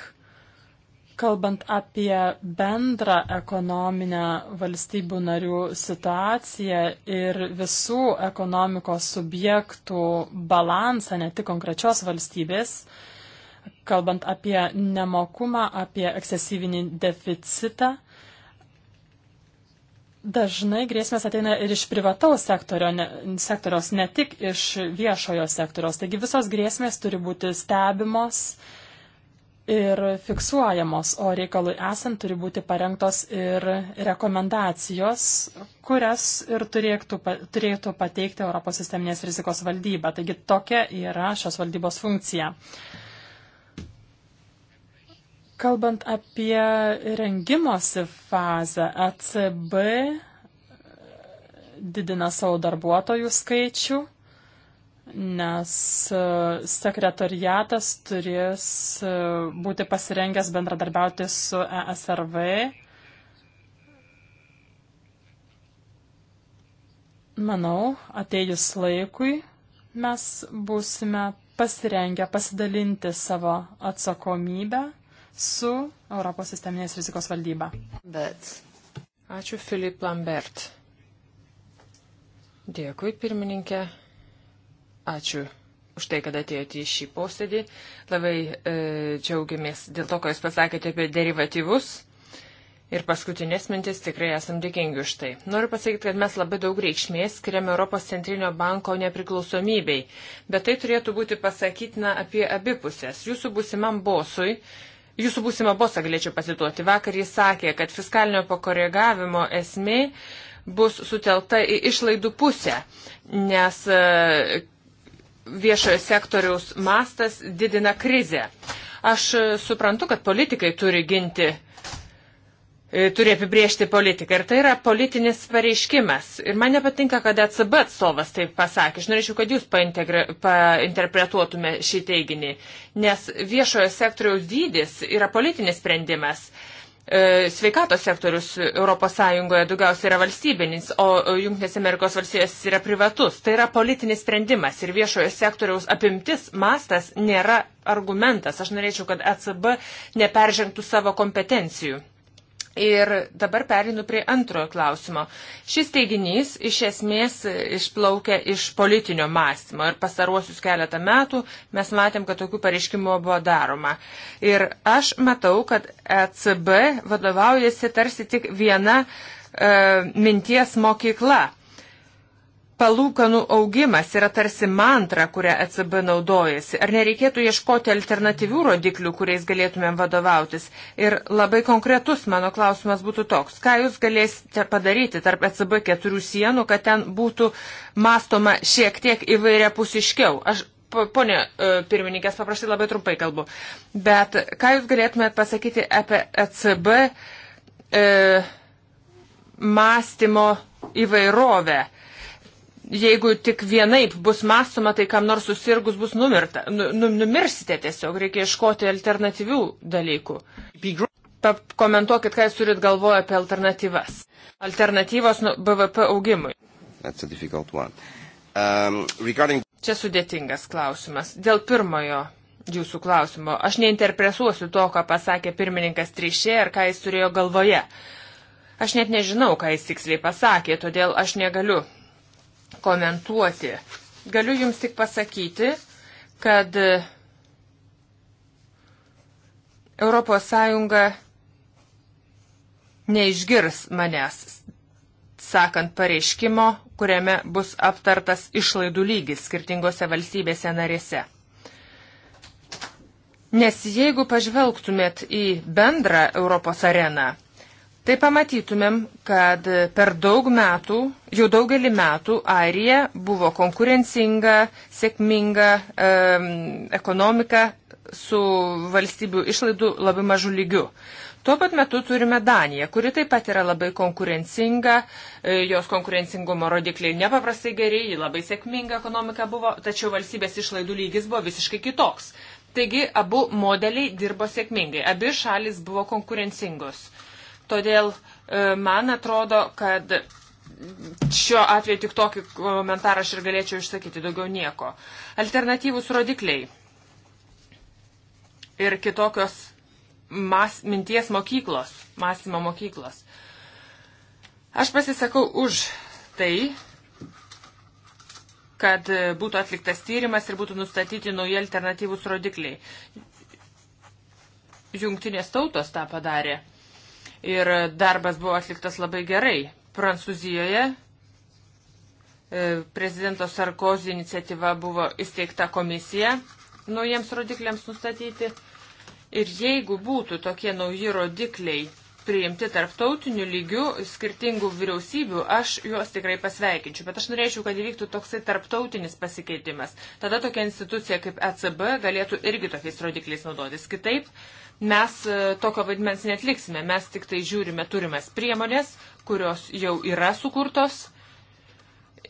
kalbant apie bendrą ekonominę valstybių narių situaciją ir visų ekonomikos subjektų balansą, ne tik konkrečios valstybės, kalbant apie nemokumą, apie ekscesyvinį deficitą, Dažnai grėsmės ateina ir iš privataus sektorio, ne, sektoriaus, ne tik iš viešojo sektoriaus. Taigi visos grėsmės turi būti stebimos ir fiksuojamos, o reikalui esant turi būti parengtos ir rekomendacijos, kurias ir turėtų, turėtų pateikti Europos sisteminės rizikos valdyba. Taigi tokia yra šios valdybos funkcija. Uh, Kalbant apie rengimosi fazę, ECB didina savo darbuotojų skaičių, nes e, sekretariatas turės e, būti pasirengęs bendradarbiauti su ESRV. Manau, atėjus laikui mes būsime pasirengę pasidalinti savo atsakomybę su Europos sisteminės rizikos valdyba. Bet. Ačiū Filip Lambert. Dėkui, pirmininkė. Ačiū už tai, kad atėjote į šį posėdį. Labai e, džiaugiamės dėl to, ką Jūs pasakėte apie derivatyvus. Ir paskutinės mintis tikrai esam dėkingi už tai. Noriu pasakyti, kad mes labai daug reikšmės skiriam Europos centrinio banko nepriklausomybei, bet tai turėtų būti pasakytina apie abipusės. Jūsų būsimam bosui Jūsų būsimą bosą galėčiau pasituoti. Vakar jis sakė, kad fiskalinio pakoregavimo esmė bus sutelta į išlaidų pusę, nes e, viešojo sektoriaus mastas didina krizę. Aš suprantu, kad politikai turi ginti uh, E, turi apibriežti politiką. Ir tai yra politinis pareiškimas. Ir man nepatinka, kad ECB atstovas taip pasakė. Aš norėčiau, kad jūs painterpretuotume šį teiginį. Nes viešojo sektoriaus dydis yra politinis sprendimas. E, sveikatos sektorius ES daugiausiai yra valstybinis, o Junktinės Amerikos valstijos yra privatus. Tai yra politinis sprendimas ir viešojo sektoriaus apimtis, mastas nėra argumentas. Aš norėčiau, kad ECB neperžengtų savo kompetencijų. Ir dabar perinu prie antrojo klausimo. Šis teiginys iš esmės išplaukia iš politinio mąstymo ir pasaruosius keletą metų mes matėm, kad tokių pareiškimų buvo daroma. Ir aš matau, kad ECB vadovaujasi tarsi tik viena e, minties mokykla palūkanų augimas yra tarsi mantra, kurią ECB naudojasi. Ar nereikėtų ieškoti alternatyvių rodiklių, kuriais galėtumėm vadovautis? Ir labai konkretus mano klausimas būtų toks. Ką jūs galėsite padaryti tarp ECB keturių sienų, kad ten būtų mastoma šiek tiek įvairiapusiškiau? Aš Pone pirmininkės, paprastai labai trumpai kalbu, bet ką Jūs galėtumėt pasakyti apie ECB e, mąstymo įvairovę? E, jeigu tik vienaip bus mąstoma, tai kam nors susirgus bus numirta, nu, nu numirsite tiesiog, reikia iškoti alternatyvių dalykų. Pakomentuokit, ką jūs turit galvoje apie alternatyvas. Alternatyvos nu, BVP augimui. Um, regarding... Čia sudėtingas klausimas. Dėl pirmojo jūsų klausimo, aš neinterpretuosiu to, ką pasakė pirmininkas Trišė ir ką jis turėjo galvoje. Aš net nežinau, ką jis tiksliai pasakė, todėl aš negaliu komentuoti. Galiu Jums tik pasakyti, kad ES neišgirs manęs, sakant pareiškimo, kuriame bus aptartas išlaidų lygis skirtingose valstybėse narėse. Nes jeigu pažvelgtumėt į bendrą Europos areną, Tai pamatytumėm, kad per daug metų, jau daugelį metų Airija buvo konkurencinga, sėkminga e, ekonomika su valstybių išlaidų labai mažu lygiu. Tuo pat metu turime Daniją, kuri taip pat yra labai konkurencinga, e, jos konkurencingumo rodikliai nepaprastai geri, ji labai sėkminga ekonomika buvo, tačiau valstybės išlaidų lygis buvo visiškai kitoks. Taigi abu modeliai dirbo sėkmingai, abi šalis buvo konkurencingos. Todėl e, man atrodo, kad šiuo atveju tik tokį komentarą aš ir galėčiau išsakyti, daugiau nieko. Alternatyvus rodikliai ir kitokios mas, minties mokyklos, mąstymo mokyklos. Aš pasisakau už tai, kad būtų atliktas tyrimas ir būtų nustatyti nauji alternatyvūs rodikliai. Jungtinės tautos tą padarė ir darbas buvo atliktas labai gerai. Prancūzijoje e, prezidento Sarkozy iniciatyva buvo įsteigta komisija naujiems rodikliams nustatyti. Ir jeigu būtų tokie nauji rodikliai priimti tarptautiniu lygiu skirtingų vyriausybių, aš juos tikrai pasveikinčiau, bet aš norėčiau, kad įvyktų toksai tarptautinis pasikeitimas. Tada tokia institucija kaip ECB galėtų irgi tokiais rodikliais naudotis. Kitaip mes e, tokio vaidmens netliksime, mes tik tai žiūrime turimas priemonės, kurios jau yra sukurtos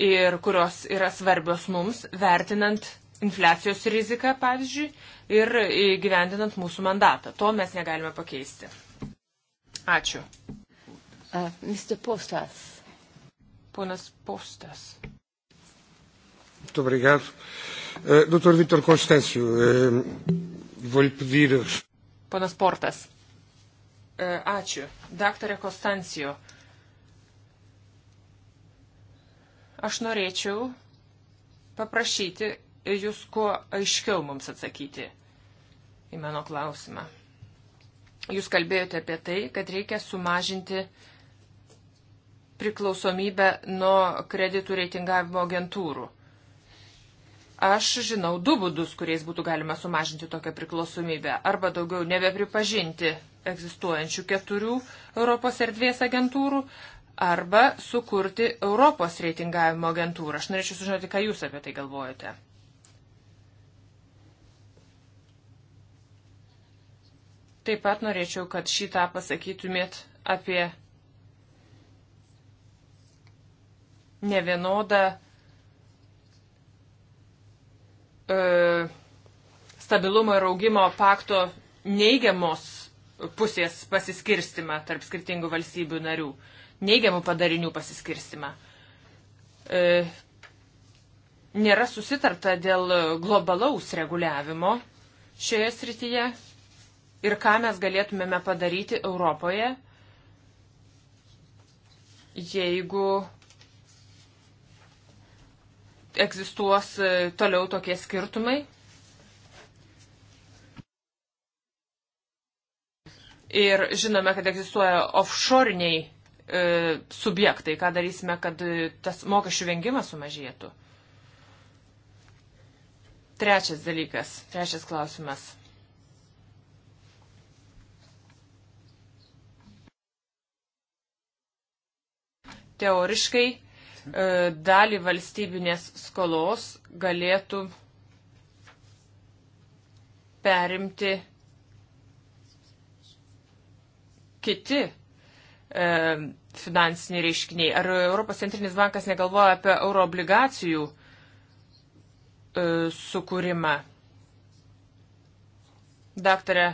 ir kurios yra svarbios mums, vertinant infliacijos riziką, pavyzdžiui, ir gyvendinant mūsų mandatą. To mes negalime pakeisti. Ačiū. Uh, Mr. Postas. Ponas Postas. Muito obrigado. Uh, Dr. Vítor Constâncio, uh, vou-lhe pedir. Ponas Portas. Uh, ačiū. Daktarė Konstancijo. Aš norėčiau paprašyti jūs kuo aiškiau mums atsakyti į mano klausimą. Jūs kalbėjote apie tai, kad reikia sumažinti priklausomybę nuo kreditų reitingavimo agentūrų. Aš žinau du būdus, kuriais būtų galima sumažinti tokią priklausomybę. Arba daugiau nebepripažinti egzistuojančių keturių Europos erdvės agentūrų, arba sukurti Europos reitingavimo agentūrą. Aš norėčiau sužinoti, ką Jūs apie tai galvojate. Taip pat norėčiau, kad šitą pasakytumėt apie nevienodą e, stabilumo ir augimo pakto neigiamos pusės pasiskirstimą tarp skirtingų valstybių narių, neigiamų padarinių pasiskirstimą. E, nėra susitarta dėl globalaus reguliavimo šioje srityje ir ką mes galėtumėme padaryti Europoje, jeigu egzistuos e, toliau tokie skirtumai. Ir žinome, kad egzistuoja offshoriniai e, subjektai. Ką darysime, kad e, tas mokesčių vengimas sumažėtų? Trečias dalykas, trečias klausimas. teoriškai e, dalį valstybinės skolos galėtų perimti kiti e, finansiniai reiškiniai. Ar Europos centrinis bankas negalvoja apie euroobligacijų e, sukūrimą? Daktarė,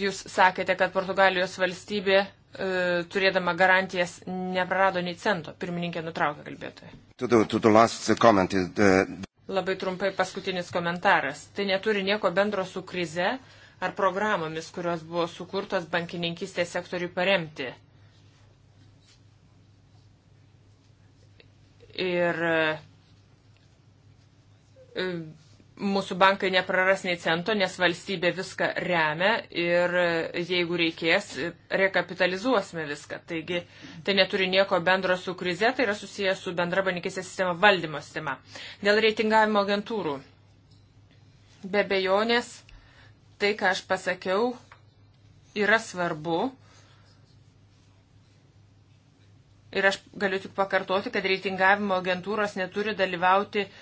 jūs sakėte, kad Portugalijos valstybė E, turėdama garantijas, neprarado nei cento. Pirmininkė nutraukė kalbėtoją. Uh, uh, Labai trumpai paskutinis komentaras. Tai neturi nieko bendro su krize ar programomis, kurios buvo sukurtos bankininkistės sektoriui paremti. Ir e, mūsų bankai nepraras nei cento, nes valstybė viską remia ir jeigu reikės, rekapitalizuosime viską. Taigi tai neturi nieko bendro su krize, tai yra susijęs su bendra banikėsės sistema valdymo sistema. Dėl reitingavimo agentūrų. Be bejonės, tai, ką aš pasakiau, yra svarbu. Ir aš galiu tik pakartoti, kad reitingavimo agentūros neturi dalyvauti uh,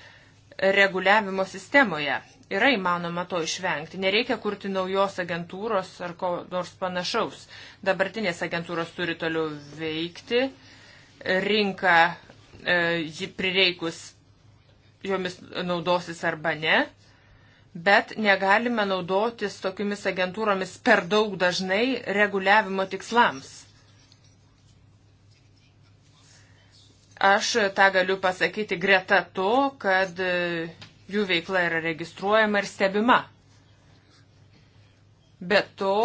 reguliavimo sistemoje. Yra įmanoma to išvengti. Nereikia kurti naujos agentūros ar ko nors panašaus. Dabartinės agentūros turi toliau veikti. Rinka e, prireikus jomis naudosis arba ne. Bet negalime naudotis tokiamis agentūromis per daug dažnai reguliavimo tikslams. Aš tą galiu pasakyti greta to, kad e, jų veikla yra registruojama ir stebima. Be to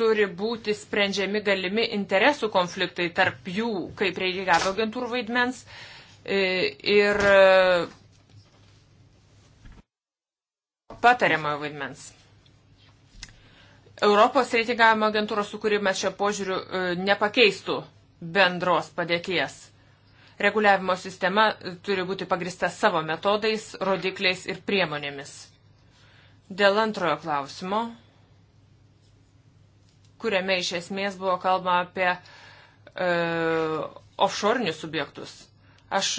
turi būti sprendžiami galimi interesų konfliktai tarp jų, kaip reikia agentūrų vaidmens e, ir e, patariamojo vaidmens. Europos reitingavimo agentūros sukūrimas šio požiūriu nepakeistų bendros padėties. Reguliavimo sistema turi būti pagrista savo metodais, rodikliais ir priemonėmis. Dėl antrojo klausimo, kuriame iš esmės buvo kalba apie e, offshore'inius subjektus, aš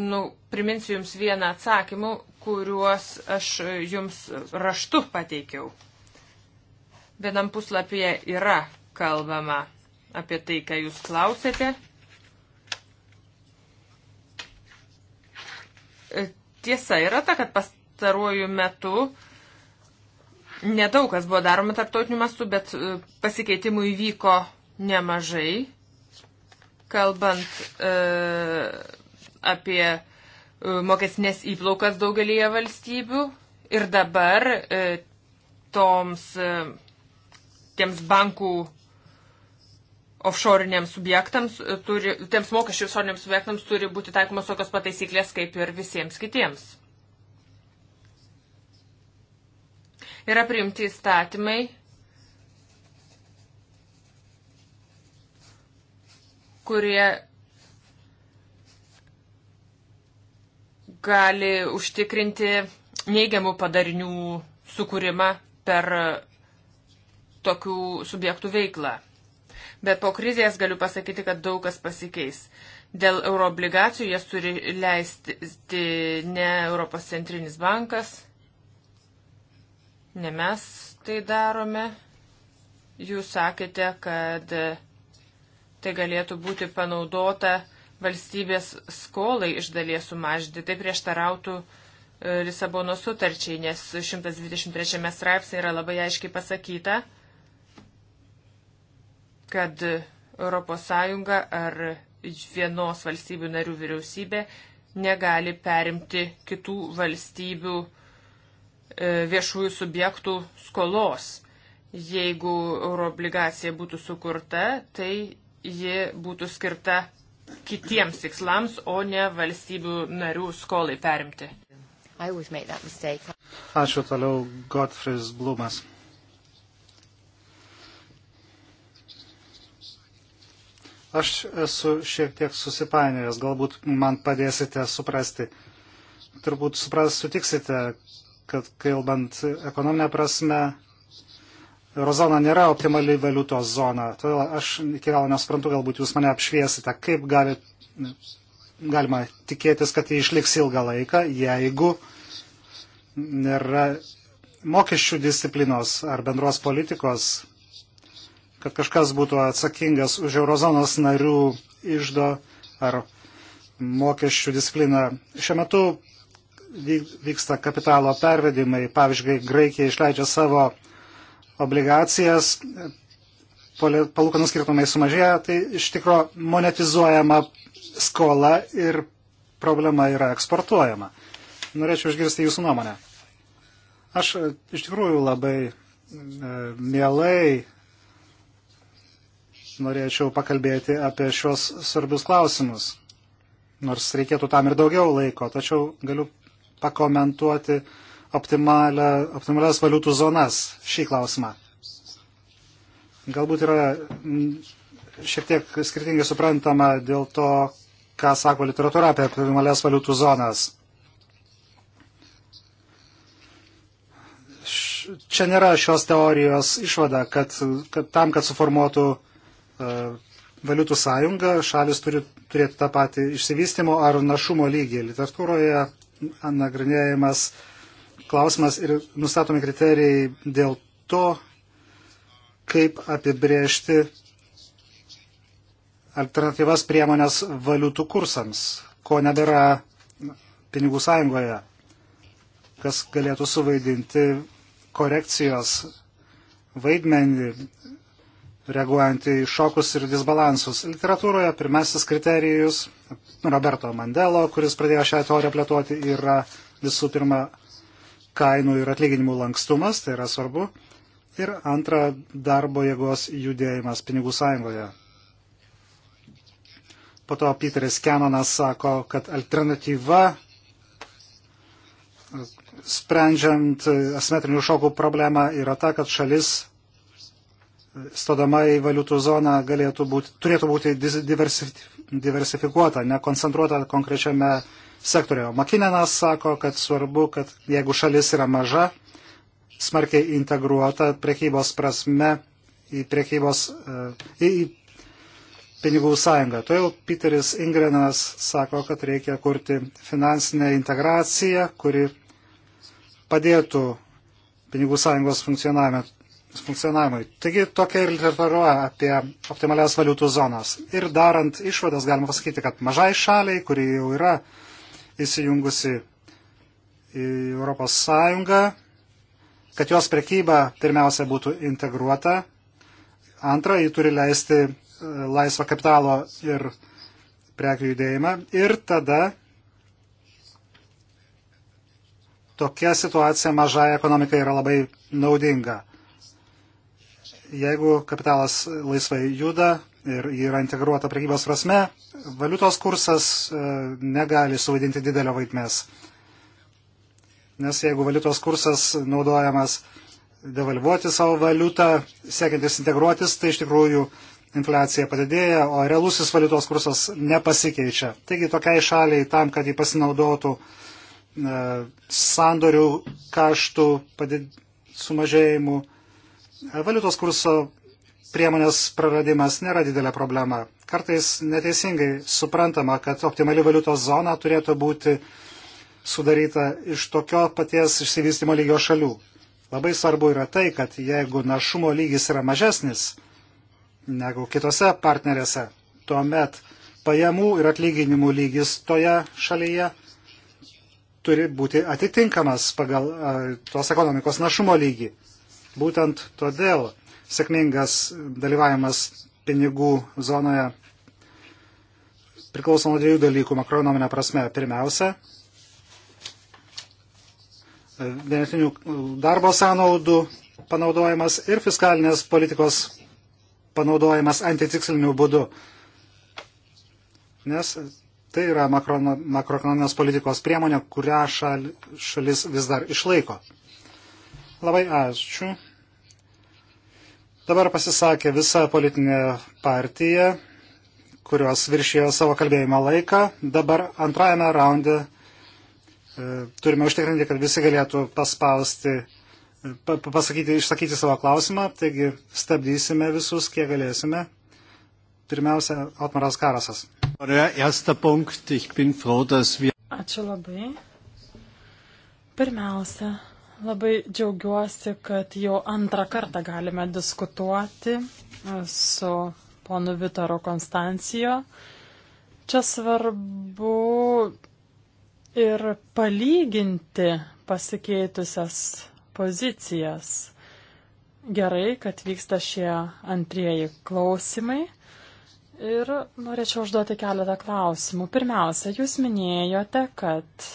nu, priminsiu Jums vieną atsakymą, kuriuos aš Jums raštu pateikiau. Vienam puslapyje yra kalbama apie tai, ką Jūs klausėte. tiesa yra ta, kad pastaruoju metu nedaug kas buvo daroma tarptautiniu mastu, bet e, pasikeitimų įvyko nemažai, kalbant e, apie e, mokesnės įplaukas daugelįje valstybių. Ir dabar e, toms, e, tiems bankų offshoriniams subjektams, e, turi, tiems mokesčių offshoriniams subjektams turi būti taikomas tokios pataisyklės kaip ir visiems kitiems. Yra priimti įstatymai, kurie gali užtikrinti neigiamų padarinių sukūrimą per tokių subjektų veiklą bet po krizės galiu pasakyti, kad daug kas pasikeis. Dėl euroobligacijų jas turi leisti ne Europos centrinis bankas, ne mes tai darome. Jūs sakėte, kad tai galėtų būti panaudota valstybės skolai iš dalies sumažinti. Tai prieštarautų e, Lisabono sutarčiai, nes 123 straipsnė yra labai aiškiai pasakyta, kad ES ar vienos valstybių narių vyriausybė negali perimti kitų valstybių e, viešųjų subjektų skolos. Jeigu euroobligacija būtų sukurta, tai ji būtų skirta kitiems tikslams, o ne valstybių narių skolai perimti. Ačiū toliau Godfrey Blumas. Aš esu šiek tiek susipainiojęs, galbūt man padėsite suprasti. Turbūt supras, sutiksite, kad kalbant ekonominę prasme, eurozona nėra optimali valiutos zona. Todėl aš iki galo nesuprantu, galbūt jūs mane apšviesite, kaip gali, galima tikėtis, kad jie išliks ilgą laiką, jeigu nėra mokesčių disciplinos ar bendros politikos kad kažkas būtų atsakingas už eurozonos narių išdo ar mokesčių discipliną. Šiuo metu vyksta kapitalo pervedimai. Pavyzdžiui, Graikija išleidžia savo obligacijas, palūkanų skirtumai sumažėja, tai iš tikro monetizuojama skola ir problema yra eksportuojama. Norėčiau išgirsti jūsų nuomonę. Aš e, iš tikrųjų labai e, mielai norėčiau pakalbėti apie šios svarbius klausimus. Nors reikėtų tam ir daugiau laiko, tačiau galiu pakomentuoti optimalias valiutų zonas šį klausimą. Galbūt yra šiek tiek skirtingai suprantama dėl to, ką sako literatūra apie optimalias valiutų zonas. čia nėra šios teorijos išvada, kad, kad tam, kad suformuotų E, valiutų sąjunga, šalis turi turėti tą patį išsivystimo ar našumo lygį. Literatūroje nagrinėjimas klausimas ir nustatomi kriterijai dėl to, kaip apibriežti alternatyvas priemonės valiutų kursams, ko nebėra pinigų sąjungoje, kas galėtų suvaidinti korekcijos vaidmenį reaguojant į šokus ir disbalansus. Literatūroje pirmasis kriterijus Roberto Mandelo, kuris pradėjo šią teoriją plėtoti, yra visų pirma kainų ir atlyginimų lankstumas, tai yra svarbu. Ir antra, darbo jėgos judėjimas pinigų sąjungoje. Po to Peteris Kenonas sako, kad alternatyva sprendžiant asmetrinių šokų problemą yra ta, kad šalis stodama į valiutų zoną galėtų būti, turėtų būti diversif, diversifikuota, nekoncentruota konkrečiame sektoriuje. Makinenas sako, kad svarbu, kad jeigu šalis yra maža, smarkiai integruota priekybos prasme į priekybos, e, į, į pinigų sąjungą. Todėl Peteris Ingrenas sako, kad reikia kurti finansinę integraciją, kuri padėtų pinigų sąjungos funkcionavime funkcionavimui. Taigi tokia ir literatūra apie optimalias valiutų zonas. Ir darant išvadas galima pasakyti, kad mažai šaliai, kuri jau yra įsijungusi į Europos Sąjungą, kad jos prekyba pirmiausia būtų integruota. Antra, jį turi leisti e, laisvą kapitalo ir prekių judėjimą. Ir tada tokia situacija mažai ekonomikai yra labai naudinga jeigu kapitalas laisvai juda ir yra integruota prekybos prasme, valiutos kursas e, negali suvaidinti didelio vaidmės. Nes jeigu valiutos kursas naudojamas devalvuoti savo valiutą, siekiantis integruotis, tai iš tikrųjų infliacija padidėja, o realusis valiutos kursas nepasikeičia. Taigi tokiai šaliai tam, kad jį pasinaudotų e, sandorių kaštų padid... sumažėjimu, Valiutos kurso priemonės praradimas nėra didelė problema. Kartais neteisingai suprantama, kad optimali valiutos zona turėtų būti sudaryta iš tokio paties išsivystimo lygio šalių. Labai svarbu yra tai, kad jeigu našumo lygis yra mažesnis negu kitose partnerėse, tuomet pajamų ir atlyginimų lygis toje šalyje turi būti atitinkamas pagal tos ekonomikos našumo lygį. Būtent todėl sėkmingas dalyvavimas pinigų zonoje priklauso nuo dviejų dalykų makronominė prasme. Pirmiausia, vienetinių darbo sąnaudų panaudojimas ir fiskalinės politikos panaudojimas antitiksliniu būdu. Nes tai yra makrono, makroekonominės politikos priemonė, kurią šal, šalis vis dar išlaiko. Labai ačiū. Dabar pasisakė visa politinė partija, kurios viršėjo savo kalbėjimo laiką. Dabar antrajame raunde e, turime užtikrinti, kad visi galėtų paspausti, pa, pasakyti, išsakyti savo klausimą. Taigi stabdysime visus, kiek galėsime. Pirmiausia, Otmaras Karasas. Ačiū labai. Pirmiausia, Labai džiaugiuosi, kad jau antrą kartą galime diskutuoti e, su ponu Vitoru Konstancijo. Čia svarbu ir palyginti pasikeitusias pozicijas. Gerai, kad vyksta šie antrieji klausimai. Ir norėčiau užduoti keletą klausimų. Pirmiausia, jūs minėjote, kad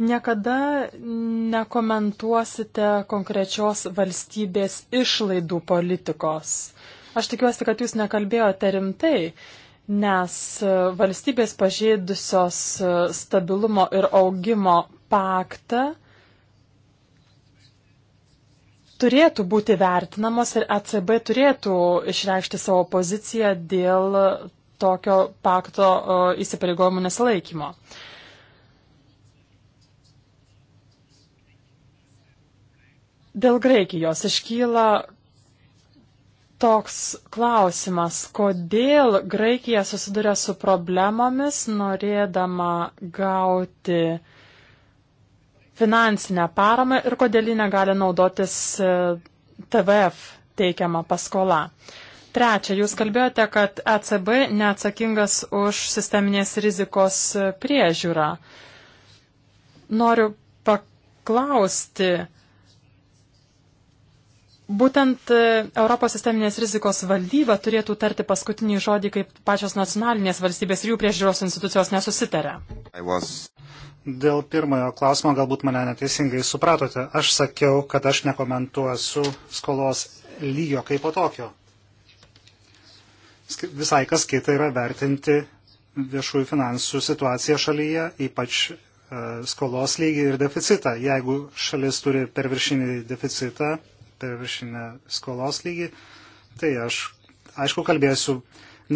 Niekada nekomentuosite konkrečios valstybės išlaidų politikos. Aš tikiuosi, kad jūs nekalbėjote rimtai, nes valstybės pažeidusios stabilumo ir augimo paktą turėtų būti vertinamos ir ECB turėtų išreikšti savo poziciją dėl tokio pakto įsipareigojimų nesilaikymo. Uh, Dėl Graikijos iškyla toks klausimas, kodėl Graikija susiduria su problemomis, norėdama gauti finansinę paramą ir kodėl ji negali naudotis e, TVF teikiamą paskolą. Trečia, jūs kalbėjote, kad ECB neatsakingas už sisteminės rizikos priežiūrą. Noriu paklausti, Būtent e, Europos sisteminės rizikos valdyba turėtų tarti paskutinį žodį, kaip pačios nacionalinės valstybės ir jų priežiūros institucijos nesusitaria. Was... Dėl pirmojo klausimo galbūt mane neteisingai supratote. Aš sakiau, kad aš nekomentuosiu skolos lygio kaip po tokio. Visai kas kita yra vertinti viešųjų finansų situaciją šalyje, ypač e, skolos lygį ir deficitą. Jeigu šalis turi perviršinį deficitą, perviršinę skolos lygį, tai aš aišku kalbėsiu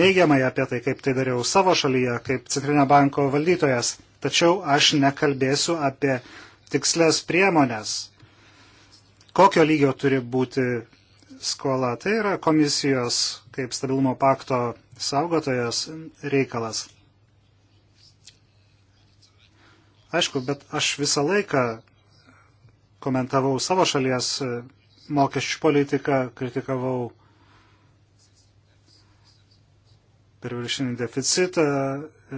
neigiamai apie tai, kaip tai dariau savo šalyje, kaip Centrinio banko valdytojas, tačiau aš nekalbėsiu apie tikslės priemonės, kokio lygio turi būti skola. Tai yra komisijos kaip stabilumo pakto saugotojas reikalas. Aišku, bet aš visą laiką komentavau savo šalies mokesčių politiką, kritikavau perviršinį deficitą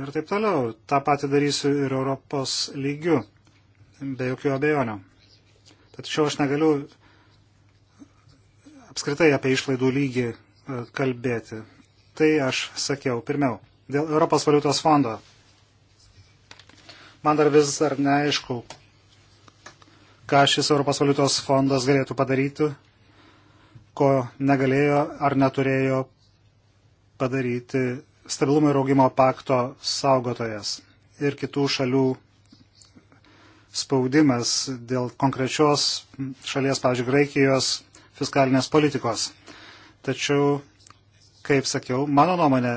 ir taip toliau. Ta pati darysiu ir Europos lygių, be jokių abejonių. Tačiau aš negaliu apskritai apie išlaidų lygį e, kalbėti. Tai aš sakiau pirmiau. Dėl Europos valiutos fondo. Man dar vis dar neaišku, ką šis Europos valiutos fondas galėtų padaryti, ko negalėjo ar neturėjo padaryti stabilumo ir augimo pakto saugotojas ir kitų šalių spaudimas dėl konkrečios šalies, pavyzdžiui, Graikijos fiskalinės politikos. Tačiau, kaip sakiau, mano nuomonė,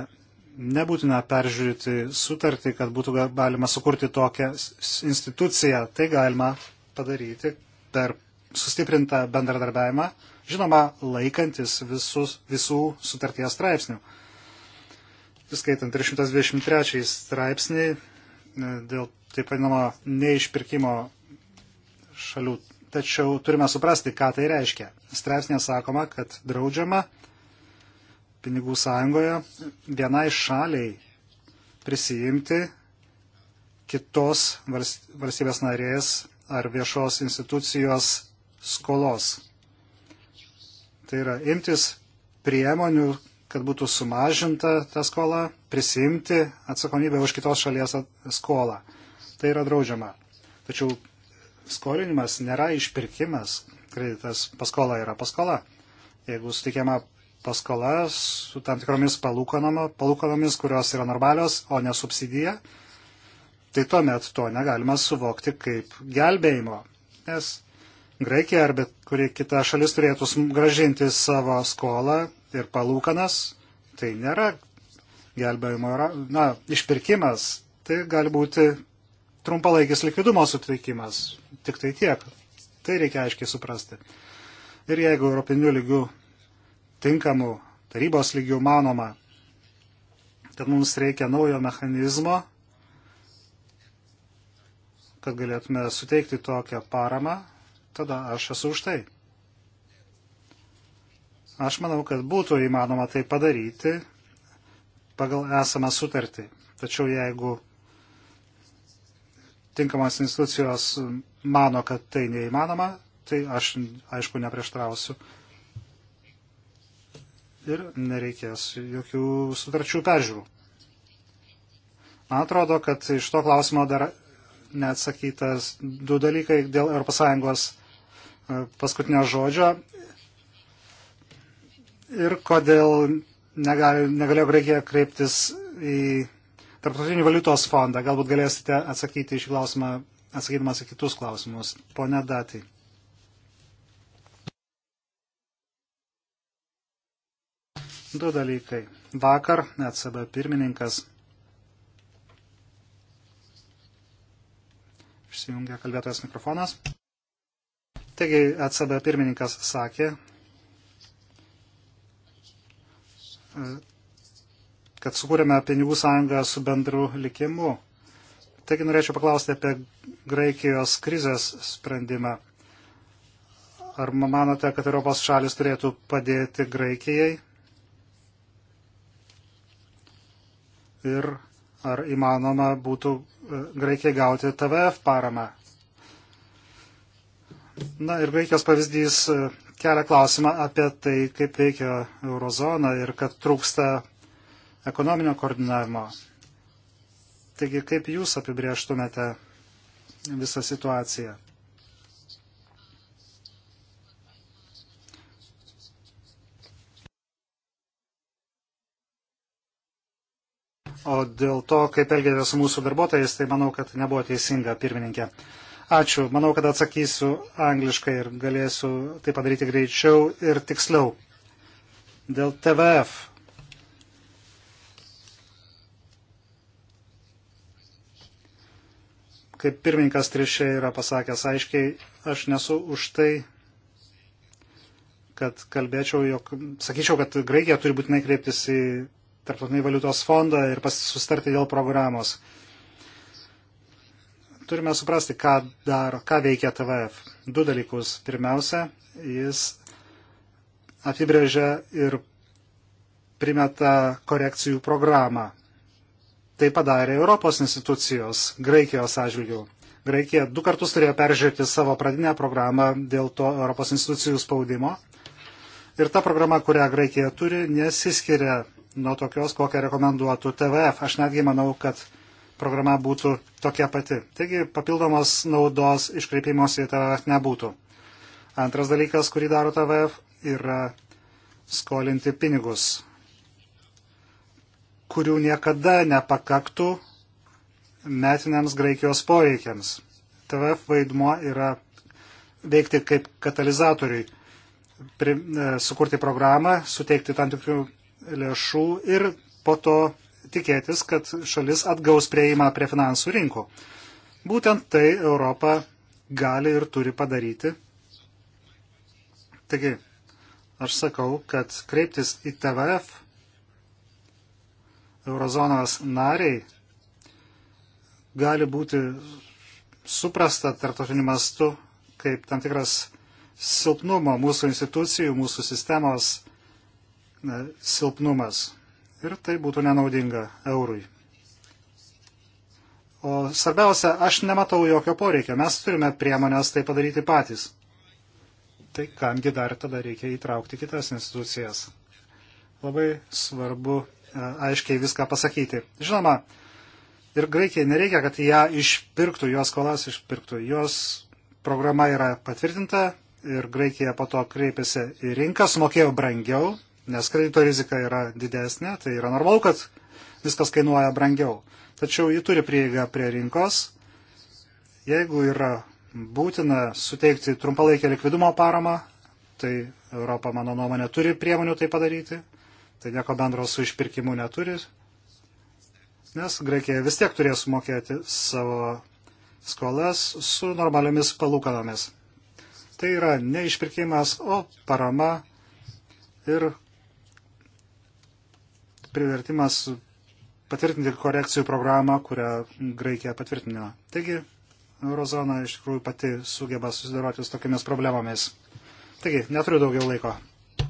nebūtina peržiūrėti sutartį, kad būtų galima sukurti tokią instituciją. Tai galima padaryti per sustiprintą bendradarbiavimą, žinoma, laikantis visus, visų sutarties straipsnių. Įskaitant ir 123 straipsnį e, dėl taip vadinamo neišpirkimo šalių. Tačiau turime suprasti, ką tai reiškia. Straipsnė sakoma, kad draudžiama pinigų sąjungoje vienai šaliai prisijimti kitos valstybės narės ar viešos institucijos skolos. Tai yra imtis priemonių, kad būtų sumažinta ta skola, prisimti atsakomybę už kitos šalies skolą. Tai yra draudžiama. Tačiau skolinimas nėra išpirkimas, kreditas paskola yra paskola. Jeigu sutikiama paskola su tam tikromis palūkanomis, kurios yra normalios, o ne subsidija, tai tuomet to negalima suvokti kaip gelbėjimo, nes Graikija ar bet kuri kita šalis turėtų gražinti savo skolą ir palūkanas, tai nėra gelbėjimo, na, išpirkimas, tai gali būti trumpalaikis likvidumo suteikimas, tik tai tiek. Tai reikia aiškiai suprasti. Ir jeigu europinių lygių tinkamų tarybos lygių manoma, kad mums reikia naujo mechanizmo, kad galėtume suteikti tokią paramą, tada aš esu už tai. Aš manau, kad būtų įmanoma tai padaryti pagal esamą sutartį. Tačiau jeigu tinkamas institucijos mano, kad tai neįmanoma, tai aš, aišku, neprieštrausiu. Ir nereikės jokių sutarčių peržiūrų. Man atrodo, kad iš to klausimo dar neatsakytas du dalykai dėl ES e, paskutinio žodžio ir kodėl negali, negalėjo Graikija kreiptis į Tarptautinį valiutos fondą. Galbūt galėsite atsakyti iš klausimą, atsakydamas į kitus klausimus. Pone Datai. Du dalykai. Vakar ECB pirmininkas Išsijungia kalbėtojas mikrofonas. Taigi ECB pirmininkas sakė, kad sukūrėme pinigų sąjungą su bendru likimu. Taigi norėčiau paklausti apie Graikijos krizės sprendimą. Ar manote, kad Europos šalis turėtų padėti Graikijai? Ir ar įmanoma būtų Graikijai gauti TVF paramą. Na ir Graikijos pavyzdys e, kelia klausimą apie tai, kaip veikia eurozona ir kad trūksta ekonominio koordinavimo. Taigi, kaip jūs apibrieštumėte visą situaciją? O dėl to, kaip elgėtės su mūsų darbuotojais, tai manau, kad nebuvo teisinga, pirmininkė. Ačiū. Manau, kad atsakysiu angliškai ir galėsiu tai padaryti greičiau ir tiksliau. Dėl TVF. Kaip pirmininkas Trišė yra pasakęs aiškiai, aš nesu už tai, kad kalbėčiau, jog sakyčiau, kad Graikija turi būtinai kreiptis į Tarptautinį valiutos fondą ir sustarti dėl programos. Turime suprasti, ką, dar, ką veikia TVF. Du dalykus. Pirmiausia, jis apibrėžia ir primeta korekcijų programą. Tai padarė Europos institucijos Graikijos atžvilgių. Graikija du kartus turėjo peržiūrėti savo pradinę programą dėl to Europos institucijų spaudimo. Ir ta programa, kurią Graikija turi, nesiskiria nuo tokios, kokią rekomenduotų TVF. Aš netgi manau, kad programa būtų tokia pati. Taigi papildomos naudos iškreipimos į TVF nebūtų. Antras dalykas, kurį daro TVF, yra skolinti pinigus, kurių niekada nepakaktų metiniams Graikijos poveikiams. TVF vaidmuo yra veikti kaip katalizatoriui, pri, e, sukurti programą, suteikti tam tikrų lėšų ir po to tikėtis, kad šalis atgaus prieimą prie finansų rinkų. Būtent tai Europa gali ir turi padaryti. Taigi, aš sakau, kad kreiptis į TVF eurozonos nariai gali būti suprasta tartotiniu mastu kaip tam tikras silpnumo mūsų institucijų, mūsų sistemos silpnumas. Ir tai būtų nenaudinga eurui. O svarbiausia, aš nematau jokio poreikio. Mes turime priemonės tai padaryti patys. Tai kamgi dar tada reikia įtraukti kitas institucijas. Labai svarbu e, aiškiai viską pasakyti. Žinoma, ir Graikijai nereikia, kad ją išpirktų, jos skolas išpirktų. Jos programa yra patvirtinta ir Graikija po to kreipėsi į rinką, sumokėjo brangiau, nes kredito rizika yra didesnė, tai yra normalu, kad viskas kainuoja brangiau. Tačiau ji turi prieigą prie rinkos. Jeigu yra būtina suteikti trumpalaikę likvidumo paramą, tai Europa, mano nuomonė, turi priemonių tai padaryti. Tai nieko bendro su išpirkimu neturi, nes Graikija vis tiek turės mokėti savo skolas su normaliomis palūkanomis. Tai yra ne išpirkimas, o parama ir privertimas patvirtinti korekcijų programą, kurią Graikija patvirtino. Taigi, eurozona iš tikrųjų pati sugeba susidoroti su tokiamis problemomis. Taigi, neturiu daugiau laiko.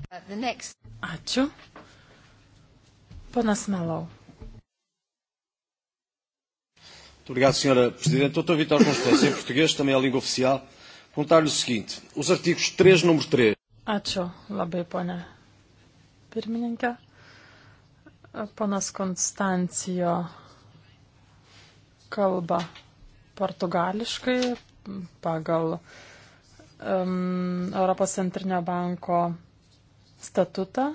Ačiū. Panas Melau. Obrigado, Sra. Presidente. Dr. Vitor Constância, em português, também é a língua oficial. Perguntar-lhe o seguinte: os artigos 3, número 3. Ačiū labai, ponia pirmininkė. Ponas Konstancijo kalba portugališkai pagal um, Europos centrinio banko statutą.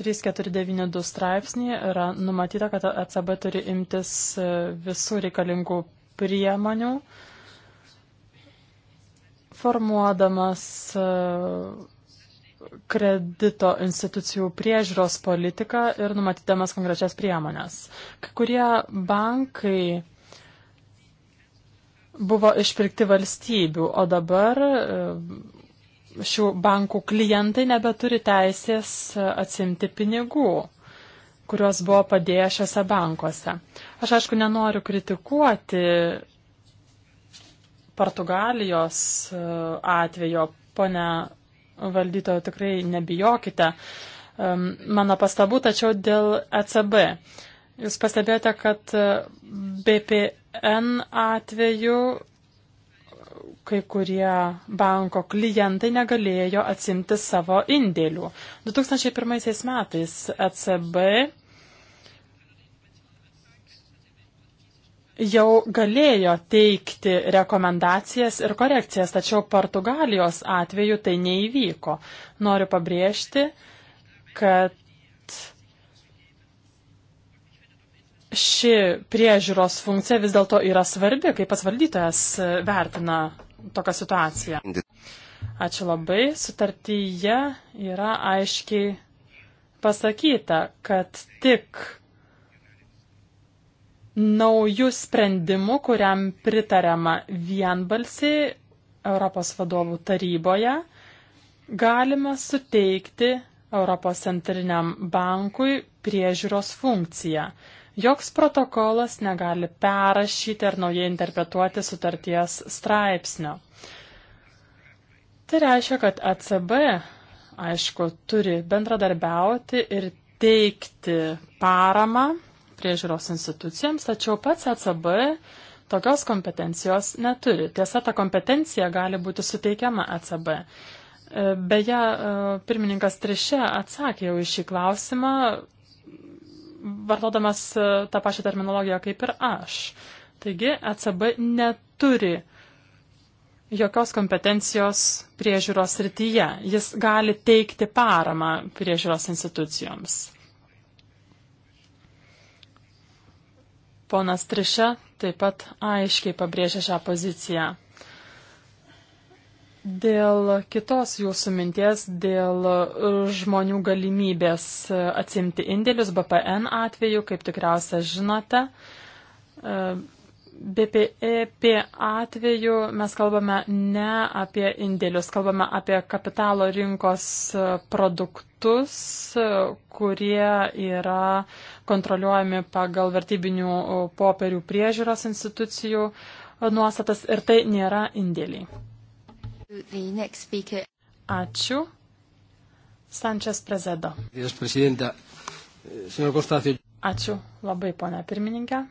3492 straipsnį yra numatyta, kad ECB turi imtis e, visų reikalingų priemonių, formuodamas uh, kredito institucijų priežiūros politiką ir numatydamas konkrečias priemonės. Kai kurie bankai buvo išpirkti valstybių, o dabar e, šių bankų klientai nebeturi teisės atsimti pinigų kuriuos buvo padėję šiuose bankuose. Aš aišku nenoriu kritikuoti Portugalijos e, atvejo, ponia valdytojo tikrai nebijokite um, mano pastabų, tačiau dėl ECB. Jūs pastebėjote, kad uh, BPN atveju kai kurie banko klientai negalėjo atsimti savo indėlių. 2001 metais ECB jau galėjo teikti rekomendacijas ir korekcijas, tačiau Portugalijos atveju tai neįvyko. Noriu pabrėžti, kad ši priežiūros funkcija vis dėlto yra svarbi, kaip pats valdytojas vertina tokią situaciją. Ačiū labai. Sutartyje yra aiškiai pasakyta, kad tik naujų sprendimų, kuriam pritariama vienbalsiai Europos vadovų taryboje, galima suteikti Europos centriniam bankui priežiūros funkciją. Joks protokolas negali perrašyti ar naujai interpretuoti sutarties straipsnio. Tai reiškia, kad ECB, aišku, turi bendradarbiauti ir teikti paramą priežiūros institucijoms, tačiau pats ECB tokios kompetencijos neturi. Tiesa, ta kompetencija gali būti suteikiama ECB. E, beje, e, pirmininkas Trišė atsakė jau į šį klausimą, vartodamas e, tą pačią terminologiją kaip ir aš. Taigi, ECB neturi jokios kompetencijos priežiūros rytyje. Jis gali teikti paramą priežiūros institucijoms. Ponas Trišė taip pat aiškiai pabrėžė šią poziciją. Dėl kitos jūsų minties, dėl žmonių galimybės atsimti indėlius BPN atveju, kaip tikriausia žinote, BPEP e, atveju mes kalbame ne apie indėlius, kalbame apie kapitalo rinkos produktus, kurie yra kontroliuojami pagal vertybinių popierių priežiūros institucijų nuostatas ir tai nėra indėliai. Ačiū. Sančias Prezedo. Eh, Ačiū labai, ponia pirmininkė.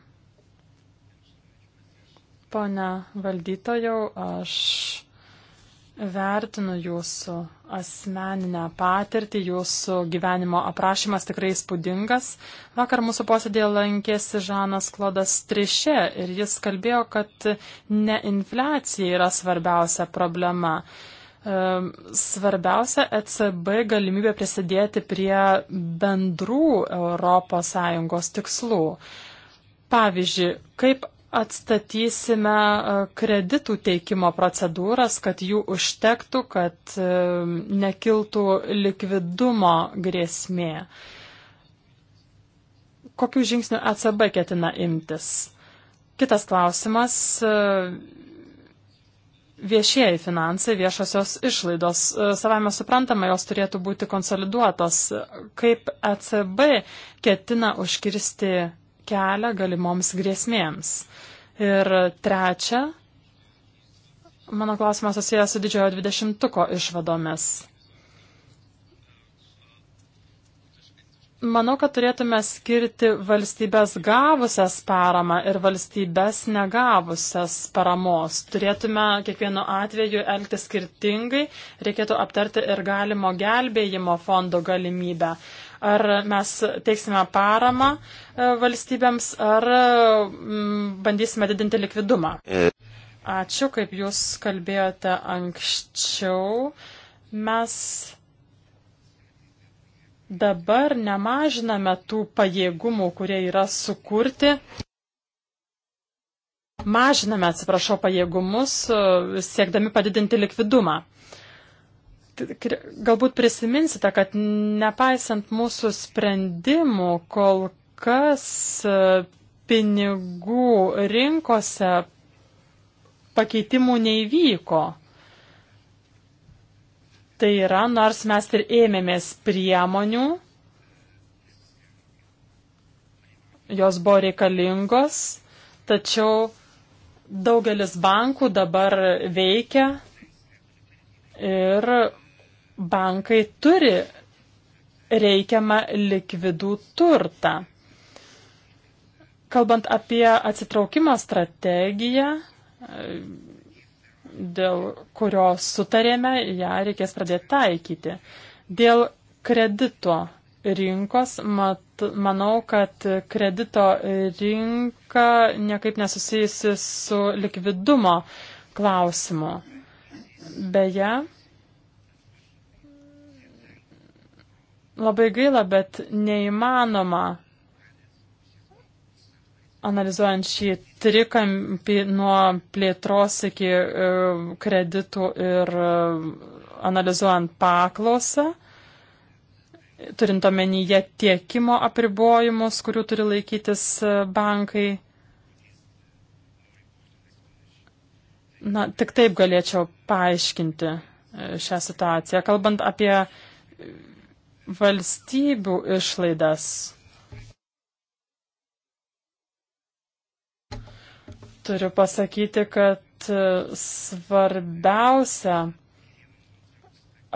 Pone valdytojau, aš vertinu jūsų asmeninę patirtį, jūsų gyvenimo aprašymas tikrai spūdingas. Vakar mūsų posėdėje lankėsi Žanas Klodas Trišė ir jis kalbėjo, kad ne infliacija yra svarbiausia problema. Ehm, svarbiausia ECB galimybė prisidėti prie bendrų ES tikslų. Pavyzdžiui, kaip atstatysime e, kreditų teikimo procedūras, kad jų užtektų, kad e, nekiltų likvidumo grėsmė. Kokių žingsnių ECB ketina imtis? Kitas klausimas e, viešieji finansai, viešosios išlaidos. Savame suprantama, jos turėtų būti konsoliduotos. Kaip ECB ketina užkirsti kelią galimoms grėsmėms. Ir trečia, mano klausimas susijęs su didžiojo dvidešimtuko išvadomis. Manau, kad turėtume skirti valstybės gavusias paramą ir valstybės negavusias paramos. Turėtume kiekvienu atveju elgti skirtingai, reikėtų aptarti ir galimo gelbėjimo fondo galimybę ar mes teiksime paramą e, valstybėms, ar e, bandysime didinti likvidumą. E. Ačiū, kaip jūs kalbėjote anksčiau. Mes dabar nemažiname tų pajėgumų, kurie yra sukurti. Mažiname, atsiprašau, pajėgumus, siekdami padidinti likvidumą galbūt prisiminsite, kad nepaisant mūsų sprendimų, kol kas e, pinigų rinkose pakeitimų neįvyko. Tai yra, nors mes ir ėmėmės priemonių, jos buvo reikalingos, tačiau daugelis bankų dabar veikia ir bankai turi reikiamą likvidų turtą. Kalbant apie atsitraukimo strategiją, dėl kurios sutarėme, ją reikės pradėti taikyti. Dėl kredito rinkos, mat, manau, kad kredito rinka niekaip nesusijusi su likvidumo klausimu. Beje, Labai gaila, bet neįmanoma analizuojant šį trikampį nuo plėtros iki e, kreditų ir e, analizuojant paklausą, turint omenyje tiekimo apribojimus, kurių turi laikytis e, bankai. Na, tik taip galėčiau paaiškinti šią situaciją. Kalbant apie valstybių išlaidas. Turiu pasakyti, kad e, svarbiausia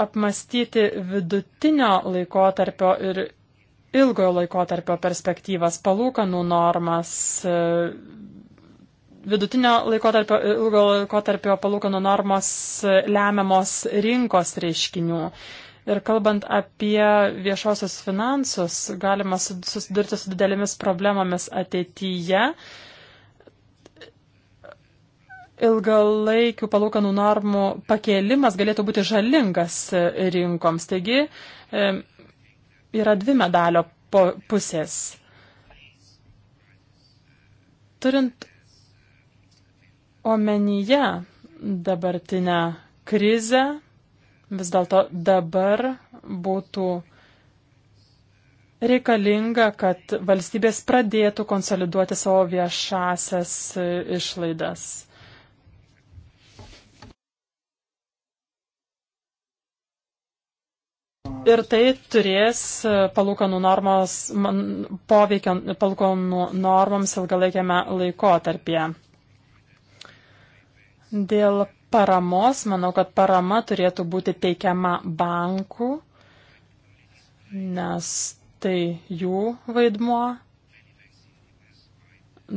apmastyti vidutinio laikotarpio ir ilgojo laikotarpio perspektyvas, palūkanų normas, e, vidutinio laikotarpio, e, ilgojo laikotarpio palūkanų normos lemiamos rinkos reiškinių. Ir kalbant apie viešosius finansus, galima susidurti su didelėmis problemomis ateityje. Ilgalaikių palūkanų normų pakėlimas galėtų būti žalingas rinkoms. Taigi e, yra dvi medalio pusės. Turint omenyje dabartinę krizę, Vis dėlto dabar būtų reikalinga, kad valstybės pradėtų konsoliduoti savo viešasias e, išlaidas. Ir tai turės e, palūkanų normos poveikio palūkanų normams ilgalaikėme laikotarpyje. Dėl paramos. Manau, kad parama turėtų būti teikiama bankų, nes tai jų vaidmuo.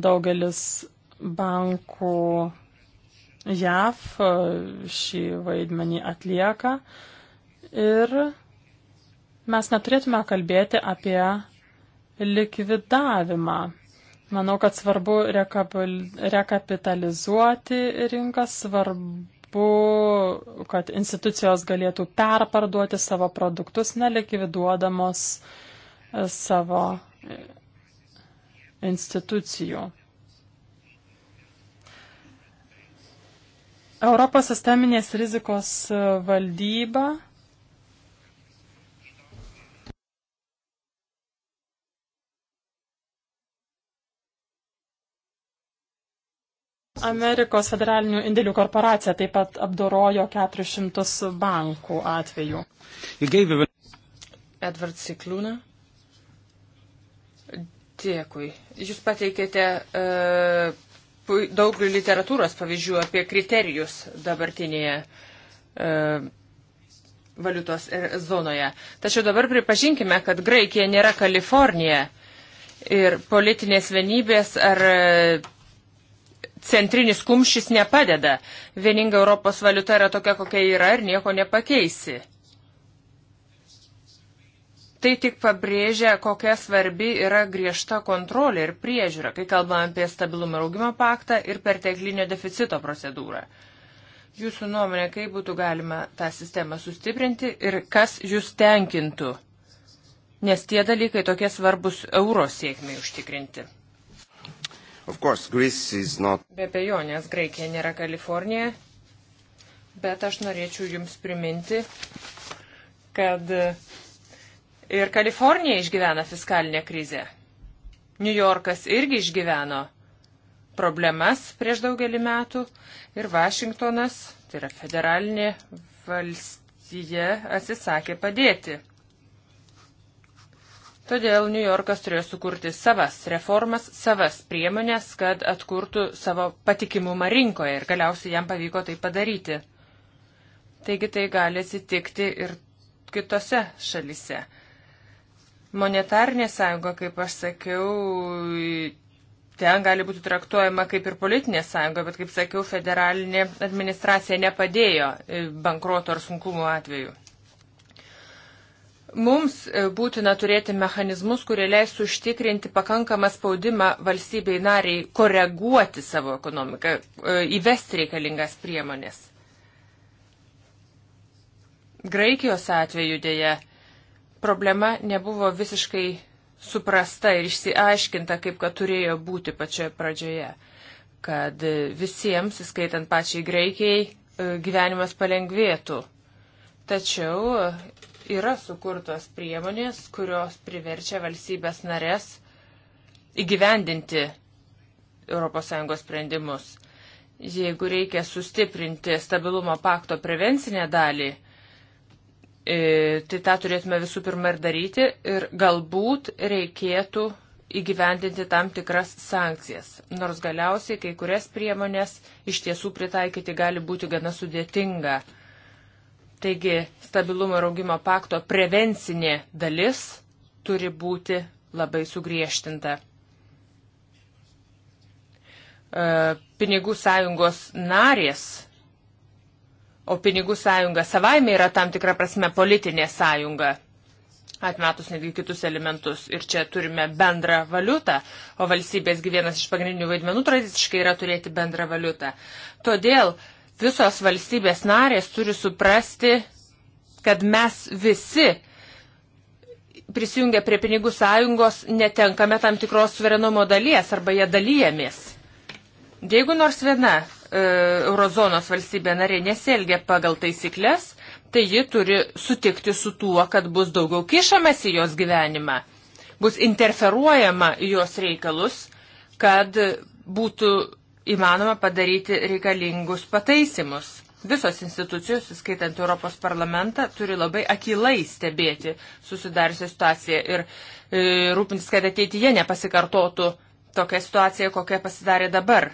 Daugelis bankų JAV e, šį vaidmenį atlieka ir mes neturėtume kalbėti apie likvidavimą. Manau, kad svarbu rekapitalizuoti rinką, svarbu, kad institucijos galėtų perparduoti savo produktus, nelikviduodamos e, savo e, institucijų. Europos sisteminės rizikos e, valdyba Amerikos federalinių indėlių korporacija taip pat apdorojo 400 bankų atvejų. Edvard Siklūna. Dėkui. Jūs pateikėte e, uh, daug literatūros pavyzdžių apie kriterijus dabartinėje uh, valiutos er, zonoje. Tačiau dabar pripažinkime, kad Graikija nėra Kalifornija ir politinės vienybės ar uh, centrinis kumšys nepadeda. Vieninga Europos valiuta yra tokia, kokia yra ir nieko nepakeisi. Tai tik pabrėžia, kokia svarbi yra griežta kontrolė ir priežiūra, kai kalbame apie stabilumo ir augimo paktą ir perteklinio deficito procedūrą. Jūsų nuomonė, kaip būtų galima tą sistemą sustiprinti ir kas jūs tenkintų, nes tie dalykai tokie svarbus euro sėkmiai užtikrinti. Course, not... Be abejonės, Graikija nėra Kalifornija, bet aš norėčiau Jums priminti, kad ir Kalifornija išgyvena fiskalinę krizę. New Yorkas irgi išgyveno problemas prieš daugelį metų ir Vašingtonas, tai yra federalinė valstija, atsisakė padėti. Todėl New Yorkas turėjo sukurti savas reformas, savas priemonės, kad atkurtų savo patikimumą rinkoje ir galiausiai jam pavyko tai padaryti. Taigi tai gali atsitikti ir kitose šalise. Monetarinė sąjunga, kaip aš sakiau, ten gali būti traktuojama kaip ir politinė sąjunga, bet, kaip sakiau, federalinė administracija nepadėjo bankruoto ar sunkumo atveju. Mums e, būtina turėti mechanizmus, kurie leistų užtikrinti pakankamą spaudimą valstybei nariai koreguoti savo ekonomiką, e, įvesti reikalingas priemonės. Graikijos atveju dėja problema nebuvo visiškai suprasta ir išsiaiškinta, kaip kad turėjo būti pačioje pradžioje, kad visiems, įskaitant pačiai Graikijai, e, gyvenimas palengvėtų. Tačiau yra sukurtos priemonės, kurios priverčia valstybės narės įgyvendinti ES sprendimus. Jeigu reikia sustiprinti stabilumo pakto prevencinę dalį, e, tai tą turėtume visų pirma ir daryti ir galbūt reikėtų įgyvendinti tam tikras sankcijas. Nors galiausiai kai kurias priemonės iš tiesų pritaikyti gali būti gana sudėtinga. Taigi stabilumo ir augimo pakto prevencinė dalis turi būti labai sugriežtinta. E, pinigų sąjungos narės, o pinigų sąjunga savaime yra tam tikra prasme politinė sąjunga atmetus netgi kitus elementus. Ir čia turime bendrą valiutą, o valstybėsgi vienas iš pagrindinių vaidmenų tradiciškai yra turėti bendrą valiutą. Todėl Visos valstybės narės turi suprasti, kad mes visi prisijungę prie pinigų sąjungos netenkame tam tikros suverenumo dalies arba jie dalyjamės. Jeigu nors viena e, eurozonos valstybė narė nesielgia pagal taisyklės, tai ji turi sutikti su tuo, kad bus daugiau kišamas į jos gyvenimą, bus interferuojama į jos reikalus, kad būtų įmanoma padaryti reikalingus pataisimus. Visos institucijos, skaitant Europos parlamentą, turi labai akilai stebėti susidariusią situaciją ir e, rūpintis, kad ateityje nepasikartotų tokia situacija, kokia pasidarė dabar.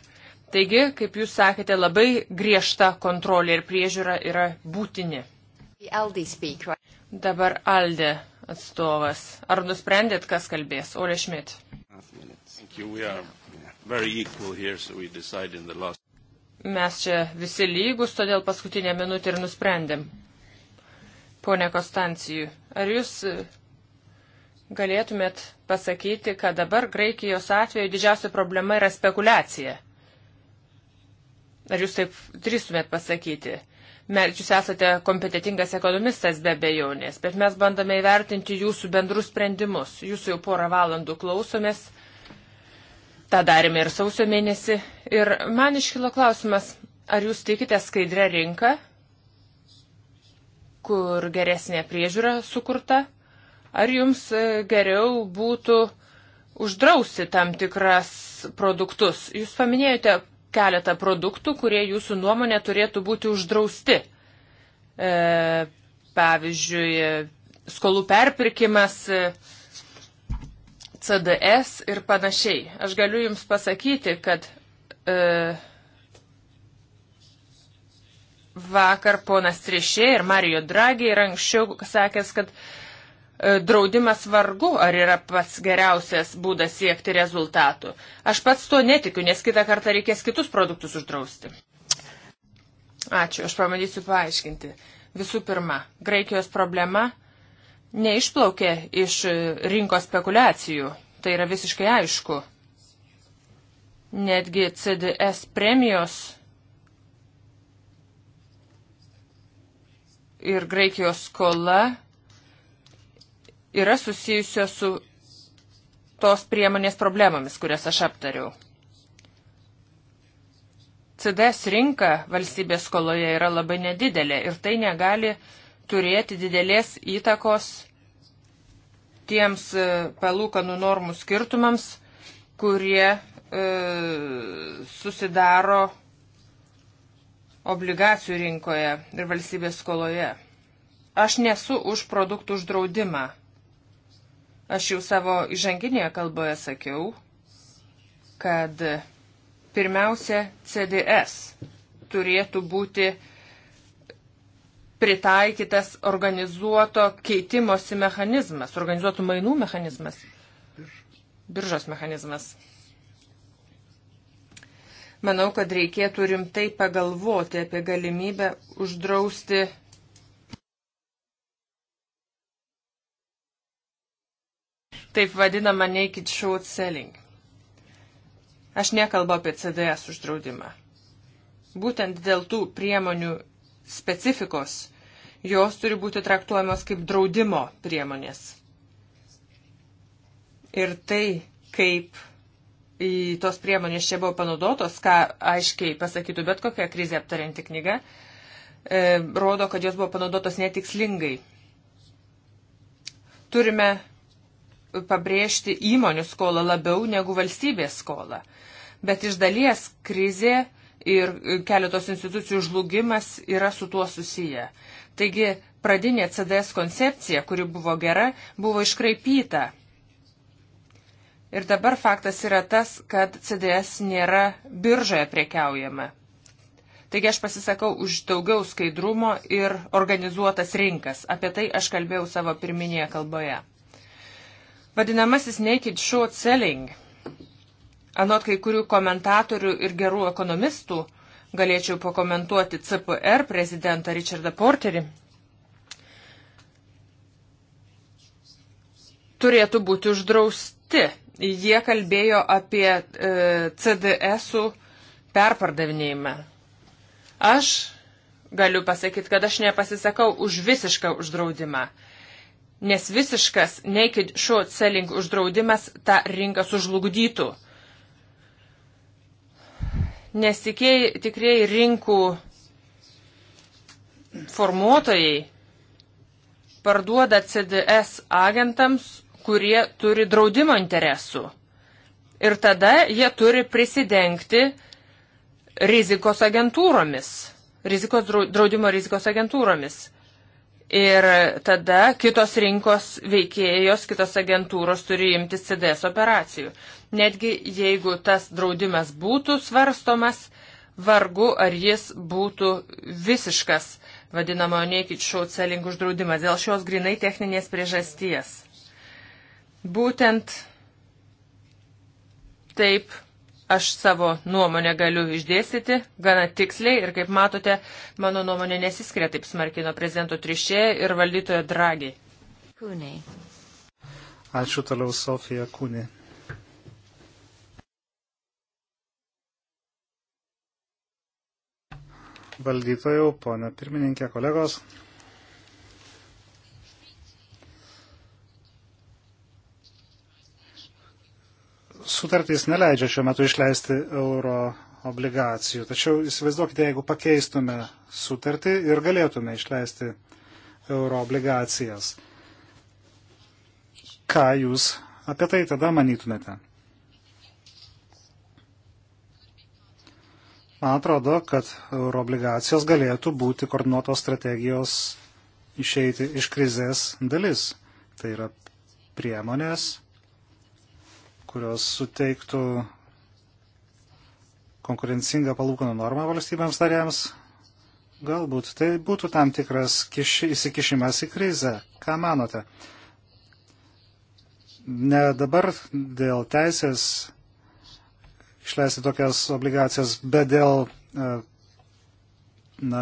Taigi, kaip jūs sakėte, labai griežta kontrolė ir priežiūra yra būtini. Dabar Alde atstovas. Ar nusprendėt, kas kalbės? Ole Šmit. Ačiū. Last... Mes čia visi lygus, todėl paskutinę minutę ir nusprendėm. Pone Konstancijų, ar jūs e, galėtumėt pasakyti, kad dabar Graikijos atveju didžiausia problema yra spekulacija? Ar jūs taip drįstumėt pasakyti? Mes, jūs esate kompetitingas ekonomistas be bejonės, bet mes bandome įvertinti jūsų bendrus sprendimus. Jūsų jau porą valandų klausomės tą darėme ir sausio mėnesį. Ir man iškilo klausimas, ar jūs tikite skaidrę rinką, kur geresnė priežiūra sukurta, ar jums e, geriau būtų uždrausti tam tikras produktus. Jūs paminėjote keletą produktų, kurie jūsų nuomonė turėtų būti uždrausti. E, pavyzdžiui, skolų perpirkimas. E, CDS ir panašiai. Aš galiu Jums pasakyti, kad e, vakar ponas Trišė ir Mario Draghi yra anksčiau sakęs, kad e, draudimas vargu ar yra pats geriausias būdas siekti rezultatų. Aš pats to netikiu, nes kitą kartą reikės kitus produktus uždrausti. Ačiū, aš pamatysiu paaiškinti. Visų pirma, Graikijos problema neišplaukė iš rinkos spekulacijų. Tai yra visiškai aišku. Netgi CDS premijos ir Graikijos skola yra susijusios su tos priemonės problemomis, kurias aš aptariau. CDS rinka valstybės skoloje yra labai nedidelė ir tai negali uh, turėti didelės įtakos tiems e, palūkanų normų skirtumams, kurie e, susidaro obligacijų rinkoje ir valstybės skoloje. Aš nesu už produktų uždraudimą. Aš jau savo įžanginėje kalboje sakiau, kad pirmiausia CDS turėtų būti pritaikytas organizuoto keitimosi mechanizmas, organizuotų mainų mechanizmas, biržos mechanizmas. Manau, kad reikėtų rimtai pagalvoti apie galimybę uždrausti taip vadinamą naked short selling. Aš nekalbu apie CDS uždraudimą. Būtent dėl tų priemonių specifikos. Jos turi būti traktuojamos kaip draudimo priemonės. Ir tai, kaip tos priemonės čia buvo panaudotos, ką aiškiai pasakytų bet kokia krizė aptarianti knyga, e, rodo, kad jos buvo panaudotos netikslingai. Turime pabrėžti įmonių skolą labiau negu valstybės skolą. Bet iš dalies krizė ir keletos institucijų žlugimas yra su tuo susiję. Taigi pradinė CDS koncepcija, kuri buvo gera, buvo iškraipyta. Ir dabar faktas yra tas, kad CDS nėra biržoje prekiaujama. Taigi aš pasisakau už daugiau skaidrumo ir organizuotas rinkas. Apie tai aš kalbėjau savo pirminėje kalboje. Vadinamasis naked short selling Anot kai kurių komentatorių ir gerų ekonomistų, galėčiau pakomentuoti CPR prezidentą Richardą Porterį, turėtų būti uždrausti. Jie kalbėjo apie e, CDS-ų e perpardavinėjimą. Aš galiu pasakyti, kad aš nepasisakau už visišką uždraudimą, nes visiškas naked short selling uždraudimas tą rinką sužlugdytų nes tikiai, tikrieji rinkų formuotojai parduoda CDS agentams, kurie turi draudimo interesų. Ir tada jie turi prisidengti rizikos agentūromis, rizikos, draudimo rizikos agentūromis. Ir tada kitos rinkos veikėjos, kitos agentūros turi imtis CDS operacijų. Netgi jeigu tas draudimas būtų svarstomas, vargu ar jis būtų visiškas, vadinamojo nekit šaucelink uždraudimas, dėl šios grinai techninės priežasties. Būtent taip Aš savo nuomonę galiu išdėstyti gana tiksliai ir, kaip matote, mano nuomonė nesiskiria taip smarkiai nuo prezidento Trišė ir valdytojo Dragiai. Kūnai. Ačiū toliau, Sofija Kūnė. Valdytojų, ponė pirmininkė, kolegos. sutartys neleidžia šiuo metu išleisti euro obligacijų. Tačiau įsivaizduokite, jeigu pakeistume sutartį ir galėtume išleisti euro obligacijas. Ką jūs apie tai tada manytumėte? Man atrodo, kad euro obligacijos galėtų būti koordinuotos strategijos išeiti iš krizės dalis. Tai yra priemonės kurios suteiktų konkurencingą palūkanų normą valstybėms narėms. Galbūt tai būtų tam tikras kiši, įsikišimas į krizę. Ką manote? Ne dabar dėl teisės išleisti tokias obligacijas, bet dėl e, na,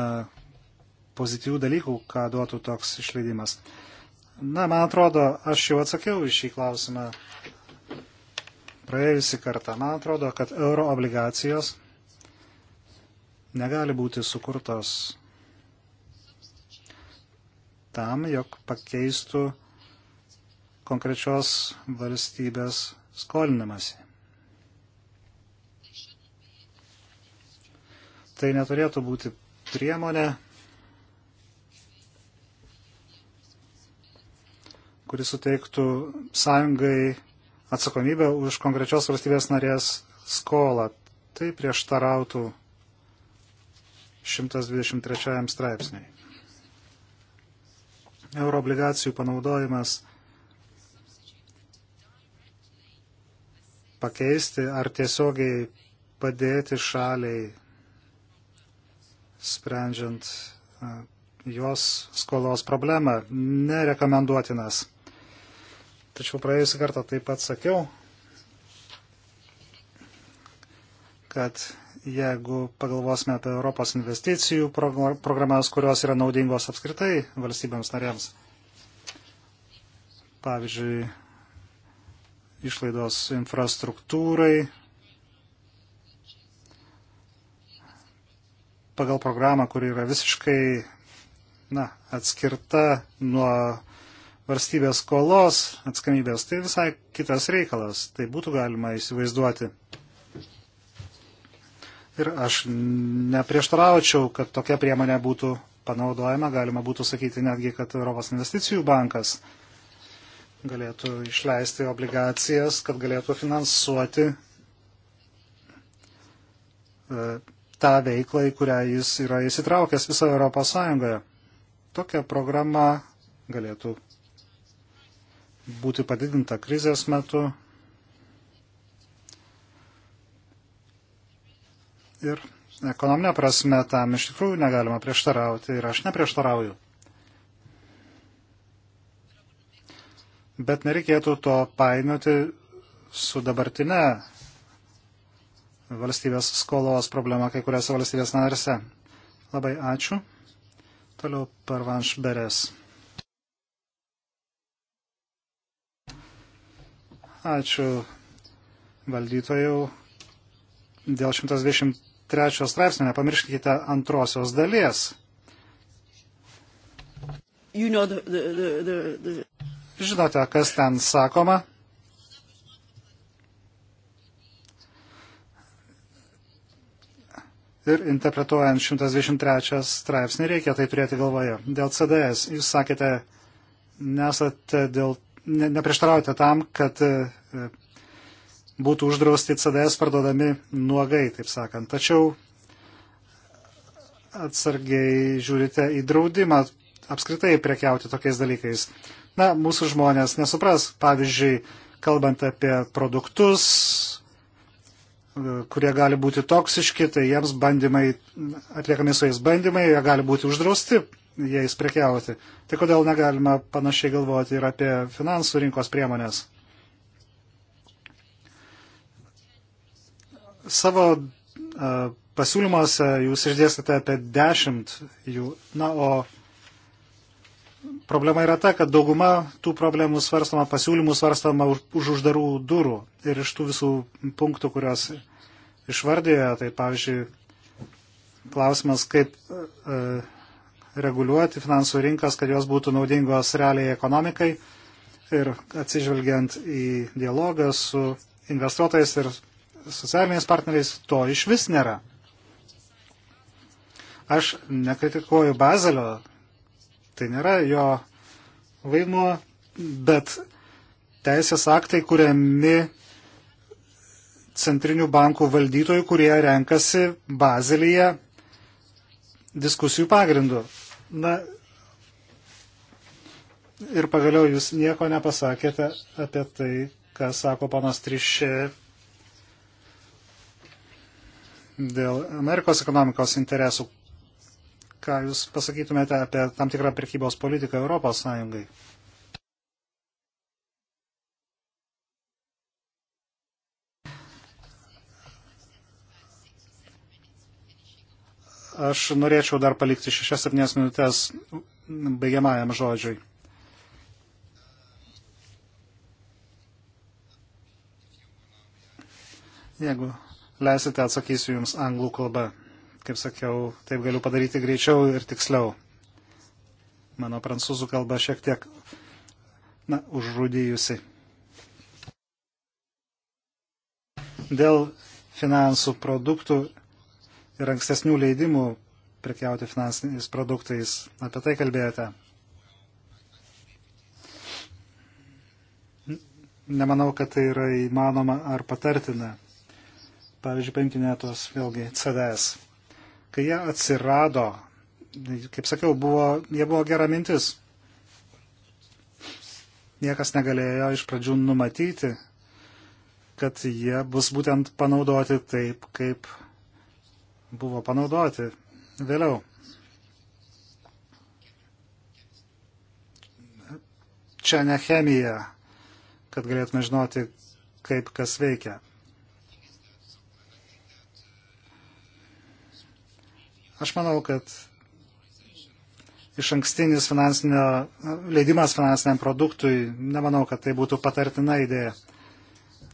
pozityvių dalykų, ką duotų toks išleidimas. Na, man atrodo, aš jau atsakiau iš šį klausimą praėjusi kartą. Man atrodo, kad euro obligacijos negali būti sukurtos tam, jog pakeistų konkrečios valstybės skolinimasi. Tai neturėtų būti priemonė, kuri suteiktų sąjungai atsakomybę už konkrečios valstybės narės skolą. Tai prieštarautų 123 straipsniai. Euroobligacijų panaudojimas pakeisti ar tiesiogiai padėti šaliai, sprendžiant e, jos skolos problemą, nerekomenduotinas. Tačiau praėjusį kartą taip pat sakiau, kad jeigu pagalvosime apie Europos investicijų programas, kurios yra naudingos apskritai valstybėms narėms, pavyzdžiui, išlaidos infrastruktūrai, pagal programą, kuri yra visiškai na, atskirta nuo valstybės skolos atskamybės, tai visai kitas reikalas. Tai būtų galima įsivaizduoti. Ir aš neprieštaraučiau, kad tokia priemonė būtų panaudojama. Galima būtų sakyti netgi, kad Europos investicijų bankas galėtų išleisti obligacijas, kad galėtų finansuoti e, tą veiklą, į kurią jis yra įsitraukęs visoje Europos Sąjungoje. Tokia programa galėtų būti padidinta krizės metu. Ir ekonominė prasme tam iš tikrųjų negalima prieštarauti ir aš neprieštarauju. Bet nereikėtų to painioti su dabartine valstybės skolos problema kai kuriuose valstybės narėse. Labai ačiū. Toliau per Vanšberės. Ačiū valdytojų. Dėl 123 straipsnio nepamirškite antrosios dalies. You know the, the, the, the... Žinote, kas ten sakoma? ir interpretuojant 123 straipsnį reikia tai turėti galvoje. Dėl CDS jūs sakėte, nesate dėl ne, neprieštaraujate tam, kad e, būtų uždrausti CDS parduodami nuogai, taip sakant. Tačiau atsargiai žiūrite į draudimą apskritai prekiauti tokiais dalykais. Na, mūsų žmonės nesupras, pavyzdžiui, kalbant apie produktus, e, kurie gali būti toksiški, tai jiems bandymai, atliekami su jais bandymai, jie gali būti uždrausti jais prekiauti. Tai kodėl negalima panašiai galvoti ir apie finansų rinkos priemonės? Savo uh, pasiūlymuose jūs išdėstate apie 10 jų. Na, o problema yra ta, kad dauguma tų problemų svarstama, pasiūlymų svarstama už, už uždarų durų. Ir iš tų visų punktų, kuriuos išvardėjo, tai pavyzdžiui, klausimas, kaip uh, reguliuoti finansų rinkas, kad jos būtų naudingos realiai ekonomikai ir atsižvelgiant į dialogą su investuotojais ir socialiniais partneriais, to iš vis nėra. Aš nekritikuoju Bazelio, tai nėra jo vaidmuo, bet teisės aktai kuriami centrinių bankų valdytojų, kurie renkasi Bazelyje diskusijų pagrindu. Na, ir pagaliau jūs nieko nepasakėte apie tai, ką sako panas Trišė dėl Amerikos ekonomikos interesų. Ką jūs pasakytumėte apie tam tikrą prekybos politiką Europos Sąjungai? Aš norėčiau dar palikti 6-7 minutės baigiamajam žodžiui. Jeigu leisite, atsakysiu Jums anglų kalba. Kaip sakiau, taip galiu padaryti greičiau ir tiksliau. Mano prancūzų kalba šiek tiek, na, užrūdyjusi. Dėl finansų produktų ir ankstesnių leidimų prekiauti finansiniais produktais. Apie tai kalbėjote. Nemanau, kad tai yra įmanoma ar patartina. Pavyzdžiui, paimkime tos vėlgi CDS. Kai jie atsirado, kaip sakiau, buvo, jie buvo gera mintis. Niekas negalėjo iš pradžių numatyti, kad jie bus būtent panaudoti taip, kaip buvo panaudoti vėliau. Čia ne chemija, kad galėtume žinoti, kaip kas veikia. Aš manau, kad iš ankstinis finansinio, leidimas finansiniam produktui, nemanau, kad tai būtų patartina idėja.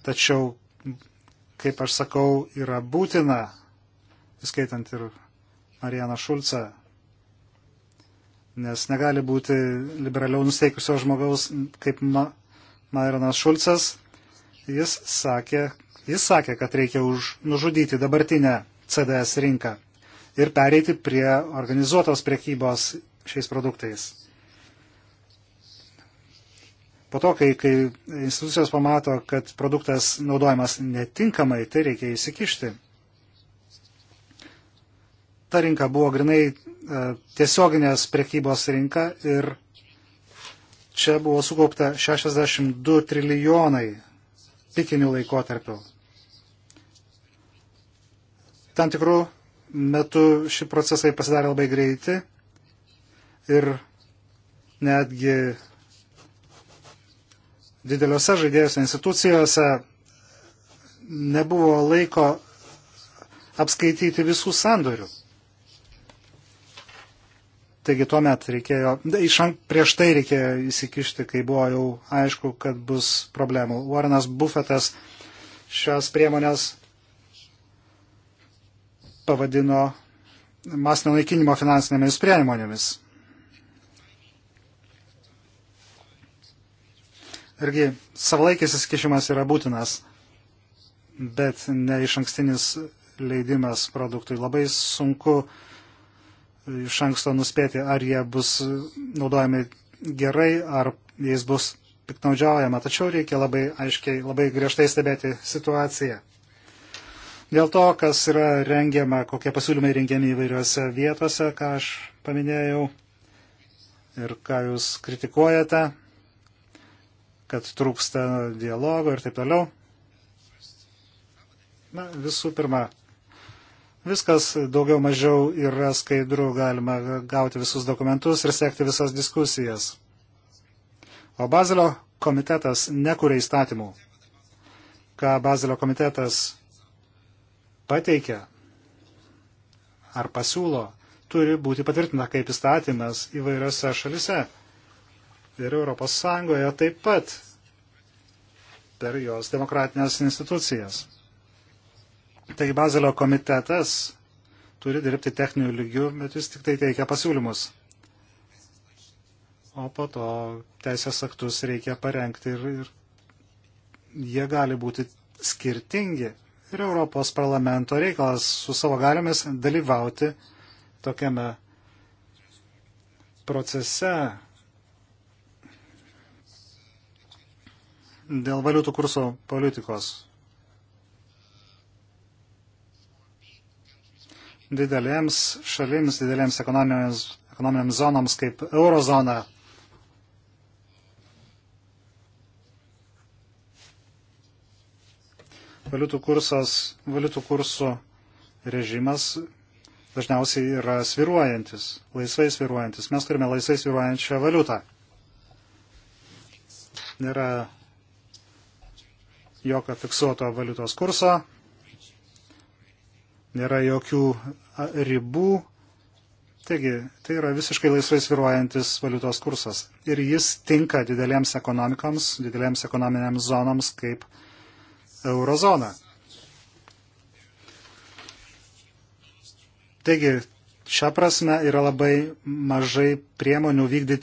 Tačiau, kaip aš sakau, yra būtina įskaitant ir Marijaną Šulcą, nes negali būti liberaliau nusteikusio žmogaus kaip Ma Marijanas Šulcas. Jis sakė, jis sakė, kad reikia už, nužudyti dabartinę CDS rinką ir pereiti prie organizuotos priekybos šiais produktais. Po to, kai, kai institucijos pamato, kad produktas naudojamas netinkamai, tai reikia įsikišti ta rinka buvo grinai e, tiesioginės prekybos rinka ir čia buvo sukaupta 62 trilijonai pikinių laikotarpių. Tam tikrų metų šie procesai pasidarė labai greiti ir netgi dideliuose žaidėjose institucijose nebuvo laiko apskaityti visų sandorių. Taigi tuo metu reikėjo, ank, prieš tai reikėjo įsikišti, kai buvo jau aišku, kad bus problemų. Warrenas Buffetas šias priemonės pavadino masinio naikinimo finansinėmis priemonėmis. Irgi savalaikis įsikišimas yra būtinas, bet ne iš ankstinis leidimas produktui. Labai sunku uh, iš anksto nuspėti, ar jie bus naudojami gerai, ar jais bus piknaudžiaujama. Tačiau reikia labai aiškiai, labai griežtai stebėti situaciją. Dėl to, kas yra rengiama, kokie pasiūlymai rengiami įvairiuose vietose, ką aš paminėjau ir ką jūs kritikuojate, kad trūksta dialogo ir taip toliau. Na, visų pirma, Viskas daugiau mažiau yra skaidru, galima gauti visus dokumentus ir sekti visas diskusijas. O Bazilio komitetas nekuria įstatymų. Ką Bazilio komitetas pateikia ar pasiūlo, turi būti patvirtina kaip įstatymas įvairiose šalise. Ir Europos Sąjungoje taip pat per jos demokratinės institucijas. Tai Bazelio komitetas turi dirbti techninių lygių, bet jis tik tai teikia pasiūlymus. O po to teisės aktus reikia parengti ir, ir jie gali būti skirtingi. Ir Europos parlamento reikalas su savo galiomis dalyvauti tokiame procese dėl valiutų kurso politikos. didelėms šalims, didelėms ekonominėms, ekonominėms zonoms kaip eurozona. Valiutų, kursas, valiutų kursų režimas dažniausiai yra sviruojantis, laisvai sviruojantis. Mes turime laisvai sviruojančią valiutą. Nėra jokio fiksuoto valiutos kurso, nėra jokių ribų. Taigi, tai yra visiškai laisvai sviruojantis valiutos kursas. Ir jis tinka didelėms ekonomikoms, didelėms ekonominėms zonoms kaip eurozona. Taigi, šią prasme yra labai mažai priemonių vykdyti